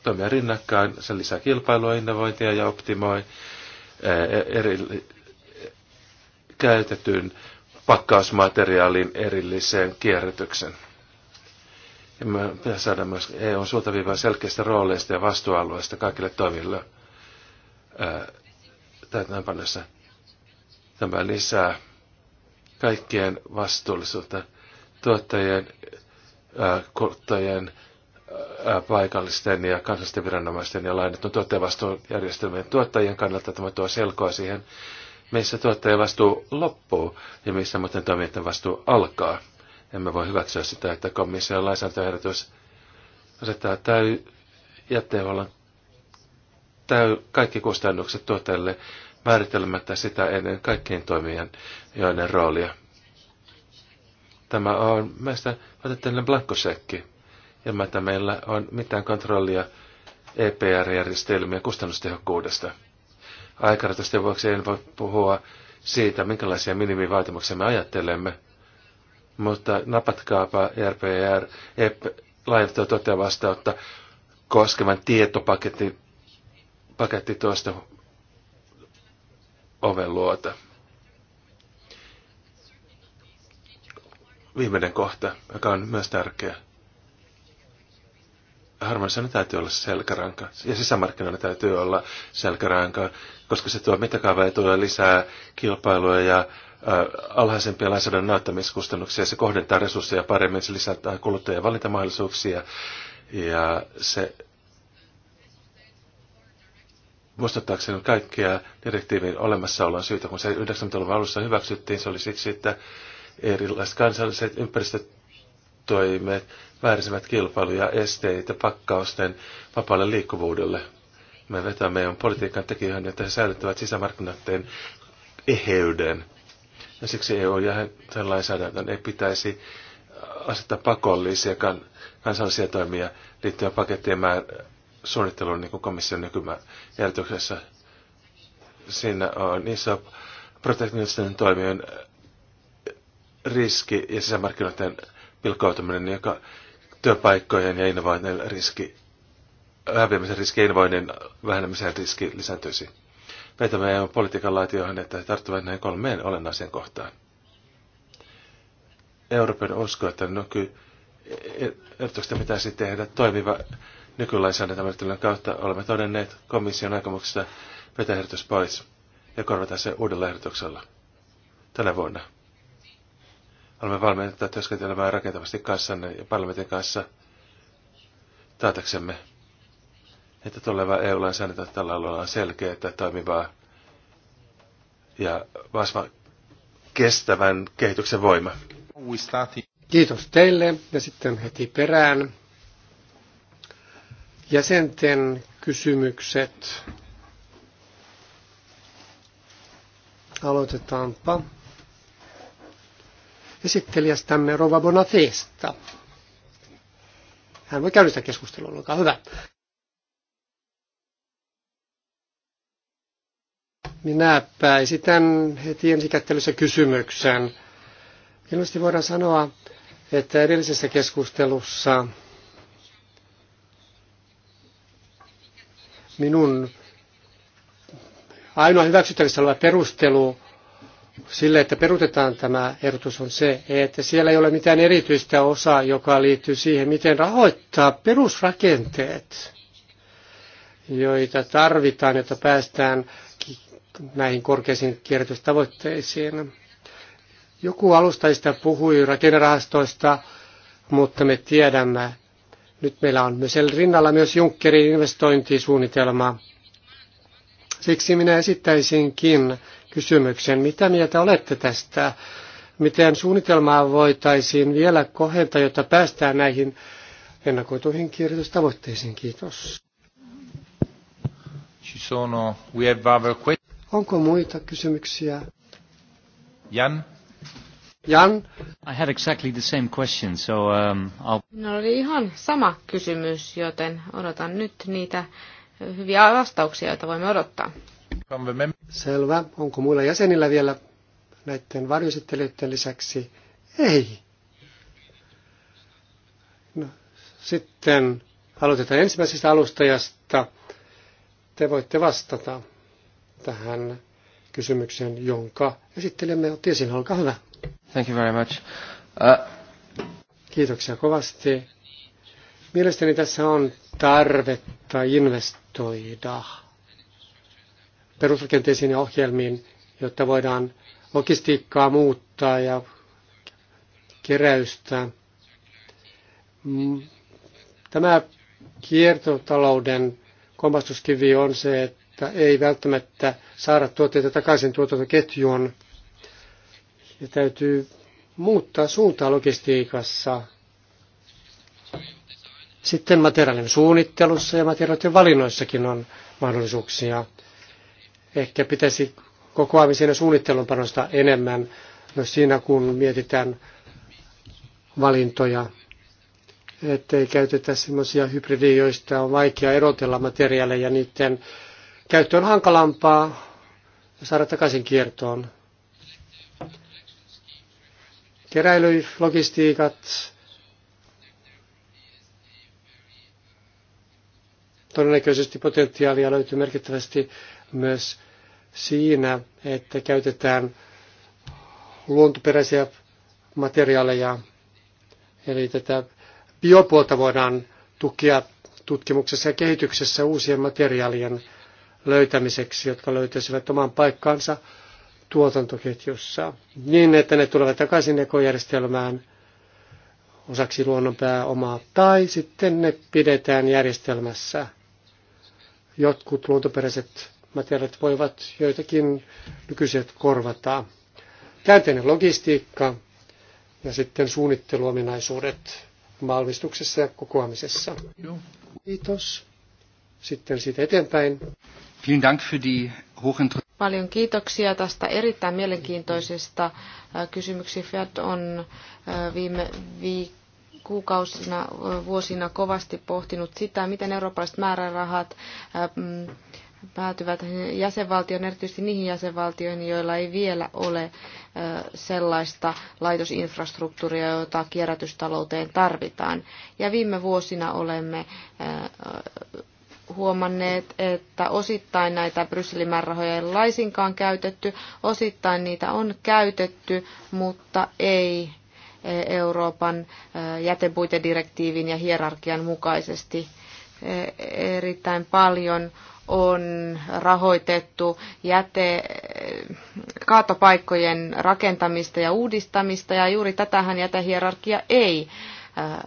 toimia rinnakkain. Se lisää kilpailua, innovointia ja optimoi e, eri käytetyn pakkausmateriaalin erilliseen kierrätyksen. Ja me pitää saada myös EUn suuntaviivaa selkeistä rooleista ja vastuualueista kaikille toimille täytäntöönpanossa. Tämä lisää kaikkien vastuullisuutta tuottajien, kuluttajien, paikallisten ja kansallisten viranomaisten ja lainatun tuottajavastuujärjestelmien tuottajien kannalta. Tämä tuo selkoa siihen, Meissä tuottajan vastuu loppuu ja meissä muuten toimijoiden vastuu alkaa. Emme voi hyväksyä sitä, että komission lainsäädäntöehdotus asettaa täy, jätteenhuollon täy, kaikki kustannukset tuottajalle määrittelemättä sitä ennen kaikkien toimijan joiden roolia. Tämä on meistä otettelinen blankkosekki, ilman että meillä on mitään kontrollia EPR-järjestelmien kustannustehokkuudesta aikarajoitusten vuoksi en voi puhua siitä, minkälaisia minimivaatimuksia me ajattelemme, mutta napatkaapa RPR, EP, laajentaa toteaa vastautta koskevan tietopaketti paketti tuosta oven luota. Viimeinen kohta, joka on myös tärkeä harmonisena täytyy olla selkäranka. Ja sisämarkkinoilla täytyy olla selkäranka, koska se tuo mittakaavaetuja lisää kilpailua ja alhaisempia lainsäädännön näyttämiskustannuksia, se kohdentaa resursseja paremmin, se lisää kuluttajien valintamahdollisuuksia ja se muistuttaakseni kaikkia direktiivin olemassaolon syytä, kun se 90-luvun alussa hyväksyttiin, se oli siksi, että erilaiset kansalliset ympäristötoimet kilpailu- ja esteitä pakkausten vapaalle liikkuvuudelle. Me vetämme meidän politiikan tekijöihin, että he säilyttävät sisämarkkinoiden eheyden. Ja siksi EU ja sen lainsäädäntöön ei pitäisi asettaa pakollisia kan, kansallisia toimia liittyen pakettien määr- suunnitteluun, niin kuin komission nykyjärjestyksessä. Siinä on iso protektionisten toimien riski ja sisämarkkinoiden pilkautuminen, joka työpaikkojen ja innovoinnin riski, häviämisen riski, innovoinnin vähenemisen riski lisääntyisi. Vetämme on politiikan laitioihin, että he tarttuvat näihin kolmeen olennaiseen kohtaan. Euroopan usko, että nyky, erityisesti pitäisi tehdä toimiva nykylainsäädäntömenettelyn kautta, olemme todenneet komission aikomuksesta vetää ehdotus pois ja korvata se uudella ehdotuksella tänä vuonna. Olemme valmiita työskentelemään rakentavasti kanssanne ja parlamentin kanssa taataksemme, että tuleva EU-lainsäädäntö tällä alueella on että toimivaa ja vasta kestävän kehityksen voima. Kiitos teille ja sitten heti perään jäsenten kysymykset. Aloitetaanpa esittelijästämme Rova Bonafesta. Hän voi sitä keskustelua, olkaa hyvä. Minäpä esitän heti ensikättelyssä kysymyksen. Ilmeisesti voidaan sanoa, että edellisessä keskustelussa minun ainoa hyväksyttävissä oleva perustelu sille, että perutetaan tämä ehdotus, on se, että siellä ei ole mitään erityistä osaa, joka liittyy siihen, miten rahoittaa perusrakenteet, joita tarvitaan, jotta päästään näihin korkeisiin kierrätystavoitteisiin. Joku alustajista puhui rakennerahastoista, mutta me tiedämme, nyt meillä on myös rinnalla myös Junckerin investointisuunnitelma. Siksi minä esittäisinkin, kysymyksen. Mitä mieltä olette tästä? Miten suunnitelmaa voitaisiin vielä kohentaa, jotta päästään näihin ennakoituihin kirjoitustavoitteisiin? Kiitos. Onko muita kysymyksiä? Jan? Jan? I had exactly the same question, so um, I'll... No oli ihan sama kysymys, joten odotan nyt niitä hyviä vastauksia, joita voimme odottaa. Selvä. Onko muilla jäsenillä vielä näiden varjoesittelijöiden lisäksi? Ei. No, sitten aloitetaan ensimmäisestä alustajasta. Te voitte vastata tähän kysymykseen, jonka esittelemme otti esiin. Olkaa hyvä. Thank you very much. Uh... Kiitoksia kovasti. Mielestäni tässä on tarvetta investoida perusrakenteisiin ja ohjelmiin, jotta voidaan logistiikkaa muuttaa ja keräystä. Tämä kiertotalouden kompastuskivi on se, että ei välttämättä saada tuotteita takaisin tuotantoketjuun. Ja täytyy muuttaa suuntaa logistiikassa. Sitten materiaalin suunnittelussa ja materiaalien valinnoissakin on mahdollisuuksia. Ehkä pitäisi kokoamisen ja suunnittelun panosta enemmän myös siinä, kun mietitään valintoja. Ettei käytetä semmoisia hybridejä, joista on vaikea erotella materiaaleja. Niiden käyttö on hankalampaa ja saada takaisin kiertoon. Keräilylogistiikat, todennäköisesti potentiaalia löytyy merkittävästi myös siinä, että käytetään luontoperäisiä materiaaleja, eli tätä biopuolta voidaan tukea tutkimuksessa ja kehityksessä uusien materiaalien löytämiseksi, jotka löytäisivät oman paikkansa tuotantoketjussa, niin että ne tulevat takaisin ekojärjestelmään osaksi luonnon pääomaa, tai sitten ne pidetään järjestelmässä. Jotkut luontoperäiset materiaalit voivat joitakin nykyiset korvata. Käänteinen logistiikka ja sitten suunnitteluominaisuudet valmistuksessa ja kokoamisessa. Kiitos. Sitten siitä eteenpäin. Paljon kiitoksia tästä erittäin mielenkiintoisesta äh, kysymyksestä. Fiat on äh, viime viikolla kuukausina, äh, vuosina kovasti pohtinut sitä, miten eurooppalaiset määrärahat mm, päätyvät jäsenvaltioon, erityisesti niihin jäsenvaltioihin, joilla ei vielä ole sellaista laitosinfrastruktuuria, jota kierrätystalouteen tarvitaan. Ja viime vuosina olemme huomanneet, että osittain näitä Brysselin määrärahoja ei laisinkaan käytetty, osittain niitä on käytetty, mutta ei Euroopan jätepuitedirektiivin ja hierarkian mukaisesti erittäin paljon on rahoitettu jäte, kaatopaikkojen rakentamista ja uudistamista, ja juuri tätähän jätehierarkia ei äh,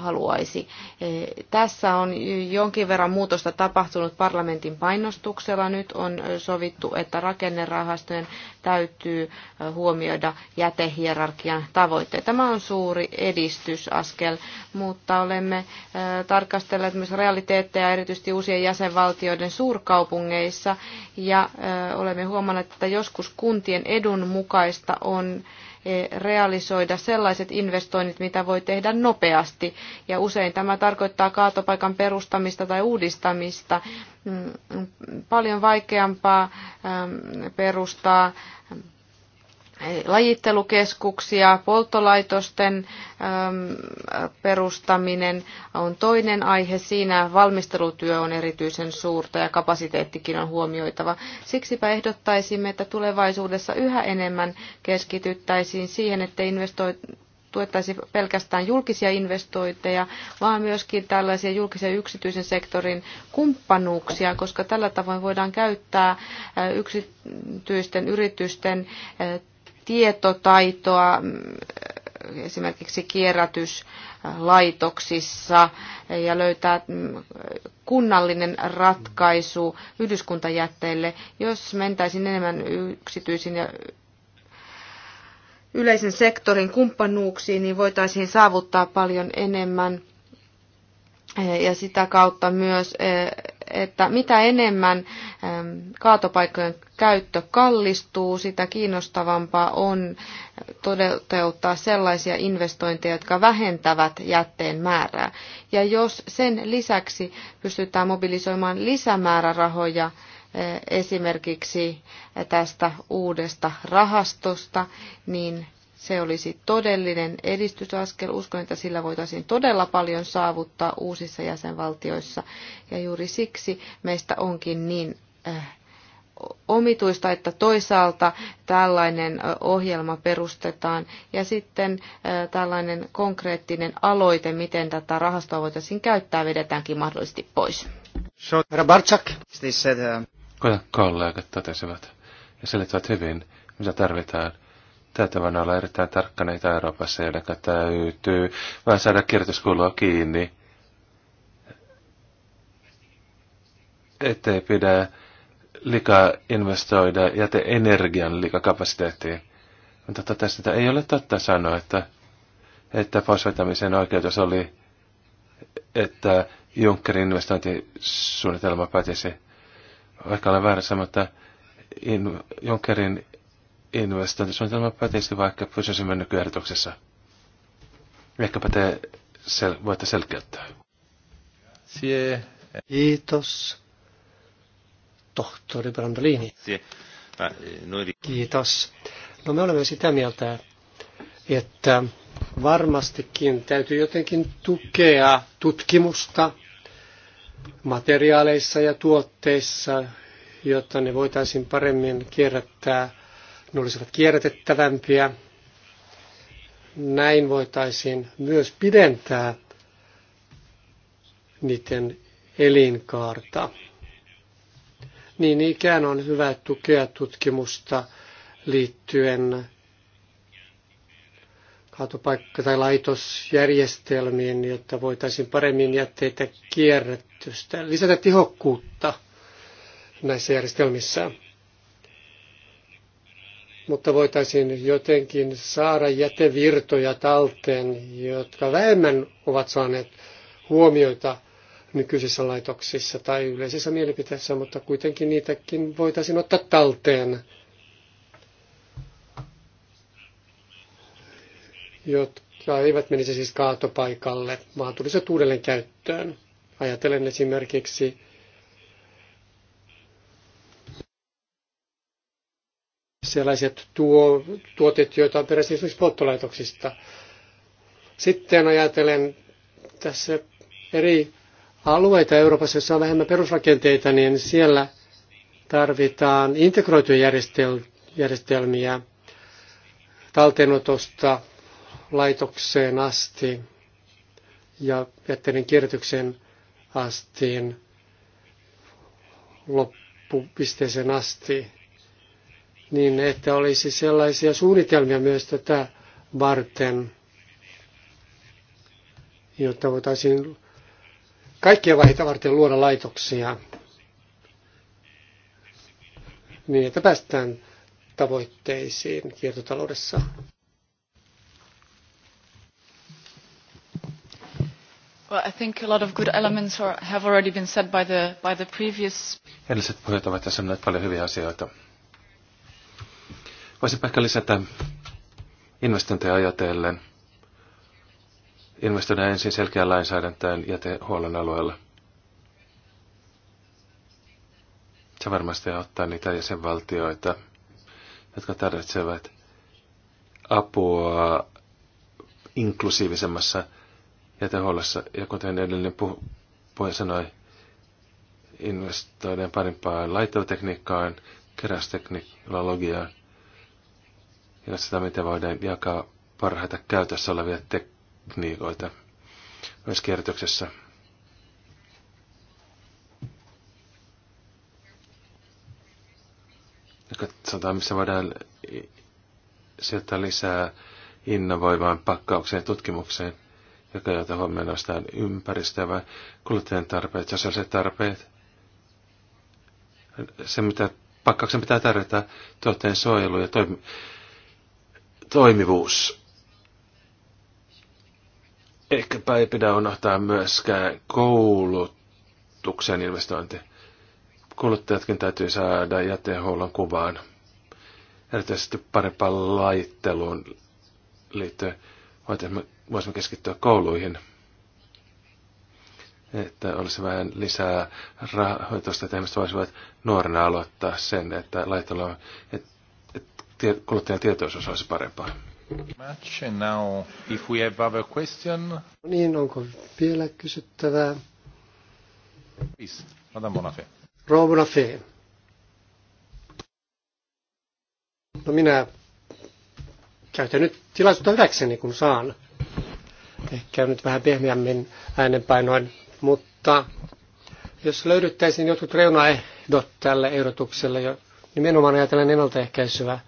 haluaisi. E, tässä on jonkin verran muutosta tapahtunut parlamentin painostuksella. Nyt on sovittu, että rakennerahastojen täytyy e, huomioida jätehierarkian tavoitteet. Tämä on suuri edistysaskel, mutta olemme e, tarkastelleet myös realiteetteja erityisesti uusien jäsenvaltioiden suurkaupungeissa ja olemme huomanneet, että joskus kuntien edun mukaista on E, realisoida sellaiset investoinnit, mitä voi tehdä nopeasti. Ja usein tämä tarkoittaa kaatopaikan perustamista tai uudistamista. Mm, paljon vaikeampaa perustaa lajittelukeskuksia, polttolaitosten perustaminen on toinen aihe. Siinä valmistelutyö on erityisen suurta ja kapasiteettikin on huomioitava. Siksipä ehdottaisimme, että tulevaisuudessa yhä enemmän keskityttäisiin siihen, että investoit tuettaisiin pelkästään julkisia investointeja, vaan myöskin tällaisia julkisen ja yksityisen sektorin kumppanuuksia, koska tällä tavoin voidaan käyttää yksityisten yritysten tietotaitoa mm, esimerkiksi kierrätyslaitoksissa ja löytää mm, kunnallinen ratkaisu yhdyskuntajätteille, jos mentäisiin enemmän yksityisin ja yleisen sektorin kumppanuuksiin, niin voitaisiin saavuttaa paljon enemmän ja sitä kautta myös, e, että mitä enemmän e, kaatopaikkojen käyttö kallistuu, sitä kiinnostavampaa on toteuttaa sellaisia investointeja, jotka vähentävät jätteen määrää. Ja jos sen lisäksi pystytään mobilisoimaan lisämäärärahoja e, esimerkiksi tästä uudesta rahastosta, niin se olisi todellinen edistysaskel. Uskon, että sillä voitaisiin todella paljon saavuttaa uusissa jäsenvaltioissa. Ja juuri siksi meistä onkin niin äh, omituista, että toisaalta tällainen äh, ohjelma perustetaan ja sitten äh, tällainen konkreettinen aloite, miten tätä rahastoa voitaisiin käyttää, vedetäänkin mahdollisesti pois. Rabarczak. kollegat totesivat ja selittävät hyvin, mitä tarvitaan, täytävänä olla erittäin tarkkaneita Euroopassa, joiden täytyy vähän saada kirjoituskulua kiinni. Ettei pidä liikaa investoida jäteenergian liikakapasiteettiin. Mutta totesin, että ei ole totta sanoa, että, että poisvetämisen oikeutus oli, että Junckerin investointisuunnitelma päätisi. Vaikka olen väärässä, mutta in, Junckerin investointisuunnitelma pätisi, vaikka pysyisimme nykyehdotuksessa. Ehkä pätee sel- voitte selkeyttää. Sie. Kiitos. Tohtori Brandolini. Sie. Äh, Kiitos. No me olemme sitä mieltä, että varmastikin täytyy jotenkin tukea tutkimusta materiaaleissa ja tuotteissa, jotta ne voitaisiin paremmin kierrättää ne olisivat kierrätettävämpiä. Näin voitaisiin myös pidentää niiden elinkaarta. Niin ikään on hyvä tukea tutkimusta liittyen kaatopaikka- tai laitosjärjestelmiin, jotta voitaisiin paremmin jätteitä kierrätystä, lisätä tehokkuutta näissä järjestelmissä mutta voitaisiin jotenkin saada jätevirtoja talteen, jotka vähemmän ovat saaneet huomioita nykyisissä laitoksissa tai yleisissä mielipiteissä, mutta kuitenkin niitäkin voitaisiin ottaa talteen. jotka eivät menisi siis kaatopaikalle, vaan tulisivat uudelleen käyttöön. Ajatellen esimerkiksi sellaiset tuo, tuotet, joita on peräisin esimerkiksi polttolaitoksista. Sitten ajatellen tässä eri alueita Euroopassa, joissa on vähemmän perusrakenteita, niin siellä tarvitaan integroituja järjestelmiä talteenotosta laitokseen asti ja jätteiden kierrätyksen astiin loppupisteeseen asti niin että olisi sellaisia suunnitelmia myös tätä varten, jotta voitaisiin kaikkia vaiheita varten luoda laitoksia, niin että päästään tavoitteisiin kiertotaloudessa. Well, I think a lot of good elements are, have already been said by the, by the previous... Edelliset puheet ovat sanoneet paljon hyviä asioita. Voisin ehkä lisätä investointeja ajatellen. Investoida ensin selkeän lainsäädäntöön jätehuollon alueella. Se varmasti auttaa niitä jäsenvaltioita, jotka tarvitsevat apua inklusiivisemmassa jätehuollossa. Ja kuten edellinen puh- puhuja sanoi, investoidaan parempaan laitotekniikkaan, kerästeknologiaan ja sitä, miten voidaan jakaa parhaita käytössä olevia tekniikoita myös kierrätyksessä. Katsotaan, missä voidaan sieltä lisää innovoivaan pakkaukseen ja tutkimukseen, joka jota huomioon nostetaan ympäristöä vai kuluttajien tarpeet, sosiaaliset tarpeet. Se, mitä pakkauksen pitää tarjota, tuotteen suojelu ja toimi- toimivuus. Ehkäpä ei pidä unohtaa myöskään koulutuksen investointi. Kuluttajatkin täytyy saada jätehuollon kuvaan, erityisesti parempaan laitteluun liittyen. Voisimme keskittyä kouluihin, että olisi vähän lisää rahoitusta, että ihmiset voisivat nuorena aloittaa sen, että laitteluun, että kuluttajatietoisuus olisi parempaa. Much. And now, if we have other question... No niin, onko vielä kysyttävää? Please, Madame Bonafé. Rouva Bonafé. No minä käytän nyt tilaisuutta hyväkseni, kun saan. Ehkä nyt vähän pehmeämmin äänenpainoin, mutta jos löydyttäisiin jotkut reunaehdot tälle ehdotukselle, jo nimenomaan ajatellen ennaltaehkäisyä,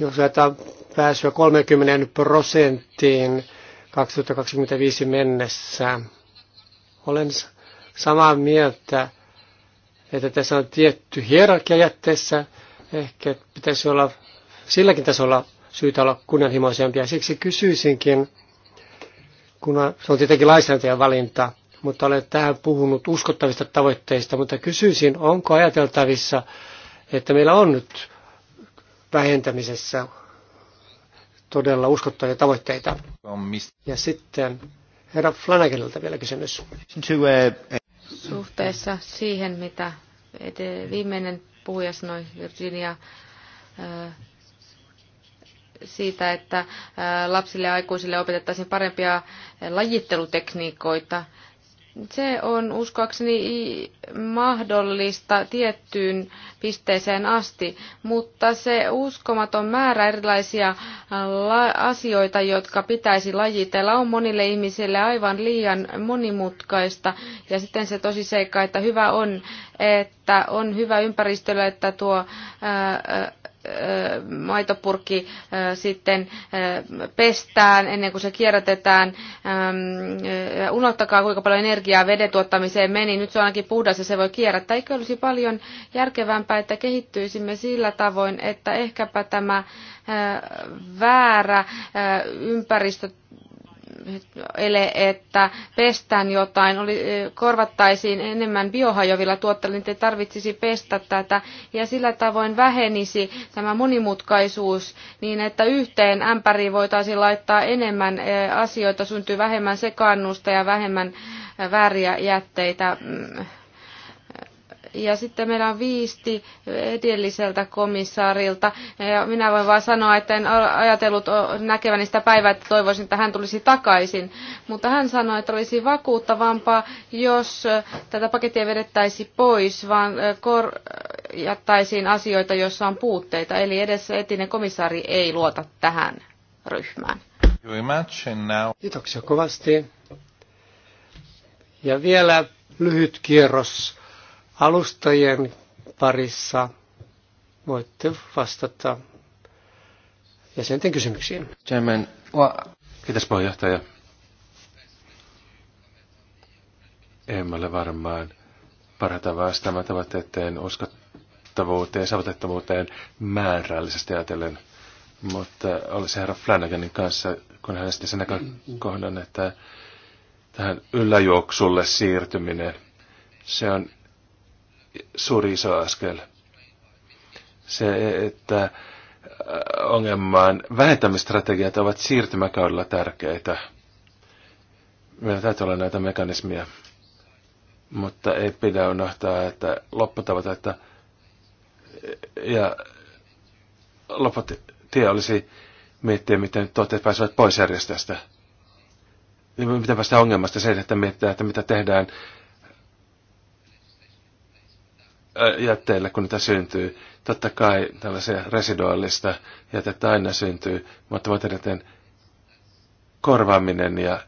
jos ajatellaan pääsyä 30 prosenttiin 2025 mennessä. Olen samaa mieltä, että tässä on tietty hierarkia jätteessä. Ehkä pitäisi olla silläkin tasolla syytä olla kunnianhimoisempia. Siksi kysyisinkin, kun se on tietenkin lainsäätäjän valinta, mutta olen tähän puhunut uskottavista tavoitteista, mutta kysyisin, onko ajateltavissa, että meillä on nyt vähentämisessä todella uskottavia tavoitteita. Ja sitten herra Flanagelilta vielä kysymys. Uh, Suhteessa siihen, mitä viimeinen puhuja sanoi, Virginia, uh, siitä, että uh, lapsille ja aikuisille opetettaisiin parempia lajittelutekniikoita. Se on uskoakseni mahdollista tiettyyn pisteeseen asti, mutta se uskomaton määrä erilaisia asioita, jotka pitäisi lajitella, on monille ihmisille aivan liian monimutkaista. Ja sitten se tosi seikka, että hyvä on, että on hyvä ympäristöllä, että tuo ää, maitopurkki sitten pestään ennen kuin se kierrätetään. Unohtakaa, kuinka paljon energiaa veden tuottamiseen meni. Nyt se on ainakin puhdas ja se voi kierrättää. Eikö olisi paljon järkevämpää, että kehittyisimme sillä tavoin, että ehkäpä tämä väärä ympäristö ele, että pestään jotain, oli, korvattaisiin enemmän biohajovilla tuotteilla, niin te tarvitsisi pestä tätä ja sillä tavoin vähenisi tämä monimutkaisuus niin, että yhteen ämpäriin voitaisiin laittaa enemmän asioita, syntyy vähemmän sekaannusta ja vähemmän vääriä jätteitä mm. Ja sitten meillä on viisti edelliseltä komissaarilta. Ja minä voin vain sanoa, että en ajatellut näkeväni sitä päivää, että toivoisin, että hän tulisi takaisin. Mutta hän sanoi, että olisi vakuuttavampaa, jos tätä pakettia vedettäisiin pois, vaan jättäisiin asioita, joissa on puutteita. Eli edes etinen komissaari ei luota tähän ryhmään. Kiitoksia kovasti. Ja vielä lyhyt kierros alustajien parissa voitte vastata jäsenten kysymyksiin. Chairman, Kiitos puheenjohtaja. Emme ole varmaan parhaita vastaamaan tavoitteiden uskottavuuteen ja saavutettavuuteen määrällisesti ajatellen. Mutta olisi herra Flanaganin kanssa, kun hän esitti sen näkökohdan, että tähän yläjuoksulle siirtyminen, se on suuri iso askel. Se, että äh, ongelman vähentämistrategiat ovat siirtymäkaudella tärkeitä. Meillä täytyy olla näitä mekanismia, mutta ei pidä unohtaa, että lopputavat, että ja lopputie olisi miettiä, miten tuotteet pääsevät pois järjestöstä. Miten päästään ongelmasta se, että miettää, että mitä tehdään jätteille, kun niitä syntyy. Totta kai tällaisia residuaalista jätettä aina syntyy, mutta materiaalien korvaaminen ja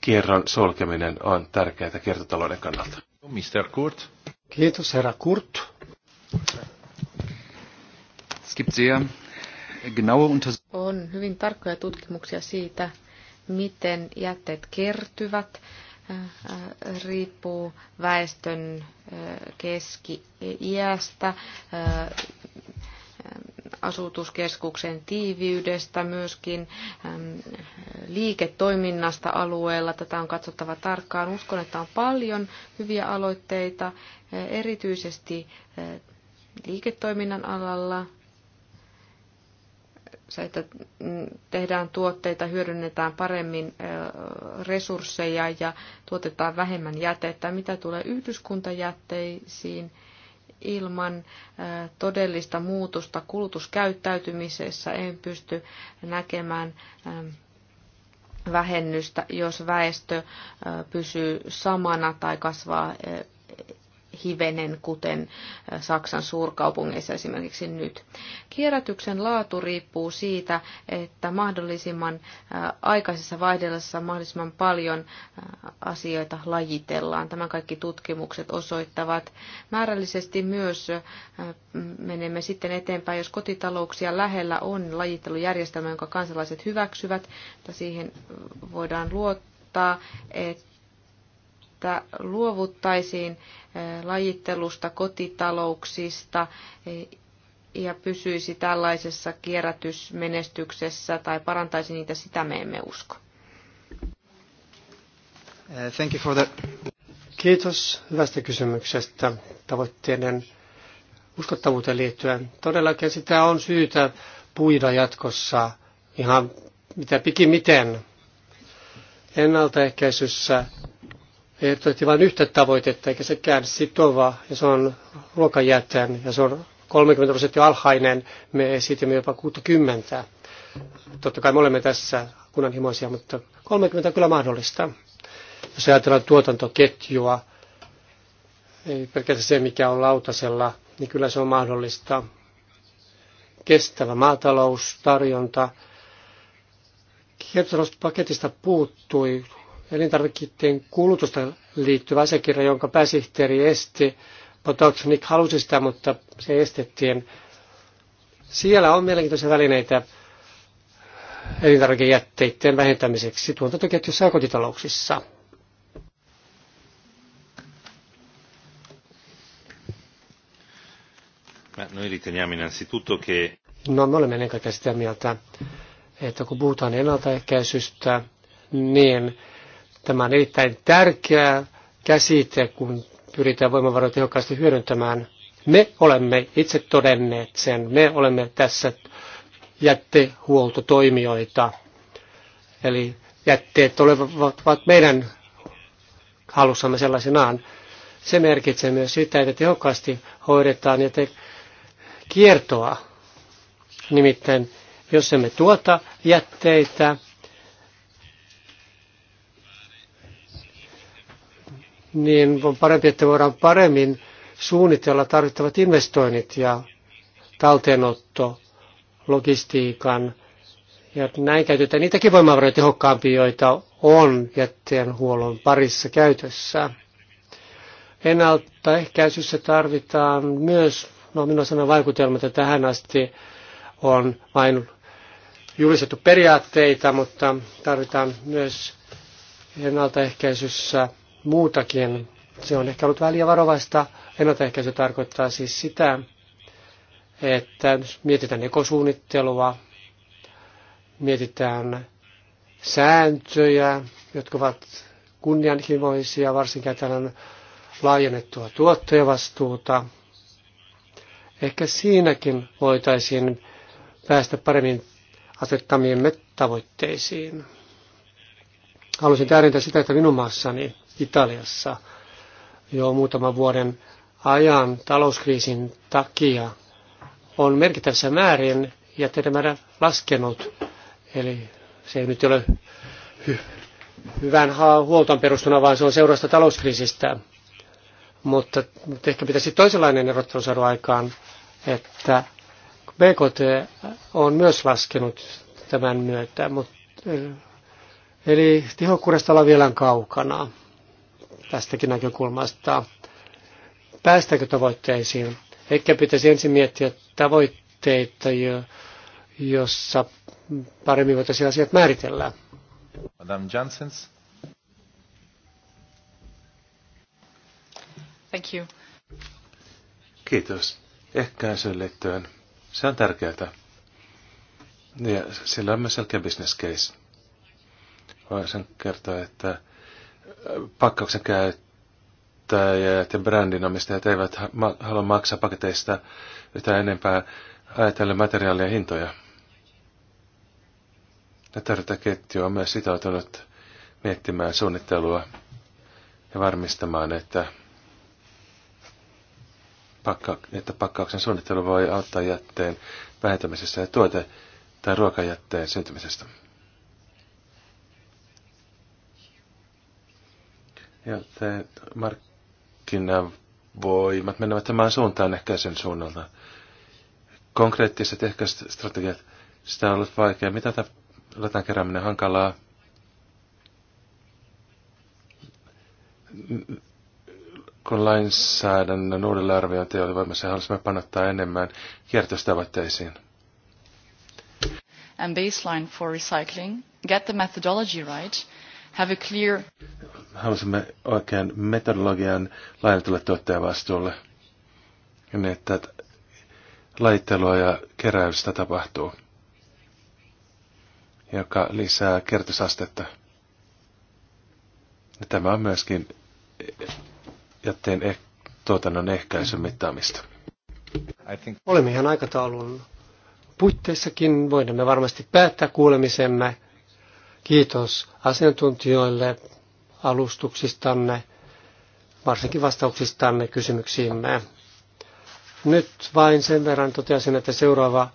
kierron sulkeminen on tärkeää kiertotalouden kannalta. Mr. Kurt. Kiitos, herra Kurt. On hyvin tarkkoja tutkimuksia siitä, miten jätteet kertyvät riippuu väestön keski-iästä, asutuskeskuksen tiiviydestä, myöskin liiketoiminnasta alueella. Tätä on katsottava tarkkaan. Uskon, että on paljon hyviä aloitteita, erityisesti liiketoiminnan alalla, se, että mm, tehdään tuotteita, hyödynnetään paremmin resursseja ja tuotetaan vähemmän jätettä. Mitä tulee yhdyskuntajätteisiin ilman todellista muutosta kulutuskäyttäytymisessä, en pysty näkemään vähennystä, jos väestö pysyy samana tai kasvaa hivenen, kuten äh, Saksan suurkaupungeissa esimerkiksi nyt. Kierrätyksen laatu riippuu siitä, että mahdollisimman äh, aikaisessa vaihdellessa mahdollisimman paljon äh, asioita lajitellaan. Tämän kaikki tutkimukset osoittavat. Määrällisesti myös menemme sitten eteenpäin, jos kotitalouksia lähellä on lajittelujärjestelmä, jonka kansalaiset hyväksyvät, että siihen voidaan luottaa, että että luovuttaisiin eh, lajittelusta, kotitalouksista eh, ja pysyisi tällaisessa kierrätysmenestyksessä tai parantaisi niitä, sitä me emme usko. Eh, thank you for that. Kiitos hyvästä kysymyksestä tavoitteiden uskottavuuteen liittyen. Todellakin sitä on syytä puida jatkossa ihan mitä pikimiten ennaltaehkäisyssä ehdotettiin vain yhtä tavoitetta, eikä sekään sitova, ja se on ruokajätän, ja se on 30 prosenttia alhainen, me esitimme jopa 60. Totta kai me olemme tässä kunnanhimoisia, mutta 30 on kyllä mahdollista. Jos ajatellaan tuotantoketjua, ei pelkästään se, mikä on lautasella, niin kyllä se on mahdollista. Kestävä maatalous, tarjonta. Kiertotalouspaketista puuttui elintarvikkeiden kulutusta liittyvä asiakirja, jonka pääsihteeri esti. Potocnik halusi sitä, mutta se estettiin. Siellä on mielenkiintoisia välineitä elintarvikejätteiden vähentämiseksi tuotantoketjussa ja kotitalouksissa. No me olemme ennen kaikkea sitä mieltä, että kun puhutaan ennaltaehkäisystä, niin Tämä on erittäin tärkeä käsite, kun pyritään voimavaroja tehokkaasti hyödyntämään. Me olemme itse todenneet sen. Me olemme tässä jättehuoltotoimijoita. Eli jätteet ovat meidän halussamme sellaisenaan. Se merkitsee myös sitä, että tehokkaasti hoidetaan te kiertoa. Nimittäin, jos emme tuota jätteitä, niin on parempi, että voidaan paremmin suunnitella tarvittavat investoinnit ja talteenotto, logistiikan. Ja näin käytetään niitäkin voimavaroja tehokkaampia, joita on jätteenhuollon parissa käytössä. Ennaltaehkäisyssä tarvitaan myös, no minun sanon vaikutelma, että tähän asti on vain julistettu periaatteita, mutta tarvitaan myös ennaltaehkäisyssä muutakin. Se on ehkä ollut väliä varovaista. Ennaltaehkäisy tarkoittaa siis sitä, että mietitään ekosuunnittelua, mietitään sääntöjä, jotka ovat kunnianhimoisia, varsinkin tällainen laajennettua tuottajavastuuta. Ehkä siinäkin voitaisiin päästä paremmin asettamiemme tavoitteisiin. Haluaisin täydentää sitä, että minun maassani Italiassa jo muutaman vuoden ajan talouskriisin takia on merkittävässä määrin jätteiden määrä laskenut. Eli se ei nyt ole hy- hyvän huoltoon perustuna, vaan se on seurausta talouskriisistä. Mutta, mutta ehkä pitäisi toisenlainen erottelu saada aikaan, että BKT on myös laskenut tämän myötä, mutta, eli tehokkuudesta ollaan vielä kaukana tästäkin näkökulmasta. Päästäkö tavoitteisiin? Ehkä pitäisi ensin miettiä tavoitteita, jossa paremmin voitaisiin asiat määritellä. Madame Jansens. Thank you. Kiitos. Ehkäisyyn liittyen. Se on tärkeää. Ja sillä on myös selkeä business case. Voisin kertoa, että pakkauksen käyttäjät ja brändinomistajat eivät halua maksaa paketeista yhtään enempää ajatellen materiaalien hintoja. Tätä ketju on myös sitoutunut miettimään suunnittelua ja varmistamaan, että, pakka, että pakkauksen suunnittelu voi auttaa jätteen vähentämisessä ja tuote- tai ruokajätteen syntymisestä. Joten markkinavoimat menevät tämän suuntaan sen suunnalta. Konkreettiset strategiat, sitä on ollut vaikea. Mitä tämä kerääminen hankalaa? kun lainsäädännön uudelleenarviointi oli voimassa, halusimme panottaa enemmän kiertostavoitteisiin. And baseline for recycling, get the methodology right, have a clear... Halusimme oikean metodologian laajennetulle tuottajavastuulle, niin että laittelua ja keräystä tapahtuu, joka lisää kertosastetta. Ja tämä on myöskin jätteen eh- tuotannon ehkäisyn mittaamista. I think... Olemme ihan aikataulun puitteissakin. Voimme varmasti päättää kuulemisemme. Kiitos asiantuntijoille alustuksistanne, varsinkin vastauksistanne kysymyksiimme. Nyt vain sen verran toteasin, että seuraava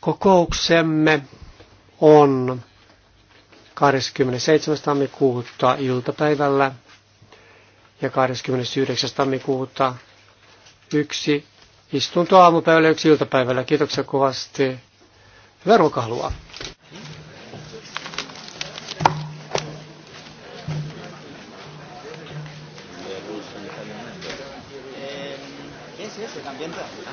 kokouksemme on 27. tammikuuta iltapäivällä ja 29. tammikuuta yksi istunto aamupäivällä yksi iltapäivällä. Kiitoksia kovasti. Hyvää ruokahalua. agenda